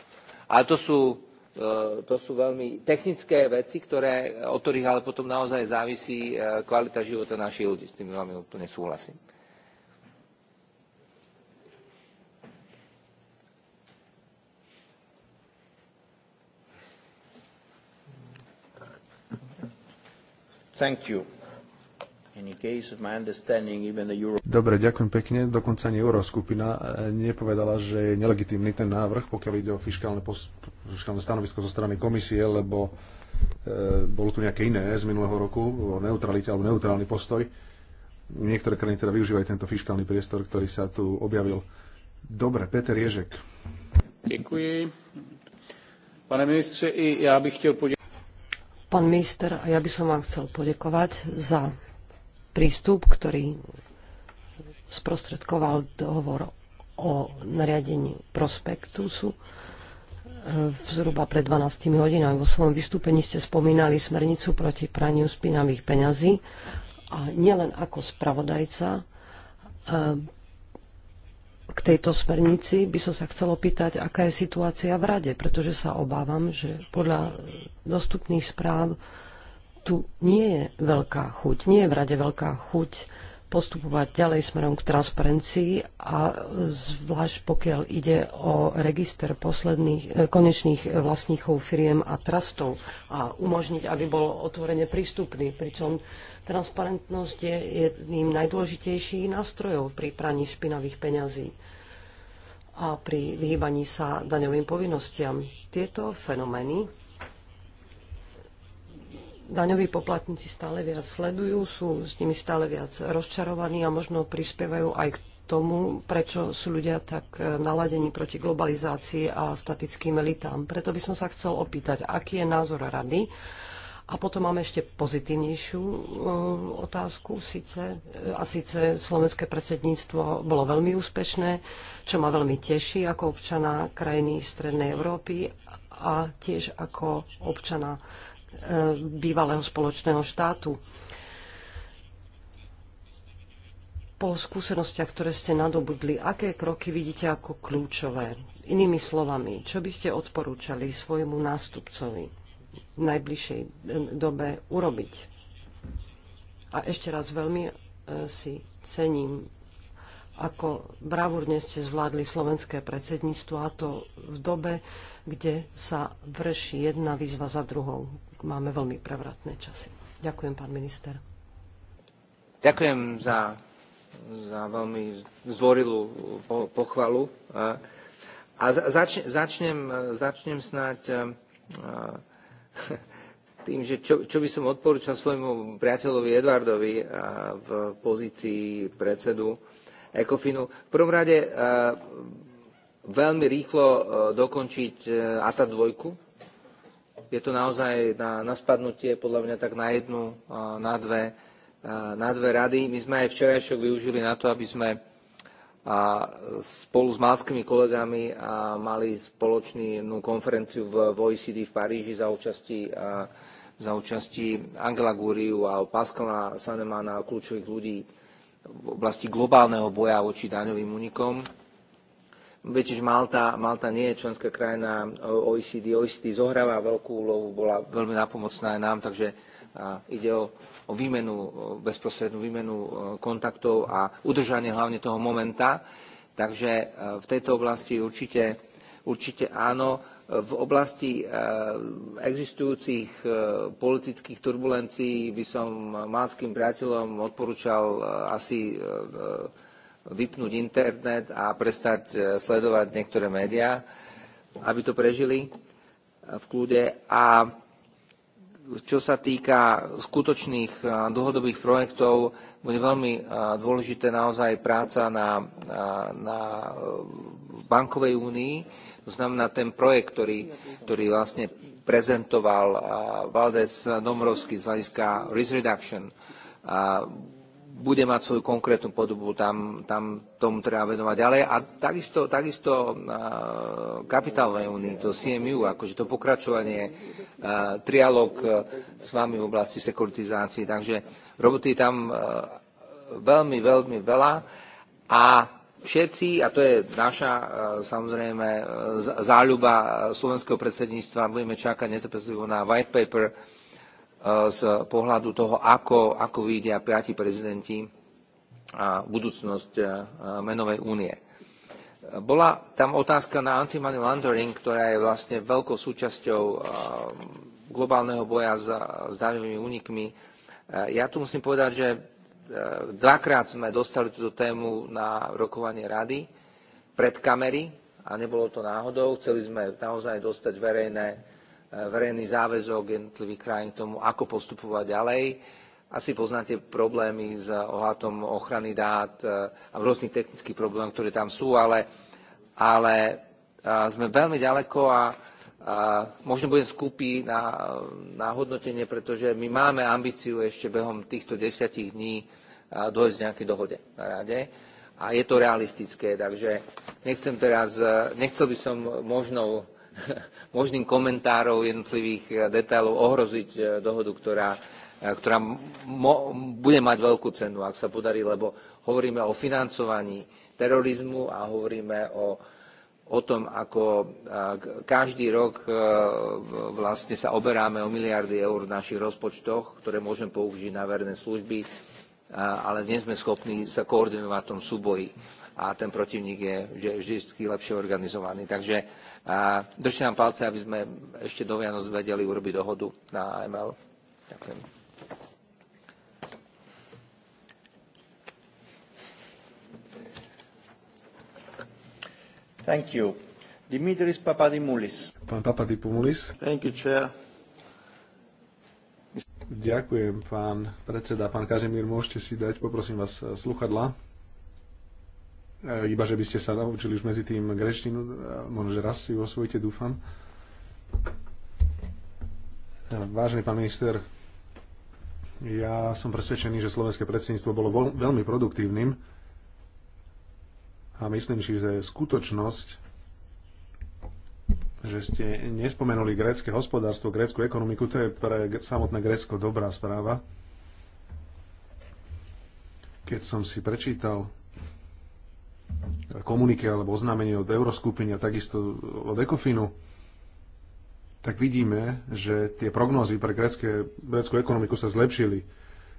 A to sú, e, to sú veľmi technické veci, ktoré, od ktorých ale potom naozaj závisí e, kvalita života našich ľudí. S tým veľmi úplne súhlasím. Dobre, ďakujem pekne. Dokonca ani Euróskupina e, nepovedala, že je nelegitímny ten návrh, pokiaľ ide o fiskálne, fiskálne stanovisko zo strany komisie, lebo e, bolo tu nejaké iné z minulého roku o neutralite alebo neutrálny postoj. Niektoré krajiny teda využívajú tento fiskálny priestor, ktorý sa tu objavil. Dobre, Peter Ježek. Ďakujem. Pane ministře, i ja bych chtěl poďakovať Pán minister, ja by som vám chcel podekovať za prístup, ktorý sprostredkoval dohovor o nariadení prospektusu eh, zhruba pred 12 hodinami. Vo svojom vystúpení ste spomínali smernicu proti praniu spinavých peňazí a nielen ako spravodajca eh, k tejto smernici by som sa chcel pýtať, aká je situácia v Rade, pretože sa obávam, že podľa dostupných správ tu nie je veľká chuť, nie je v Rade veľká chuť postupovať ďalej smerom k transparencii a zvlášť pokiaľ ide o register posledných, e, konečných vlastníkov firiem a trastov a umožniť, aby bol otvorene prístupný. Pričom transparentnosť je jedným najdôležitejších nástrojov pri praní špinavých peňazí a pri vyhýbaní sa daňovým povinnostiam. Tieto fenomény daňoví poplatníci stále viac sledujú, sú s nimi stále viac rozčarovaní a možno prispievajú aj k tomu, prečo sú ľudia tak e, naladení proti globalizácii a statickým elitám. Preto by som sa chcel opýtať, aký je názor rady. A potom máme ešte pozitívnejšiu e, otázku síce, e, a síce slovenské predsedníctvo bolo veľmi úspešné, čo ma veľmi teší ako občana krajiny Strednej Európy a tiež ako občana E, bývalého spoločného štátu. Po skúsenostiach, ktoré ste nadobudli, aké kroky vidíte ako kľúčové? Inými slovami, čo by ste odporúčali svojmu nástupcovi v najbližšej e, dobe urobiť? A ešte raz veľmi e, si cením, ako bravúrne ste zvládli slovenské predsedníctvo, a to v dobe, kde sa vrší jedna výzva za druhou máme veľmi prevratné časy. Ďakujem, pán minister. Ďakujem za, za veľmi zvorilú pochvalu. A zač, začnem, začnem snáď tým, že čo, čo by som odporúčal svojmu priateľovi Eduardovi v pozícii predsedu Ekofinu. V prvom rade veľmi rýchlo e, dokončiť ATA e, dvojku, je to naozaj na, na spadnutie, podľa mňa tak na jednu, na dve, na dve rady. My sme aj včerajšok využili na to, aby sme a spolu s malskými kolegami a mali spoločnú konferenciu v OECD v Paríži za účasti, a, za účasti Angela Guriu a Pascala Sanemana a kľúčových ľudí v oblasti globálneho boja voči daňovým únikom že Malta, Malta nie je členská krajina OECD. OECD zohráva veľkú úlohu, bola veľmi napomocná aj nám, takže ide o, o výmenu, bezprostrednú výmenu kontaktov a udržanie hlavne toho momenta. Takže e, v tejto oblasti určite, určite áno. V oblasti e, existujúcich e, politických turbulencií by som malckým priateľom odporúčal asi vypnúť internet a prestať e, sledovať niektoré médiá, aby to prežili e, v kľude. A čo sa týka skutočných e, dlhodobých projektov, bude veľmi dôležité naozaj práca na, na bankovej únii. To znamená ten projekt, ktorý, ktorý vlastne prezentoval Valdez Domrovský z hľadiska risk reduction bude mať svoju konkrétnu podobu, tam, tam tomu treba venovať. ďalej. a takisto, takisto uh, kapitálnej únii, to CMU, akože to pokračovanie, uh, e, trialog uh, e, s vami v oblasti sekuritizácie, takže roboty tam uh, veľmi, veľmi veľa a všetci, a to je naša samozrejme záľuba slovenského predsedníctva, budeme čakať netopestlivo na white paper E, z pohľadu toho, ako, ako vidia piati prezidenti a budúcnosť e, menovej únie. Bola tam otázka na anti-money laundering, ktorá je vlastne veľkou súčasťou e, globálneho boja s daňovými únikmi. Ja tu musím povedať, že dvakrát sme dostali túto tému na rokovanie rady pred kamery a nebolo to náhodou. Chceli sme naozaj dostať verejné E, verejný záväzok jednotlivých krajín k tomu, ako postupovať ďalej. Asi poznáte problémy s ohľadom ochrany dát e, a rôznych technických problémov, ktoré tam sú, ale, ale e, sme veľmi ďaleko a, a možno budem skupý na, na hodnotenie, pretože my máme ambíciu ešte behom týchto desiatich dní dojsť k nejakej dohode na rade a je to realistické, takže nechcem teraz, nechcel by som možno možným komentárov jednotlivých eh, detailov ohroziť eh, dohodu, ktorá, eh, ktorá mo, bude mať veľkú cenu, ak sa podarí, lebo hovoríme o financovaní terorizmu a hovoríme o, o tom, ako každý rok vlastne sa oberáme o miliardy eur v našich rozpočtoch, ktoré môžeme použiť na verné služby, ale nie sme schopní sa koordinovať v tom súboji a ten protivník je vždy, vždy lepšie organizovaný. Takže a držte nám palce, aby sme ešte do Vianoc vedeli urobiť dohodu na AML. Ďakujem. Thank you. Dimitris Papadimoulis. Pán Papadimoulis. Thank you, chair. Ďakujem, pán predseda. Pán Kazimír, môžete si dať, poprosím vás, sluchadla. E, iba že by ste sa naučili už medzi tým greštinu, e, možno, že raz si ju osvojite, dúfam. E, vážený pán minister, ja som presvedčený, že slovenské predsedníctvo bolo veľmi produktívnym a myslím si, že skutočnosť, že ste nespomenuli grécke hospodárstvo, grécku ekonomiku, to je pre samotné Grécko dobrá správa. Keď som si prečítal komunike alebo oznámenie od Euroskupiny a takisto od Ekofinu, tak vidíme, že tie prognózy pre grecké, greckú ekonomiku sa zlepšili,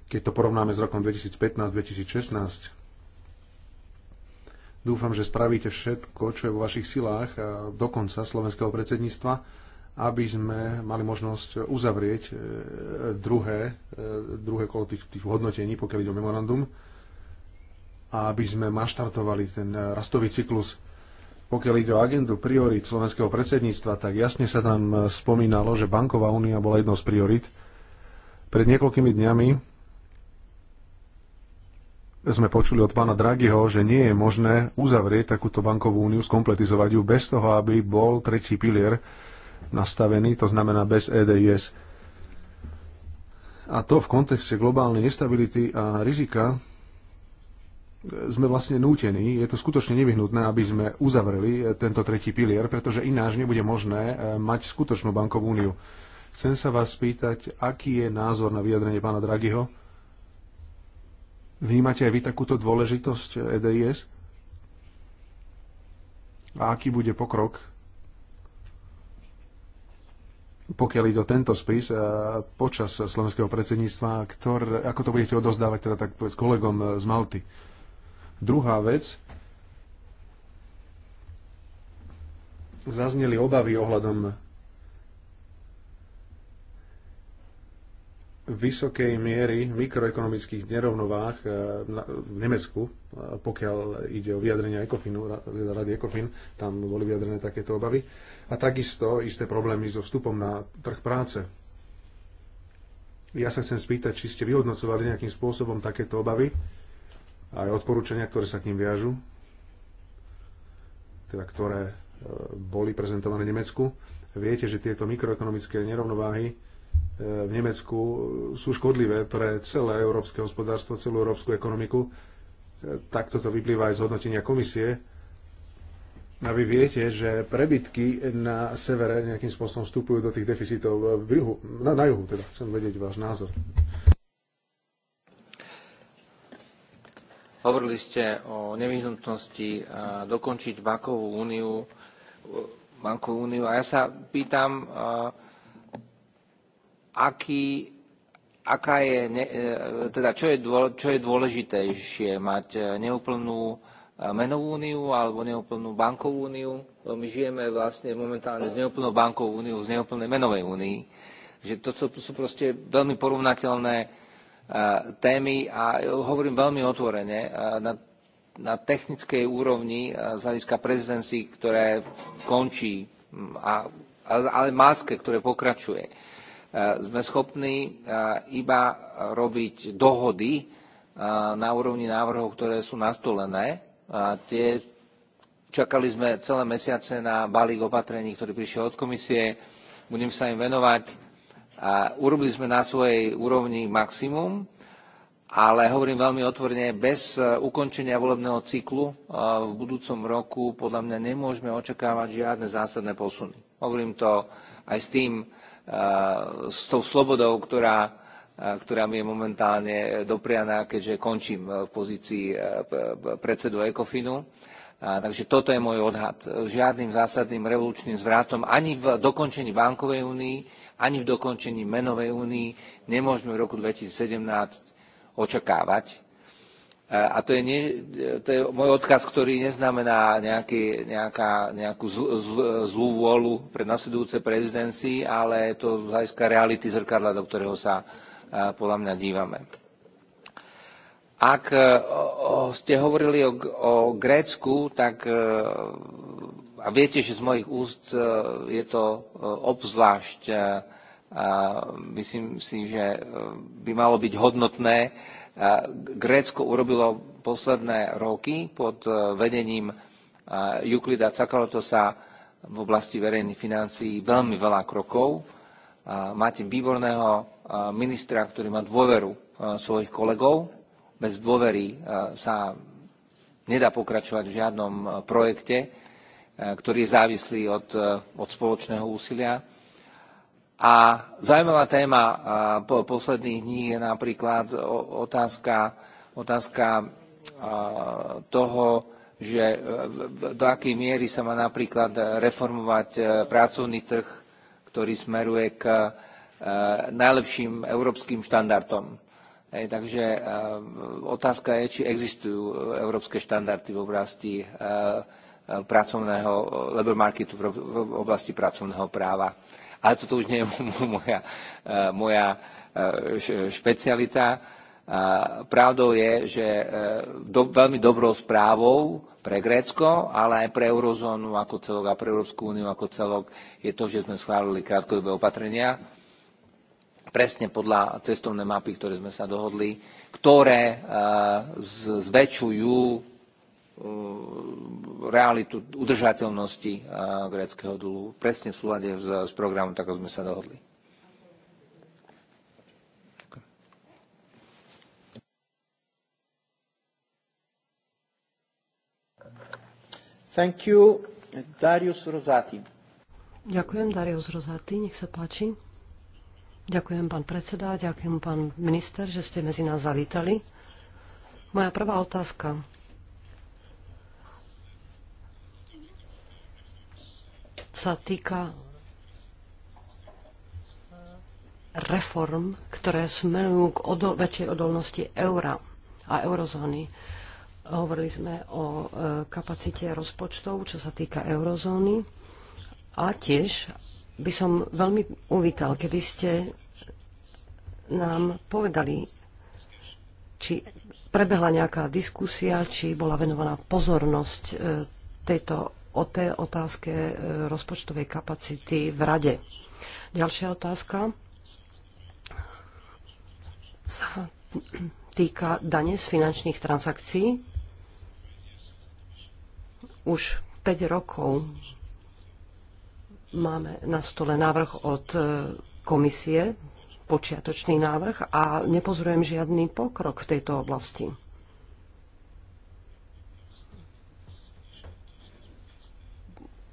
keď to porovnáme s rokom 2015-2016. Dúfam, že spravíte všetko, čo je vo vašich silách a dokonca slovenského predsedníctva, aby sme mali možnosť uzavrieť e, e, druhé, e, druhé kolo tých, tých hodnotení, pokiaľ ide o memorandum a aby sme maštartovali ten eh, rastový cyklus. Pokiaľ ide o agendu priorit slovenského predsedníctva, tak jasne sa tam eh, spomínalo, že banková únia bola jednou z priorit. Pred niekoľkými dňami sme počuli od pána Draghiho, že nie je možné uzavrieť takúto bankovú úniu, skompletizovať ju bez toho, aby bol tretí pilier nastavený, to znamená bez EDIS. A to v kontexte globálnej nestability a rizika, sme vlastne nútení, je to skutočne nevyhnutné, aby sme uzavreli e, tento tretí pilier, pretože ináč nebude možné e, mať skutočnú bankovú úniu. Chcem sa vás spýtať, aký je názor na vyjadrenie pána Draghiho? Vnímate aj vy takúto dôležitosť EDIS? E A aký bude pokrok, pokiaľ ide o tento spis počas slovenského predsedníctva, ktor, ako to budete odozdávať teda tak s kolegom z Malty? Druhá vec, zazneli obavy ohľadom vysokej miery mikroekonomických nerovnovách eh, v Nemecku, eh, pokiaľ ide o vyjadrenia Ekofinu, rady Ekofin, tam boli vyjadrené takéto obavy. A takisto isté problémy so vstupom na trh práce. Ja sa chcem spýtať, či ste vyhodnocovali nejakým spôsobom takéto obavy aj odporúčania, ktoré sa k ním viažu, teda ktoré e, boli prezentované v Nemecku. Viete, že tieto mikroekonomické nerovnováhy e, v Nemecku e, sú škodlivé pre celé európske hospodárstvo, celú európsku ekonomiku. Takto to vyplýva aj z hodnotenia komisie. A vy viete, že prebytky na severe nejakým spôsobom vstupujú do tých deficitov v juhu, na, na juhu. Teda chcem vedieť váš názor. Hovorili ste o nevyhnutnosti eh, dokončiť bankovú úniu, bankovú úniu a ja sa pýtam, eh, aký, aká je, eh, teda čo je, čo je dôležitejšie, mať neúplnú menovú úniu alebo neúplnú bankovú úniu. My žijeme vlastne momentálne z neúplnou bankovou úniou, z neúplnej menovej únii. Že to sú, sú proste veľmi porovnateľné témy a hovorím veľmi otvorene na, na technickej úrovni z hľadiska prezidencií, ktoré končí, a, ale máske, ktoré pokračuje. Sme schopní iba robiť dohody na úrovni návrhov, ktoré sú nastolené. Tie čakali sme celé mesiace na balík opatrení, ktorý prišiel od komisie. Budem sa im venovať a urobili sme na svojej úrovni maximum, ale hovorím veľmi otvorene, bez e, ukončenia volebného cyklu e, v budúcom roku podľa mňa nemôžeme očakávať žiadne zásadné posuny. Hovorím to aj s tým, e, s tou slobodou, ktorá, ktorá mi je momentálne doprianá, keďže končím v pozícii predsedu ECOFINu. takže toto je môj odhad. Žiadnym zásadným revolučným zvratom ani v dokončení bankovej únii, ani v dokončení menovej únii nemôžeme v roku 2017 očakávať. E, a to je, nie, e, to je môj odkaz, ktorý neznamená nejaký, nejaká, nejakú zl, zl, zlú vôľu pre nasledujúce prezidencii, ale je to z hľadiska reality zrkadla, do ktorého sa e, podľa mňa dívame. Ak ste hovorili o, o Grécku, tak a viete, že z mojich úst e, je to e, obzvlášť, e, myslím si, že by malo byť hodnotné. Grécko urobilo posledné roky pod vedením Juklida Cakalotosa v oblasti verejných financií veľmi veľa krokov. Máte výborného ministra, ktorý má dôveru svojich kolegov. Bez dôvery sa nedá pokračovať v žiadnom projekte E, ktorý je závislý od, e, od spoločného úsilia. A zaujímavá téma e, po posledných dní je napríklad otázka, otázka toho, že do akej miery sa má napríklad reformovať pracovný trh, ktorý smeruje k najlepším európskym štandardom. takže otázka je, či existujú európske štandardy v oblasti Eh, pracovného eh, labor marketu v oblasti pracovného práva. Ale toto už nie je moja, eh, moja špecialita. Pravdou je, že do, veľmi dobrou správou pre Grécko, ale aj pre eurozónu ako celok a pre Európsku úniu ako celok je to, že sme schválili krátkodobé opatrenia, presne podľa cestovnej mapy, ktoré sme sa dohodli, ktoré zväčšujú Eh, realitu udržateľnosti eh, gréckého dlhu presne v súlade s, programom, tak ako sme sa dohodli. Thank you. Darius Rosati. Ďakujem, Darius Rosati, nech sa páči. Ďakujem, pán predseda, ďakujem, pán minister, že ste medzi nás zavítali. Moja prvá otázka sa týka reform, ktoré smerujú k odol, väčšej odolnosti eura a eurozóny. Hovorili sme o e, kapacite rozpočtov, čo sa týka eurozóny. A tiež by som veľmi uvítal, keby ste nám povedali, či prebehla nejaká diskusia, či bola venovaná pozornosť e, tejto o té otázke e, rozpočtovej kapacity v Rade. Ďalšia otázka sa týka dane z finančných transakcií. Už 5 rokov máme na stole návrh od e, komisie, počiatočný návrh a nepozorujem žiadny pokrok v tejto oblasti.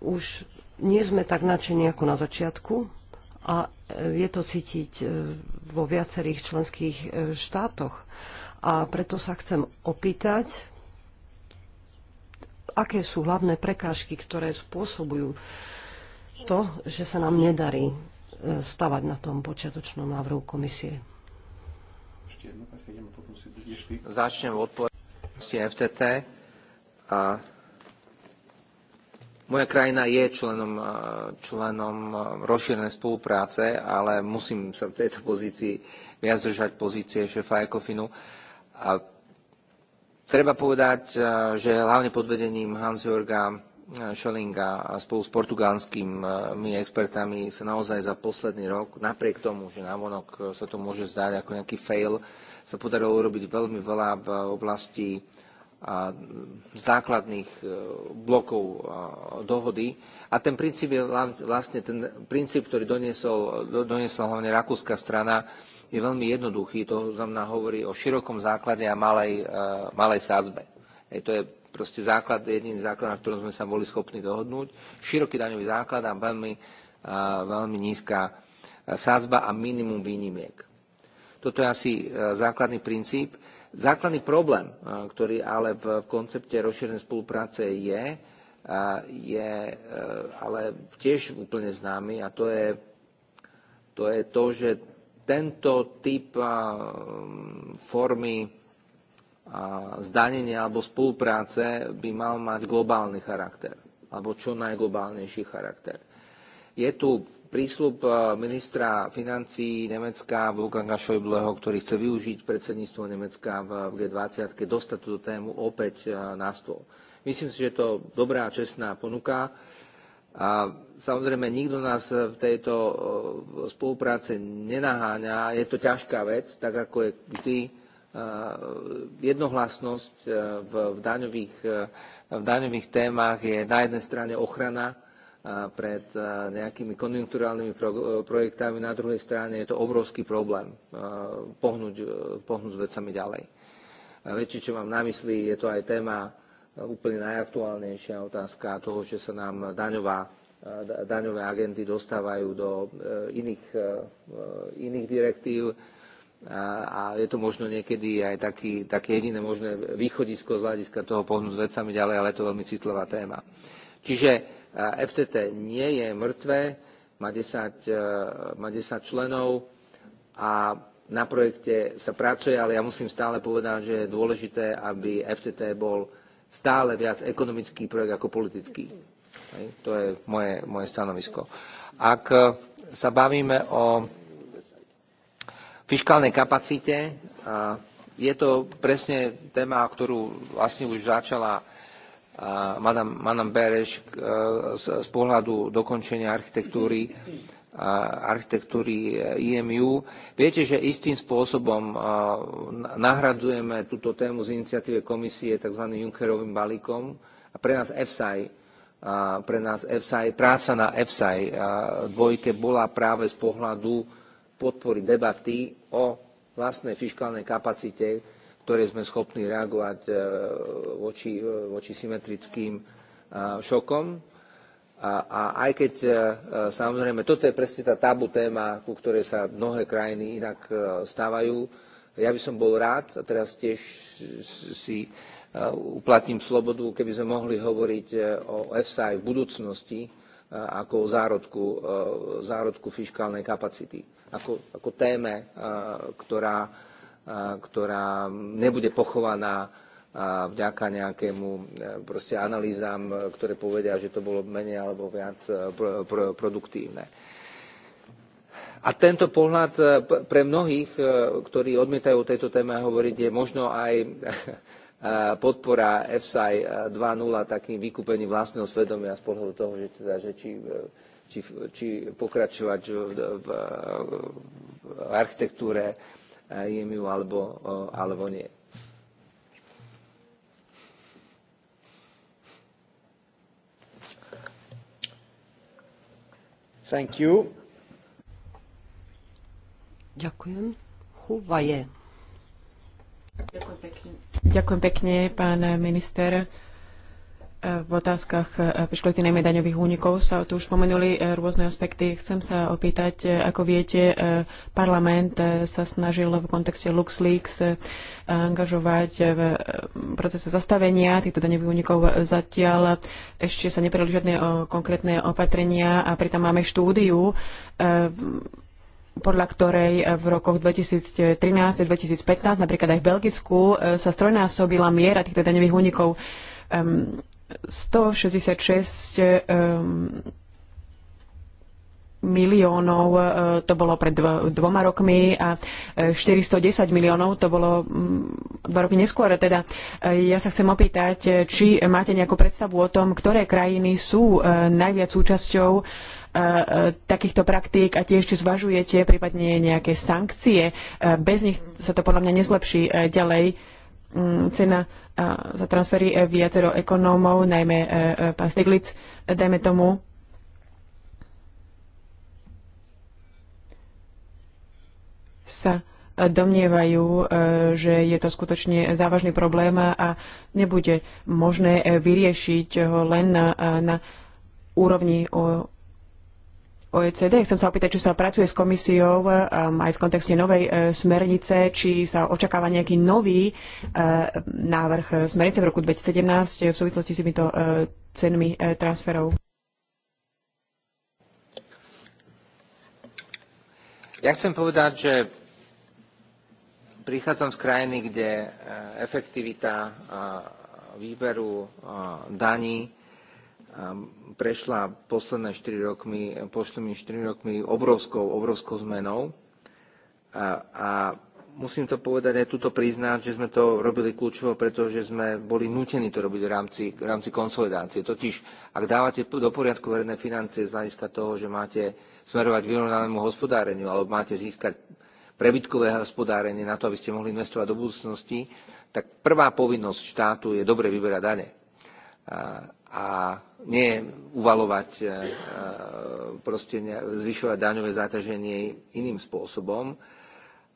už nie sme tak nadšení ako na začiatku a je to cítiť e, vo viacerých členských e, štátoch. A preto sa chcem opýtať, aké sú hlavné prekážky, ktoré spôsobujú to, že sa nám nedarí e, stavať na tom počiatočnom návrhu komisie. Začnem odpovedť FTT. A moja krajina je členom, eh, členom eh, rozšírenej spolupráce, ale musím sa v tejto pozícii viac držať pozície šefa Ekofinu. A treba povedať, eh, že hlavne pod vedením Hans-Jorga Schellinga spolu s portugalskými expertami sa naozaj za posledný rok, napriek tomu, že vonok sa to môže zdať ako nejaký fail, sa podarilo urobiť veľmi veľa v oblasti základných e, blokov dohody. A ten princíp je vlastne ten princíp, ktorý doniesol, doniesla hlavne rakúska strana, je veľmi jednoduchý. To znamená hovorí o širokom základe a malej, e, malej sádzbe. Hej, to je proste základ, jediný základ, na ktorom sme sa boli schopní dohodnúť. Široký daňový základ a veľmi, veľmi nízka e, sádzba a minimum výnimiek. Toto je asi základný princíp. Základný problém, ktorý ale v koncepte rozšírenej spolupráce je, je e, ale tiež úplne známy a to je to, je to že tento typ formy zdanenia alebo spolupráce by mal mať globálny charakter alebo čo najglobálnejší charakter. Je tu prísľub e, ministra financí Nemecka Wolfganga Schäubleho, ktorý chce využiť predsedníctvo Nemecka v G20, keď dostať túto tému opäť e, na stôl. Myslím si, že je to dobrá a čestná ponuka. A samozrejme, nikto nás v tejto e, spolupráce nenaháňa. Je to ťažká vec, tak ako je vždy jednohlasnosť v daňových, v daňových témach je na jednej strane ochrana pred nejakými konjunkturálnymi e, projektami. Na druhej strane je to obrovský problém e, pohnúť, e, pohnúť s vecami ďalej. Väčšie, čo mám na mysli, je to aj téma úplne najaktuálnejšia otázka toho, že sa nám daňová, daňové agenty dostávajú do iných, iných direktív a je to možno niekedy aj taký, také jediné možné východisko z hľadiska toho pohnúť s vecami ďalej, ale je to veľmi citlivá téma. Čiže FTT nie je mŕtve, má 10, e, má 10 členov a na projekte sa pracuje, ale ja musím stále povedať, že je dôležité, aby FTT bol stále viac ekonomický projekt ako politický. Hej, to je moje, moje stanovisko. Ak e, sa bavíme o fiskálnej kapacite, je to presne téma, ktorú vlastne už začala Madame, Madame Bereš e, z, z pohľadu dokončenia architektúry, architektúry e, IMU. Viete, že istým spôsobom e, nahradzujeme túto tému z iniciatívy komisie tzv. Junckerovým balíkom a pre nás EFSAI pre nás EFSAI, práca na EFSAI dvojke bola práve z pohľadu podpory debaty o vlastnej fiškálnej kapacite ktoré sme schopní reagovať e, voči, e, voči symetrickým e, šokom. A, a aj keď samozrejme, toto je presne tá tabu téma, ku ktorej sa mnohé krajiny inak stávajú, ja by som bol rád, a teraz tiež si uplatním slobodu, keby sme mohli hovoriť o EFSA aj v budúcnosti ako o zárodku, zárodku fiskálnej kapacity, ako, ako téme, ktorá ktorá nebude pochovaná vďaka nejakému e, proste analýzám, e, ktoré povedia, že to bolo menej alebo viac e, produktívne. A tento pohľad pre mnohých, ktorí odmietajú o tejto téme hovoriť, je možno aj podpora FsI 2.0 takým vykúpením vlastného svedomia z pohľadu toho, že, teda, že či, či, či pokračovať v, v, v architektúre IMU alebo, alebo nie. Thank you. Ďakujem. Chuva je. Ďakujem pekne. Ďakujem pekne, pán minister. V otázkach škletinejme e, daňových únikov sa tu už spomenuli e, rôzne aspekty. Chcem sa opýtať, e, ako viete, parlament sa snažil v kontexte LuxLeaks angažovať v procese zastavenia týchto daňových únikov. Zatiaľ ešte sa neprali žiadne konkrétne opatrenia a pritom máme štúdiu podľa ktorej v rokoch 2013 a 2015, napríklad aj v Belgicku, sa strojnásobila miera týchto daňových únikov. 166 ehm, e, e, miliónov to bolo pred dvoma rokmi a 410 miliónov to bolo dva roky neskôr. Teda e, ja sa chcem opýtať, či máte nejakú predstavu o tom, ktoré krajiny sú najviac súčasťou takýchto praktík a tiež či zvažujete prípadne nejaké sankcie. Bez nich sa to podľa mňa nezlepší ďalej Mm, cena za transfery e, viacero ekonómov, najmä e, e, pán Stiglic, dajme tomu, sa domnievajú, že je to skutočne závažný problém a nebude možné vyriešiť ho len na, na úrovni OECD. Chcem sa opýtať, či sa pracuje s komisiou e, um, aj v kontexte novej uh, smernice, či sa očakáva nejaký nový uh, návrh smernice v roku 2017 v súvislosti s týmito uh, cenami uh, transferov. Ja chcem povedať, že prichádzam z krajiny, kde efektivita výberu daní Ehm, prešla posledné 4 rokmi, poslednými 4 rokmi obrovskou, obrovskou zmenou. A, a musím to povedať aj tuto priznať, že sme to robili kľúčovo, pretože sme boli nutení to robiť v rámci, v rámci konsolidácie. Totiž, ak dávate do poriadku verejné financie z hľadiska toho, že máte smerovať vyrovnanému hospodáreniu alebo máte získať prebytkové hospodárenie na to, aby ste mohli investovať do budúcnosti, tak prvá povinnosť štátu je dobre vyberať dane. A, a nie uvalovať, e, e, proste zvyšovať daňové záťaženie iným spôsobom.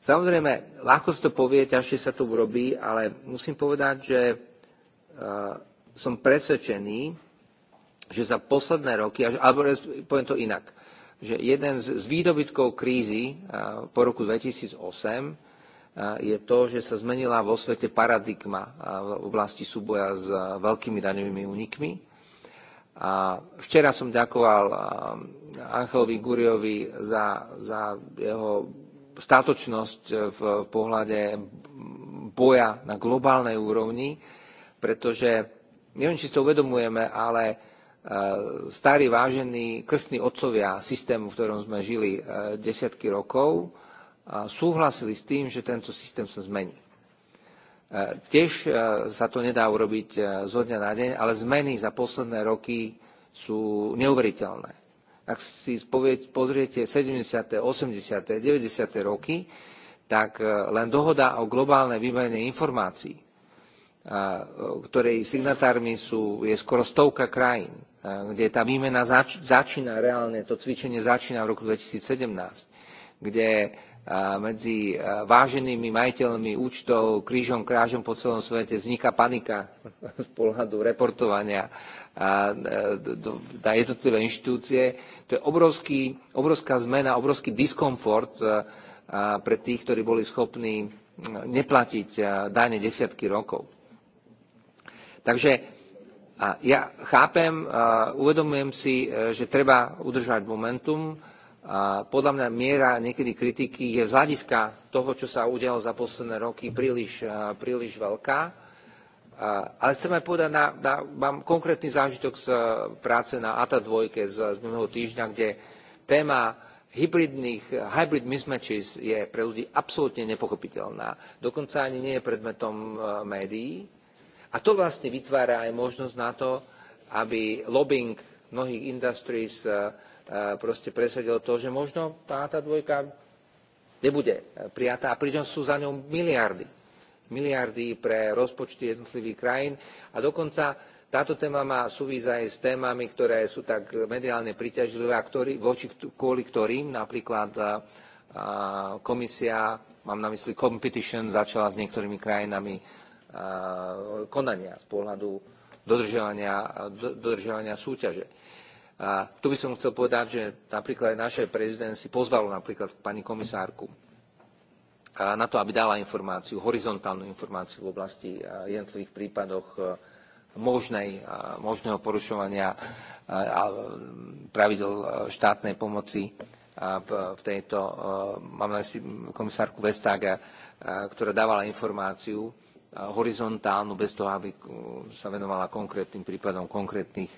Samozrejme, ľahko sa to povie, ťažšie sa to urobí, ale musím povedať, že e, som presvedčený, že za posledné roky, alebo poviem to inak, že jeden z výdobytkov krízy po roku 2008 je to, že sa zmenila vo svete paradigma v oblasti súboja s veľkými daňovými únikmi. A včera som ďakoval Angelovi Guriovi za, za jeho státočnosť v pohľade boja na globálnej úrovni, pretože neviem, či si to uvedomujeme, ale e, starí vážení krstní otcovia systému, v ktorom sme žili e, desiatky rokov, súhlasili s tým, že tento systém sa zmení. E, tiež e, sa to nedá urobiť e, zo dňa na deň, ale zmeny za posledné roky sú neuveriteľné. Ak si pozriete 70., 80., 90. roky, tak len dohoda o globálnej výmene informácií, ktorej signatármi sú, je skoro stovka krajín, kde tá výmena zač, začína reálne, to cvičenie začína v roku 2017, kde medzi váženými majiteľmi účtov krížom krážom po celom svete vzniká panika z pohľadu reportovania e, na jednotlivé inštitúcie. To je obrovský, obrovská zmena, obrovský diskomfort e, pre tých, ktorí boli schopní e, neplatiť dane desiatky rokov. Takže ja chápem, uvedomujem si, že treba udržať momentum, a podľa mňa miera niekedy kritiky je z hľadiska toho, čo sa udialo za posledné roky, príliš, príliš veľká. Ale chcem aj povedať, na, na, mám konkrétny zážitok z e, práce na ATA 2 z, z minulého týždňa, kde téma hybridných, hybrid mismatches je pre ľudí absolútne nepochopiteľná. Dokonca ani nie je predmetom e, médií. A to vlastne vytvára aj možnosť na to, aby lobbying mnohých industries e, proste presadil to, že možno tá, tá dvojka nebude prijatá a pritom sú za ňou miliardy. Miliardy pre rozpočty jednotlivých krajín a dokonca táto téma má súvis aj s témami, ktoré sú tak mediálne priťažlivé a ktorý, voči, kvôli ktorým napríklad a, a komisia, mám na mysli competition, začala s niektorými krajinami a, konania z pohľadu dodržiavania, do, dodržiavania súťaže. A tu by som chcel povedať, že napríklad aj naše si pozvalo napríklad pani komisárku na to, aby dala informáciu, horizontálnu informáciu v oblasti jednotlivých prípadoch e, možnej, možného porušovania pravidel e, štátnej pomoci v tejto, e, mám na komisárku Vestager, ktorá dávala informáciu horizontálnu, bez toho, aby sa venovala konkrétnym prípadom konkrétnych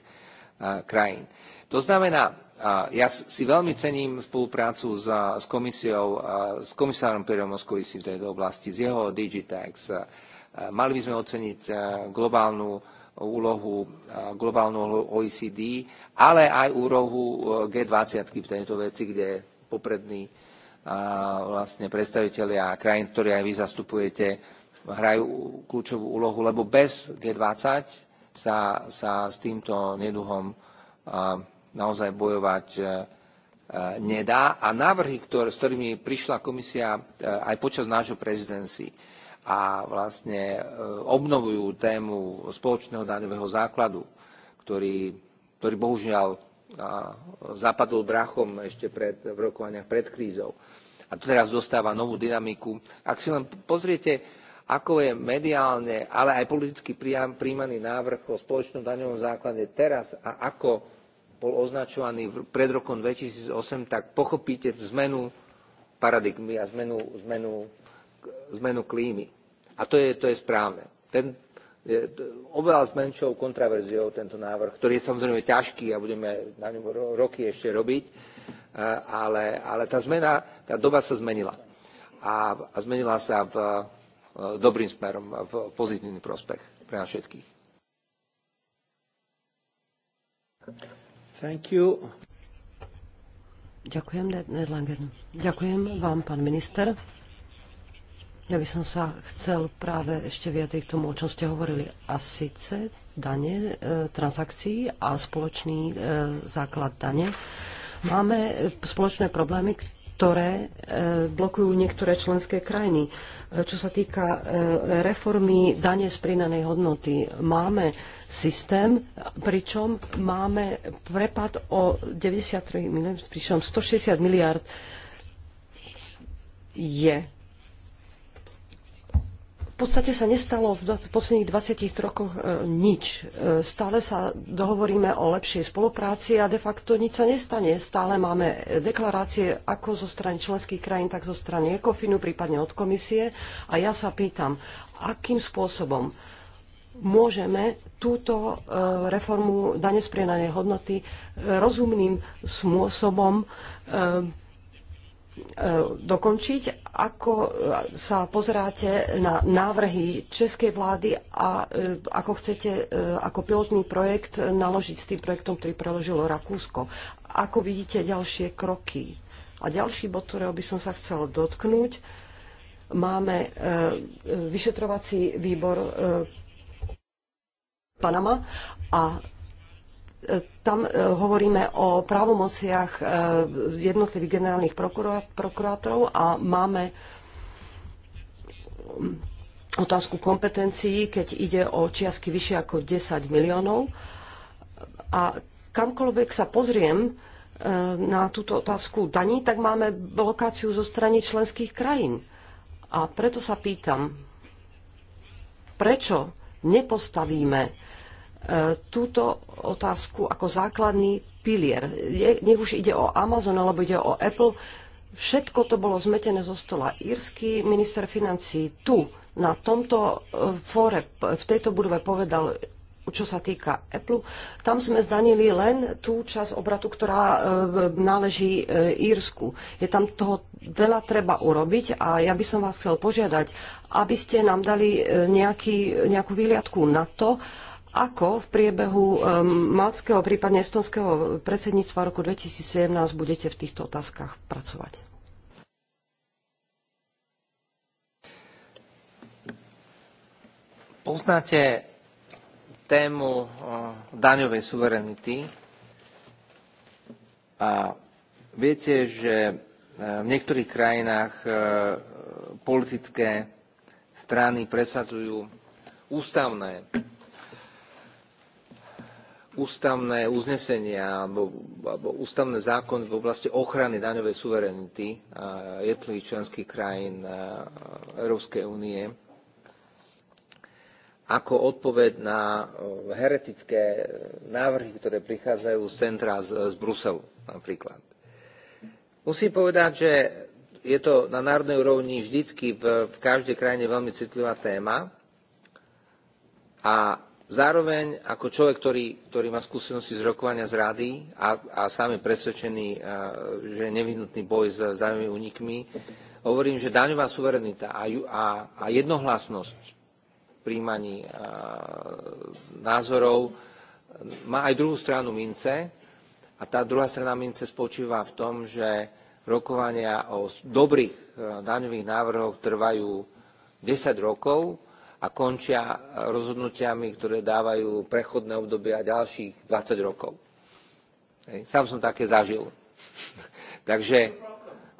krajín. To znamená, ja si veľmi cením spoluprácu s, s komisiou, s komisárom Pierom Moskovici v tejto oblasti, z jeho Digitex. Mali by sme oceniť globálnu úlohu globálnu OECD, ale aj úlohu e, G20 v tejto veci, kde poprední vlastne predstavitelia krajín, ktoré aj vy zastupujete, hrajú kľúčovú úlohu, lebo bez G20 sa, sa s týmto neduhom naozaj bojovať e, e, nedá. A návrhy, ktoré, s ktorými prišla komisia e, aj počas nášho prezidencii a vlastne obnovujú tému spoločného daňového základu, ktorý, ktorý bohužiaľ zapadol brachom ešte pred, v rokovaniach pred krízou. A to teraz dostáva novú dynamiku. Ak si len pozriete, ako je mediálne, ale aj politicky príjmaný návrh o spoločnom daňovom základe teraz a ako bol označovaný pred rokom 2008, tak pochopíte zmenu paradigmy a zmenu, zmenu, zmenu klímy. A to je, to je správne. Ten, je, oveľa s menšou kontraverziou tento návrh, ktorý je samozrejme ťažký a budeme na ňom roky ešte robiť, e, ale, ale tá zmena, tá doba sa zmenila. A, a zmenila sa v, E, dobrým smerom a v pozitívny prospech pre nás všetkých. Thank you. Ďakujem, Nedlanger. Ďakujem vám, pán minister. Ja by som sa chcel práve ešte vyjadriť k tomu, o čom ste hovorili. A síce dane e, transakcií a spoločný e, základ dane. Máme spoločné problémy, ktoré e, blokujú niektoré členské krajiny. E, čo sa týka e, reformy dane z pridanej hodnoty, máme systém, pričom máme prepad o 93 miliard, pričom 160 miliard je podstate sa nestalo v posledných 20 rokoch e, nič. E, stále sa dohovoríme o lepšej spolupráci a de facto nič sa nestane. Stále máme deklarácie ako zo strany členských krajín, tak zo strany ECOFINu, prípadne od komisie. A ja sa pýtam, akým spôsobom môžeme túto e, reformu dane z hodnoty rozumným spôsobom E, dokončiť. Ako sa pozeráte na návrhy českej vlády a e, ako chcete e, ako pilotný projekt naložiť s tým projektom, ktorý preložilo Rakúsko? Ako vidíte ďalšie kroky? A ďalší bod, ktorého by som sa chcel dotknúť, máme vyšetrovací výbor Panama a tam e, hovoríme o právomociach e, jednotlivých generálnych prokurátorov a máme mm, otázku kompetencií, keď ide o čiastky vyššie ako 10 miliónov. A kamkoľvek sa pozriem e, na túto otázku daní, tak máme blokáciu zo strany členských krajín. A preto sa pýtam, prečo nepostavíme túto otázku ako základný pilier. Nech už ide o Amazon alebo ide o Apple, všetko to bolo zmetené zo stola. Írsky minister financí tu na tomto e, fóre v tejto budove povedal, čo sa týka Apple, tam sme zdanili len tú časť obratu, ktorá e, náleží e, Írsku. Je tam toho veľa treba urobiť a ja by som vás chcel požiadať, aby ste nám dali nejaký, nejakú výliadku na to, ako v priebehu malckého, prípadne estonského predsedníctva roku 2017 budete v týchto otázkach pracovať? Poznáte tému daňovej suverenity a viete, že e, v niektorých krajinách e, politické strany presadzujú ústavné ústavné uznesenia alebo, alebo ústavné zákony v oblasti ochrany daňovej suverenity eh, jednotlivých členských krajín eh, Európskej únie ako odpoveď na eh, heretické návrhy, ktoré prichádzajú z centra z, z Bruselu napríklad. Musím povedať, že je to na národnej úrovni vždycky v, v každej krajine veľmi citlivá téma a Zároveň ako človek, ktorý, ktorý má skúsenosti z rokovania z rady a, a sám je presvedčený, eh, že je nevyhnutný boj s daňovými únikmi, hovorím, že daňová suverenita a, a, a jednohlasnosť príjmaní eh, názorov má aj druhú stranu mince a tá druhá strana mince spočíva v tom, že rokovania o dobrých eh, daňových návrhoch trvajú 10 rokov a končia e, rozhodnutiami, ktoré dávajú prechodné obdobia ďalších 20 rokov. Hej. Sám som také zažil. takže,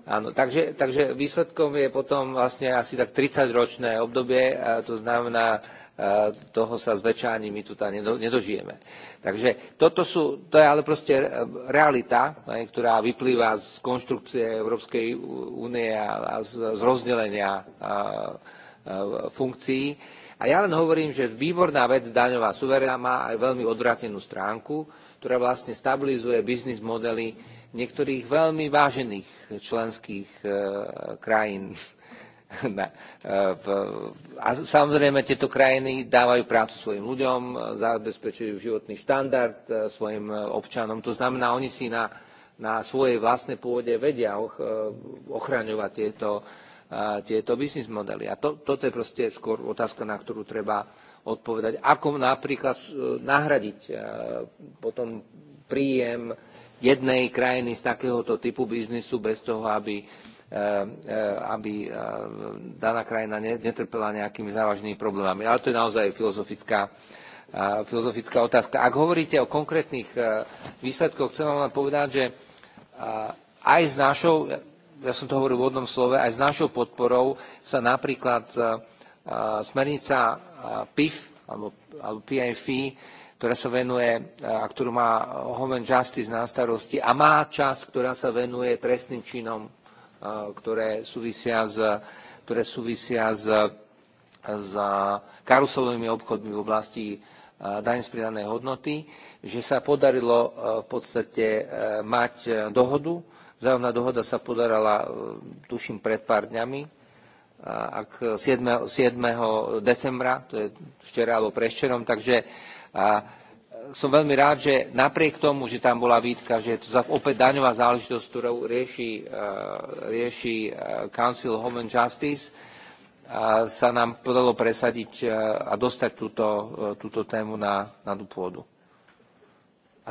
áno, takže, takže výsledkom je potom vlastne asi tak 30-ročné obdobie, a to znamená, e, toho sa zväčša ani my tu nedožijeme. Takže toto sú, to je ale proste realita, ktorá vyplýva z konštrukcie Európskej únie a z rozdelenia E, funkcií. A ja len hovorím, že výborná vec daňová suverená má aj veľmi odvratenú stránku, ktorá vlastne stabilizuje biznis modely niektorých veľmi vážených členských e, krajín. E, a samozrejme, tieto krajiny dávajú prácu svojim ľuďom, zabezpečujú životný štandard svojim občanom. To znamená, oni si na, na svojej vlastnej pôde vedia ochraňovať tieto tieto biznis modely. A to, toto je proste skôr otázka, na ktorú treba odpovedať. Ako napríklad e, nahradiť e, potom príjem jednej krajiny z takéhoto typu biznisu bez toho, aby, e, aby daná krajina netrpela nejakými závažnými problémami. Ale to je naozaj filozofická, filozofická otázka. Ak hovoríte o konkrétnych výsledkoch, chcem vám povedať, že aj s našou ja som to hovoril v úvodnom slove, aj s našou podporou sa napríklad e, e, smernica e, PIF alebo, alebo PIFI, ktorá sa venuje a ktorú má homen Justice na starosti a má časť, ktorá sa venuje trestným činom, ktoré súvisia s, ktoré súvisia s, s karuselovými obchodmi v oblasti daň z pridanej hodnoty, že sa podarilo v podstate mať dohodu, Vzájomná dohoda sa podarala, e, tuším, pred pár dňami, ak 7, 7. decembra, to je včera alebo preščerom, takže a, e, som veľmi rád, že napriek tomu, že tam bola výtka, že je to opäť daňová záležitosť, ktorú rieši, e, rieši Council Home and Justice, a sa nám podalo presadiť a dostať túto, túto tému na, na tú pôdu.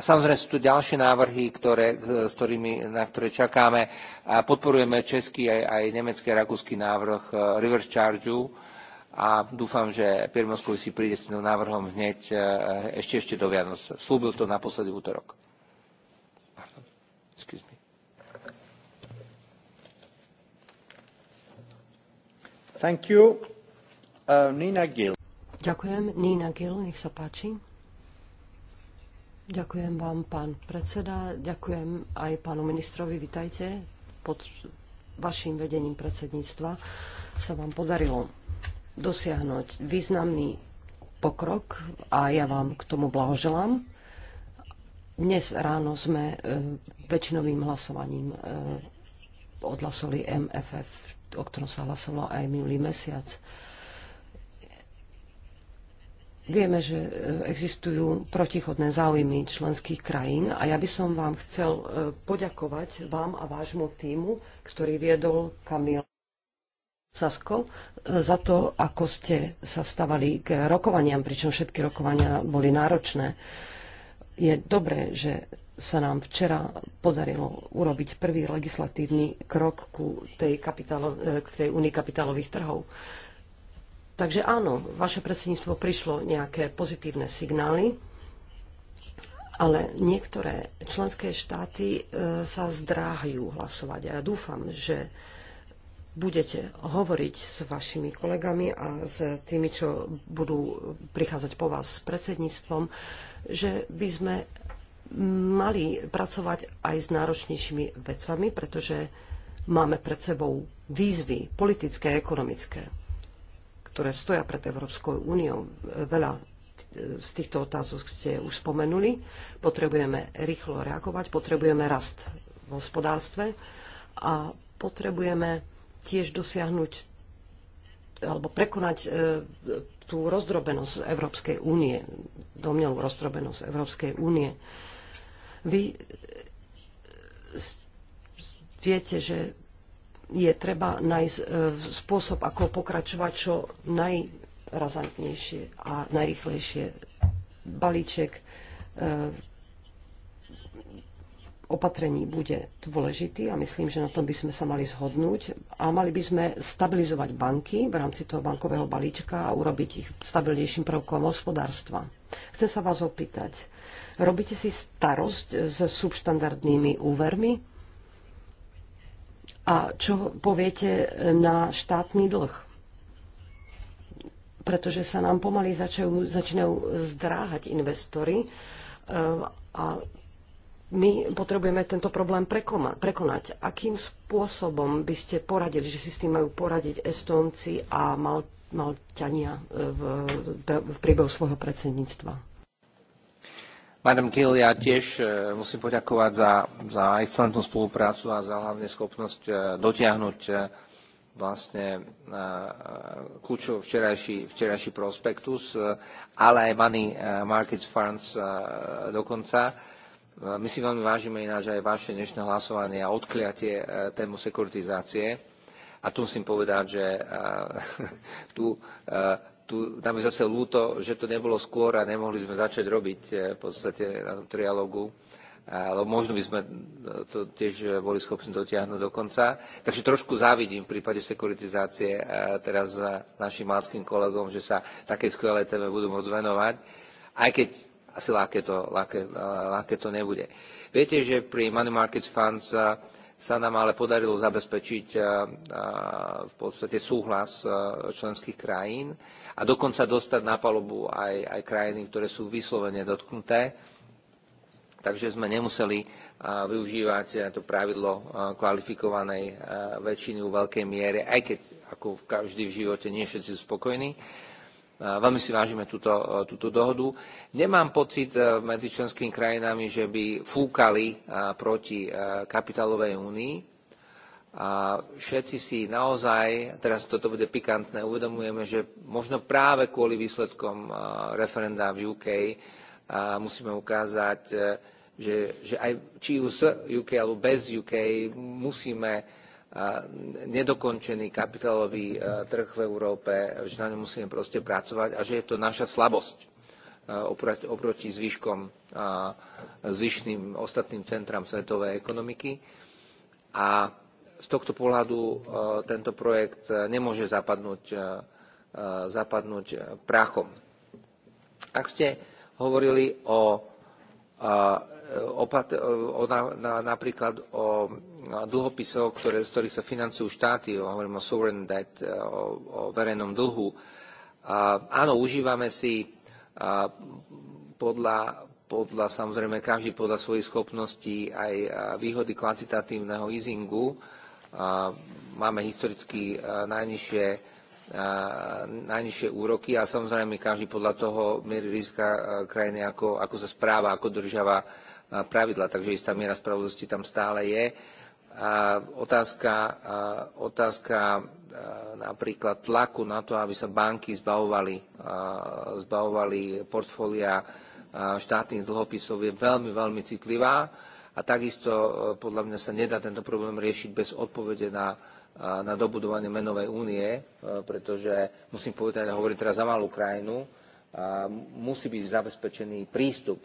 A samozrejme sú tu ďalšie návrhy, ktoré, s ktorými, na ktoré čakáme. A podporujeme český aj, aj nemecký a rakúsky návrh e, reverse charge a dúfam, že Pier si príde s tým návrhom hneď e, e, ešte, ešte do Vianoc. Slúbil to naposledy útorok. Thank you. Uh, Nina Gill. Ďakujem. Nina Gill, nech sa páči. Ďakujem vám, pán predseda. Ďakujem aj pánu ministrovi. Vitajte. Pod vašim vedením predsedníctva sa vám podarilo dosiahnuť významný pokrok a ja vám k tomu blahoželám. Dnes ráno sme e, väčšinovým hlasovaním e, odhlasovali MFF, o ktorom sa hlasovalo aj minulý mesiac. Vieme, že e, existujú protichodné záujmy členských krajín a ja by som vám chcel e, poďakovať vám a vášmu týmu, ktorý viedol Kamil Sasko, e, za to, ako ste sa stavali k rokovaniam, pričom všetky rokovania boli náročné. Je dobré, že sa nám včera podarilo urobiť prvý legislatívny krok ku tej, k tej unii kapitálových trhov. Takže áno, vaše predsedníctvo prišlo nejaké pozitívne signály, ale niektoré členské štáty e, sa zdráhajú hlasovať. A ja dúfam, že budete hovoriť s vašimi kolegami a s tými, čo budú prichádzať po vás s predsedníctvom, že by sme mali pracovať aj s náročnejšími vecami, pretože máme pred sebou výzvy politické a ekonomické ktoré stoja pred Európskou úniou. Veľa e, z týchto otázok ste už spomenuli. Potrebujeme rýchlo reagovať, potrebujeme rast v hospodárstve a potrebujeme tiež dosiahnuť alebo prekonať e, tú rozdrobenosť Európskej únie, domnelú rozdrobenosť Európskej únie. Vy viete, že je treba nájsť e, spôsob, ako pokračovať čo najrazantnejšie a najrychlejšie. Balíček e, opatrení bude dôležitý a myslím, že na tom by sme sa mali zhodnúť a mali by sme stabilizovať banky v rámci toho bankového balíčka a urobiť ich stabilnejším prvkom hospodárstva. Chcem sa vás opýtať, robíte si starosť s subštandardnými úvermi? A čo poviete e, na štátny dlh? Pretože sa nám pomaly začajú, začínajú zdráhať investory e, a my potrebujeme tento problém prekonať. Akým spôsobom by ste poradili, že si s tým majú poradiť Estónci a Malťania e, v, v priebehu svojho predsedníctva? Madam Gill, ja tiež e, musím poďakovať za, za excelentnú spoluprácu a za hlavne schopnosť e, dotiahnuť e, vlastne kľúčov včerajší, včerajší prospektus, ale aj Money Markets Funds dokonca. My si veľmi vážime ináč aj vaše dnešné hlasovanie a odkliatie tému sekuritizácie. A tu musím povedať, že tu tu nám je zase ľúto, že to nebolo skôr a nemohli sme začať robiť eh, v podstate na tom trialógu, ale možno by sme eh, to tiež eh, boli schopní dotiahnuť do konca. Takže trošku závidím v prípade sekuritizácie teraz našim malským kolegom, že sa také skvelé téme budú môcť venovať, aj keď asi ľahké to, ľahké, ľahké to nebude. Viete, že pri Money Market Funds sa nám ale podarilo zabezpečiť eh, eh, v podstate súhlas eh, členských krajín a dokonca dostať na palubu aj, aj krajiny, ktoré sú vyslovene dotknuté. Takže sme nemuseli využívať to pravidlo kvalifikovanej väčšiny u veľkej miere, aj keď ako vždy v živote nie všetci sú spokojní Veľmi si vážime túto, e, túto dohodu. Nemám pocit e, medzi členskými krajinami, že by fúkali e, proti kapitálovej únii. A všetci si naozaj, teraz toto bude pikantné, uvedomujeme, že možno práve kvôli výsledkom referenda v UK musíme ukázať, že, že aj či už z UK alebo bez UK musíme nedokončený kapitálový e, trh v Európe, že na ňom musíme proste pracovať a že je to naša slabosť e, oproti zvyškom, a zvyšným ostatným centram svetovej ekonomiky. A z tohto pohľadu e, tento projekt nemôže zapadnúť, zapadnúť prachom. Ak ste hovorili o opat- o, na, na, napríklad o dlhopisoch, ktoré, z ktorých sa financujú štáty, hovorím o sovereign debt, e, o, o verejnom dlhu. A, áno, užívame si a, podľa, podľa, samozrejme, každý podľa svojich schopností aj výhody kvantitatívneho easingu. A, máme historicky najnižšie najnižšie úroky a samozrejme každý podľa toho miery rizika e, krajiny, ako, ako sa správa, ako država pravidla, takže istá miera spravodlivosti tam stále je. otázka, otázka napríklad tlaku na to, aby sa banky zbavovali, zbavovali portfólia štátnych dlhopisov je veľmi, veľmi citlivá a takisto e, podľa mňa sa nedá tento problém riešiť bez odpovede na, na dobudovanie menovej únie, e, pretože musím povedať, a hovorím teraz za malú krajinu, musí byť zabezpečený prístup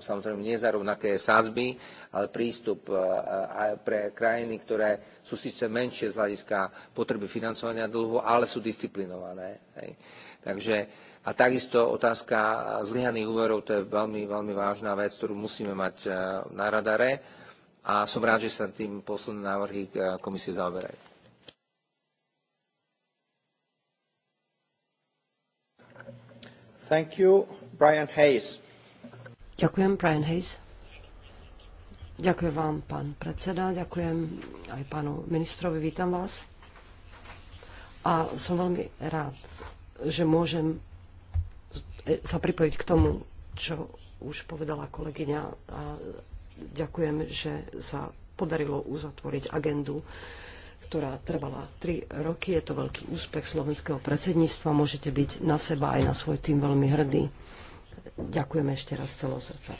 samozrejme nie za rovnaké sázby, ale prístup e, e, aj pre krajiny, ktoré sú síce menšie z hľadiska potreby financovania dlhu, ale sú disciplinované. Hej. Takže, a takisto otázka zlyhaných úverov, to je veľmi, veľmi vážna vec, ktorú musíme mať e, na radare a som rád, že sa tým posledné návrhy komisie zaoberajú. Thank you. Brian Hayes. Ďakujem, Brian Hayes. Ďakujem vám, pán predseda, ďakujem aj pánu ministrovi, vítam vás. A som veľmi rád, že môžem sa pripojiť k tomu, čo už povedala kolegyňa. A ďakujem, že sa podarilo uzatvoriť agendu, ktorá trvala tri roky. Je to veľký úspech slovenského predsedníctva. Môžete byť na seba aj na svoj tým veľmi hrdí. Ďakujeme ešte raz celého srdca.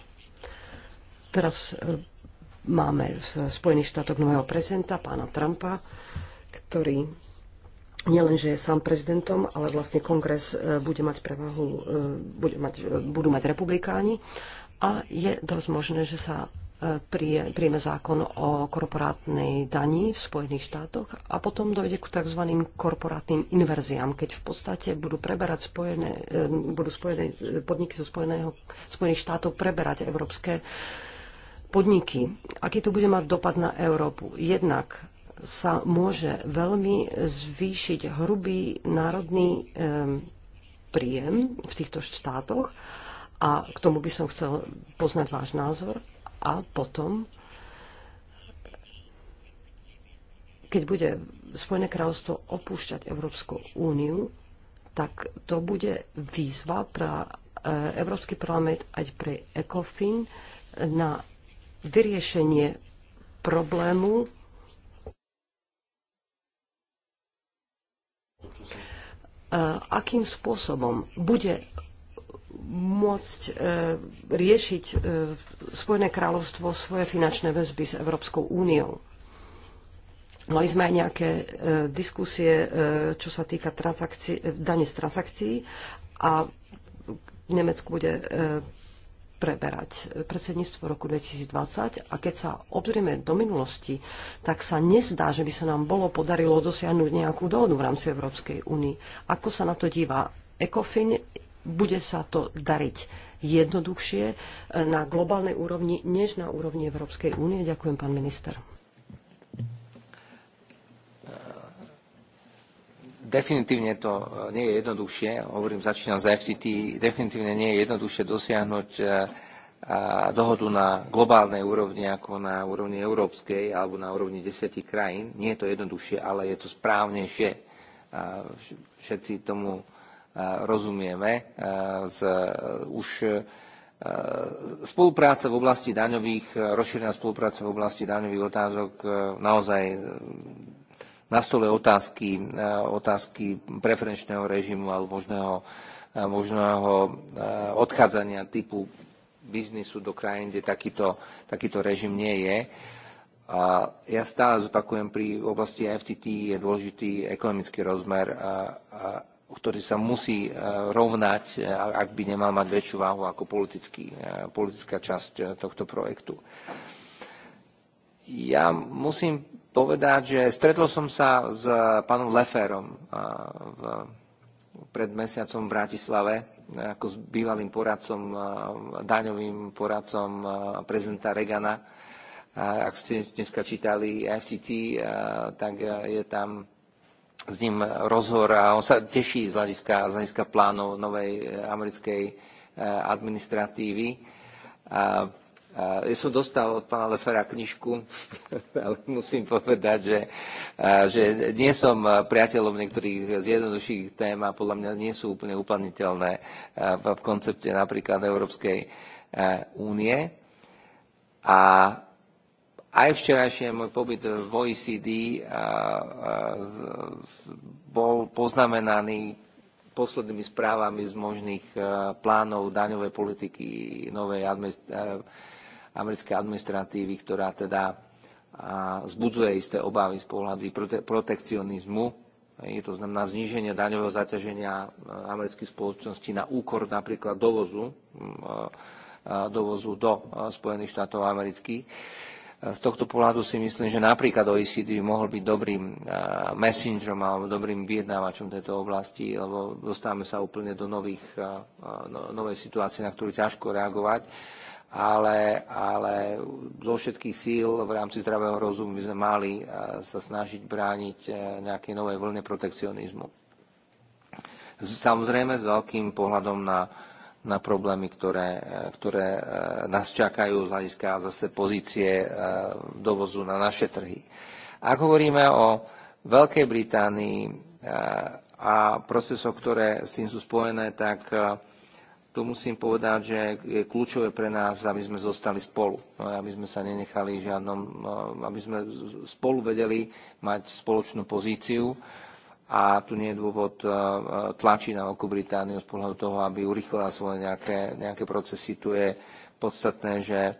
Teraz e, máme v Spojených štátoch nového prezidenta, pána Trumpa, ktorý nielenže je sám prezidentom, ale vlastne kongres e, bude mať prevahu, e, bude mať, budú mať republikáni a je dosť možné, že sa príjme zákon o korporátnej dani v Spojených štátoch a potom dojde k tzv. korporátnym inverziám, keď v podstate budú preberať spojené, eh, budú spojené podniky zo Spojeného, Spojených štátov preberať európske podniky. Aký to bude mať dopad na Európu? Jednak sa môže veľmi zvýšiť hrubý národný eh, príjem v týchto štátoch a k tomu by som chcel poznať váš názor a potom, keď bude Spojené kráľovstvo opúšťať Európsku úniu, tak to bude výzva pre e, Európsky parlament aj pre ECOFIN na vyriešenie problému e, akým spôsobom bude môcť e, riešiť e, Spojené kráľovstvo svoje finančné väzby s Európskou úniou. Mali sme aj nejaké e, diskusie, e, čo sa týka e, dane z transakcií a Nemecko bude e, preberať predsedníctvo roku 2020 a keď sa obzrieme do minulosti, tak sa nezdá, že by sa nám bolo podarilo dosiahnuť nejakú dohodu v rámci Európskej únie. Ako sa na to díva ECOFIN, bude sa to dariť jednoduchšie e, na globálnej úrovni, než na úrovni Európskej únie. Ďakujem, pán minister. E, definitívne to e, nie je jednoduchšie, hovorím, začínam za FCT, definitívne nie je jednoduchšie dosiahnuť dohodu na globálnej úrovni ako na úrovni európskej alebo na úrovni desiatich krajín. Nie je to jednoduchšie, ale je to správnejšie. Všetci tomu Eh, rozumieme eh, z eh, už spolupráca v oblasti daňových, rozšírená spolupráca v oblasti daňových otázok naozaj na stole otázky, otázky preferenčného režimu alebo možného, možného odchádzania typu biznisu do krajín, kde takýto, takýto režim nie je. A ja stále zopakujem, pri oblasti FTT je dôležitý ekonomický rozmer a, a ktorý sa musí e, rovnať, e, ak by nemal mať väčšiu váhu ako politický, e, politická časť tohto projektu. Ja musím povedať, že stretol som sa s pánom Leferom v, pred mesiacom v Bratislave ako s bývalým poradcom, daňovým poradcom prezidenta Regana. Ak ste dneska čítali FTT, tak je tam s ním rozhovor a on sa teší z hľadiska, z hľadiska plánov novej e, americkej e, administratívy. A, a ja som dostal od pána Lefera knižku, ale musím povedať, že, a, že nie som e, priateľom niektorých z jednoduchších tém a podľa mňa nie sú úplne uplaniteľné v koncepte napríklad Európskej únie. A aj včerajšie môj pobyt v OECD bol poznamenaný poslednými správami z možných plánov daňovej politiky novej americkej administratívy, ktorá teda zbudzuje isté obavy z pohľadu protekcionizmu. Je to znamená zníženie daňového zaťaženia amerických spoločností na úkor napríklad dovozu, dovozu do Spojených štátov amerických. E, z tohto pohľadu si myslím, že napríklad OECD by mohol byť dobrým e, messengerom alebo dobrým vyjednávačom tejto oblasti, lebo dostávame sa úplne do nových, e, no, novej situácie, na ktorú ťažko reagovať ale, ale zo všetkých síl v rámci zdravého rozumu by sme mali sa snažiť brániť nejaké novej vlne protekcionizmu. Samozrejme s veľkým pohľadom na na problémy, ktoré, eh, ktoré eh, nás čakajú z hľadiska zase pozície eh, dovozu na naše trhy. Ak hovoríme o Veľkej Británii a procesoch, ktoré s tým sú spojené, tak tu musím povedať, že je kľúčové pre nás, aby sme zostali spolu, no, aby sme sa nenechali žiadnom, no, aby sme spolu vedeli mať spoločnú pozíciu a tu nie je dôvod e, e, tlačiť na Veľkú Britániu z pohľadu toho, aby urychlila svoje nejaké, nejaké procesy. Tu je podstatné, že e,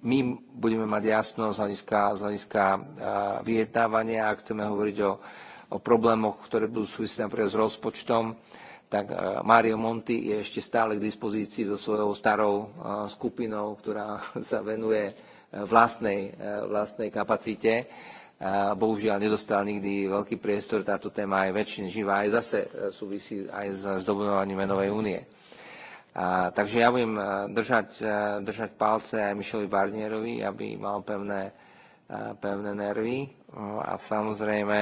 my budeme mať jasno z hľadiska, z hľadiska vyjednávania, ak chceme hovoriť o, o problémoch, ktoré budú súvisieť napríklad s rozpočtom, tak Mario Monti je ešte stále k dispozícii so svojou starou skupinou, ktorá sa venuje vlastnej, vlastnej kapacite bohužiaľ nedostal nikdy veľký priestor, táto téma je väčšin živá, aj zase e, súvisí aj s zdobudovaním menovej únie. A, takže ja budem e, držať, e, držať palce aj Michelovi Barnierovi, aby mal pevné, pevné nervy. No a samozrejme,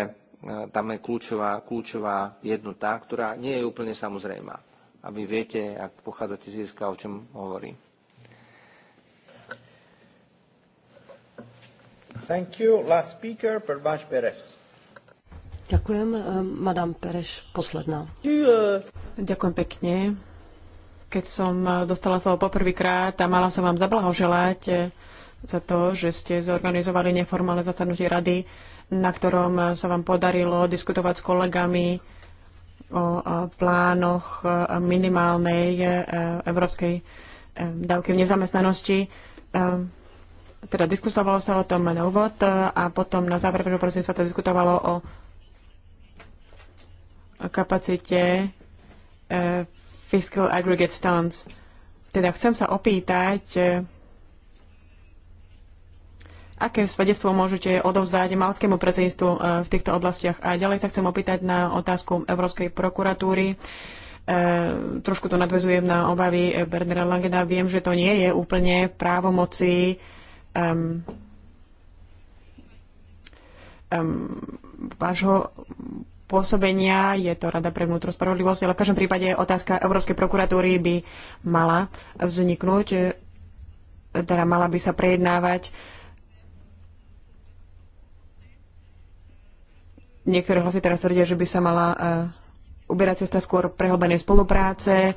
tam je kľúčová, kľúčová jednota, ktorá nie je úplne samozrejmá. Aby viete, ak pochádzate z Jeska, o čom hovorím. Thank you. Last speaker, Perez. Ďakujem, madame Pereš, posledná. Ďakujem pekne. Keď som eh, dostala slovo poprvýkrát a mala som vám zablahoželať eh, za to, že ste zorganizovali neformálne zasadnutie rady, na ktorom eh, sa vám podarilo diskutovať s kolegami o plánoch minimálnej európskej dávky v nezamestnanosti teda diskutovalo sa o tom na úvod e, a potom na záver prvého sa to diskutovalo o kapacite uh, fiscal aggregate stance. Teda chcem sa opýtať, e, aké svedectvo môžete odovzdať malskému predsedníctvu uh, v týchto oblastiach. A ďalej sa chcem opýtať na otázku Európskej prokuratúry. Uh, trošku to nadvezujem na obavy Bernera Langena. Viem, že to nie je úplne právomoci uh, um, um, vášho pôsobenia, je to Rada pre vnútro spravodlivosť, ale v každom prípade otázka Európskej prokuratúry by mala vzniknúť, teda mala by sa prejednávať. Niektoré hlasy teraz tvrdia, že by sa mala uh, eh, uberať cesta skôr prehlbenej spolupráce. Uh,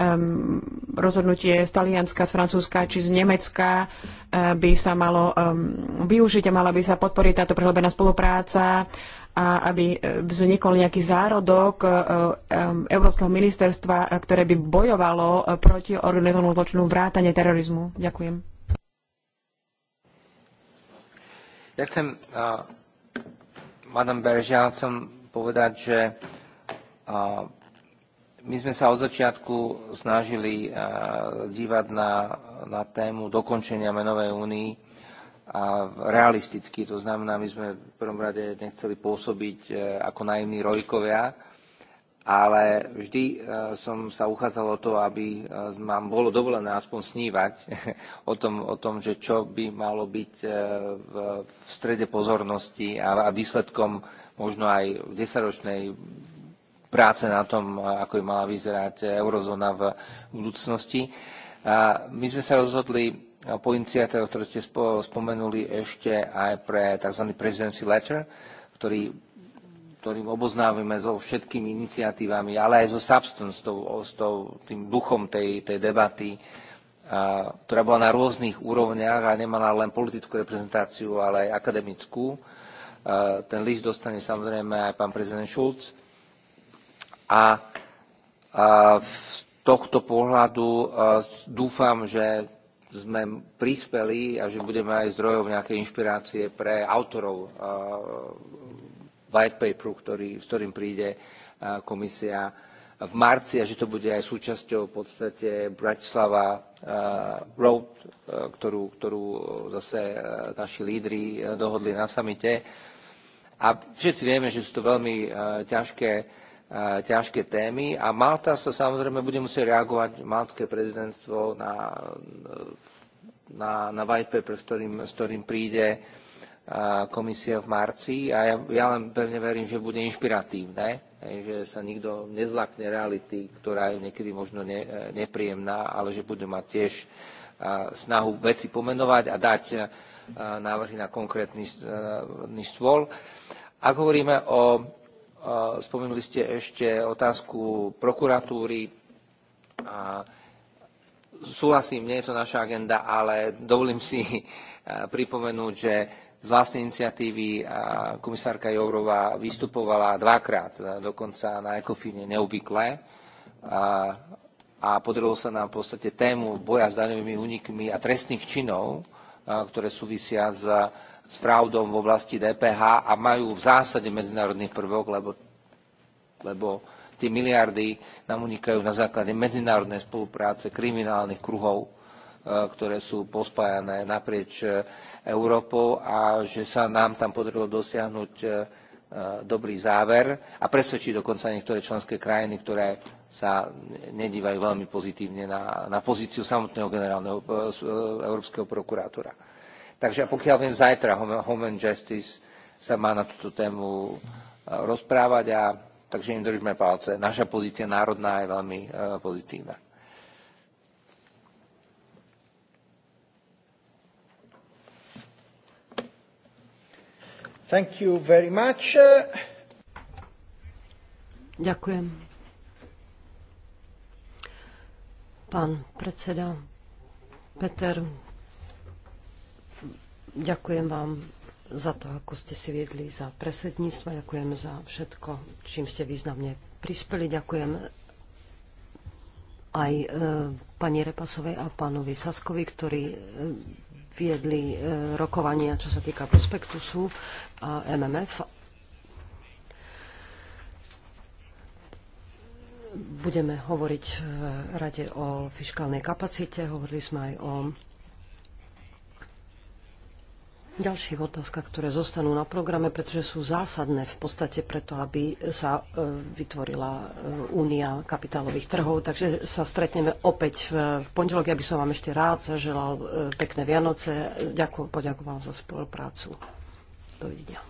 um, rozhodnutie z Talianska, z Francúzska či z Nemecka uh, by sa malo um, využiť a mala by sa podporiť táto prehlbená spolupráca a aby eh, vznikol nejaký zárodok eh, Európskeho ministerstva, ktoré by bojovalo proti organizovanému zločinu vrátane terorizmu. Ďakujem. Ja chcem, uh, madam Beržia, chcem povedať, že uh, my sme sa od začiatku snažili eh, dívať na, na tému dokončenia menovej únii a realisticky, to znamená, my sme v prvom rade nechceli pôsobiť eh, ako najemní rojkovia, ale vždy eh, som sa uchádzal o to, aby nám bolo dovolené aspoň snívať o tom, o tom že čo by malo byť v, v strede pozornosti a, a výsledkom možno aj desaťročnej práce na tom, ako by mala vyzerať eurozóna v budúcnosti. A my sme sa rozhodli po iniciatívach, ktoré ste spomenuli ešte aj pre tzv. presidency letter, ktorý, ktorým oboznávame so všetkými iniciatívami, ale aj so substance, s tým duchom tej, tej debaty, a, ktorá bola na rôznych úrovniach a nemala len politickú reprezentáciu, ale aj akademickú. A, ten list dostane samozrejme aj pán prezident Schulz a z tohto pohľadu dúfam, že sme prispeli a že budeme aj zdrojom nejakej inšpirácie pre autorov white paperu, ktorý, s ktorým príde komisia v marci a že to bude aj súčasťou v podstate Bratislava Road, ktorú, ktorú zase naši lídry dohodli na samite. A všetci vieme, že sú to veľmi ťažké E, ťažké témy a Malta sa samozrejme bude musieť reagovať, maltské prezidentstvo, na, na, na white paper, s ktorým, s ktorým príde e, komisia v marci a ja, ja len pevne verím, že bude inšpiratívne, že sa nikto nezlakne reality, ktorá je niekedy možno ne, nepríjemná, ale že bude mať tiež e, snahu veci pomenovať a dať návrhy na konkrétny stôl. Ak hovoríme o Spomenuli ste ešte otázku prokuratúry. Súhlasím, nie je to naša agenda, ale dovolím si e, pripomenúť, že z vlastnej iniciatívy e, komisárka Jourová vystupovala dvakrát, e, dokonca na Ekofine neobvyklé. A podarilo sa nám v podstate tému boja s daňovými únikmi a trestných činov, ktoré súvisia s s pravdou v oblasti DPH a majú v zásade medzinárodný prvok, lebo, lebo tie miliardy nám unikajú na základe medzinárodnej spolupráce kriminálnych kruhov, e, ktoré sú pospájané naprieč e, Európou a že sa nám tam podarilo dosiahnuť e, dobrý záver a presvedčí dokonca niektoré členské krajiny, ktoré sa nedívajú veľmi pozitívne na, na pozíciu samotného generálneho európskeho prokurátora. Takže pokiaľ viem, zajtra Home and Justice sa má na túto tému e, rozprávať a takže im držíme palce. Naša pozícia národná je veľmi e, pozitívna. Thank you very much. Ďakujem. Pán predseda Peter Ďakujem vám za to, ako ste si viedli za presedníctvo. Ďakujem za všetko, čím ste významne prispeli. Ďakujem aj e, pani Repasovej a pánovi Saskovi, ktorí e, viedli e, rokovania, čo sa týka prospektusu a MMF. Budeme hovoriť e, rade o fiskálnej kapacite, hovorili sme aj o ďalších otázkach, ktoré zostanú na programe, pretože sú zásadné v podstate preto, aby sa e, vytvorila e, únia kapitálových trhov. Takže sa stretneme opäť v pondelok. Ja by som vám ešte rád zaželal e, pekné Vianoce. Ďakujem, poďakujem vám za spoluprácu. Dovidenia.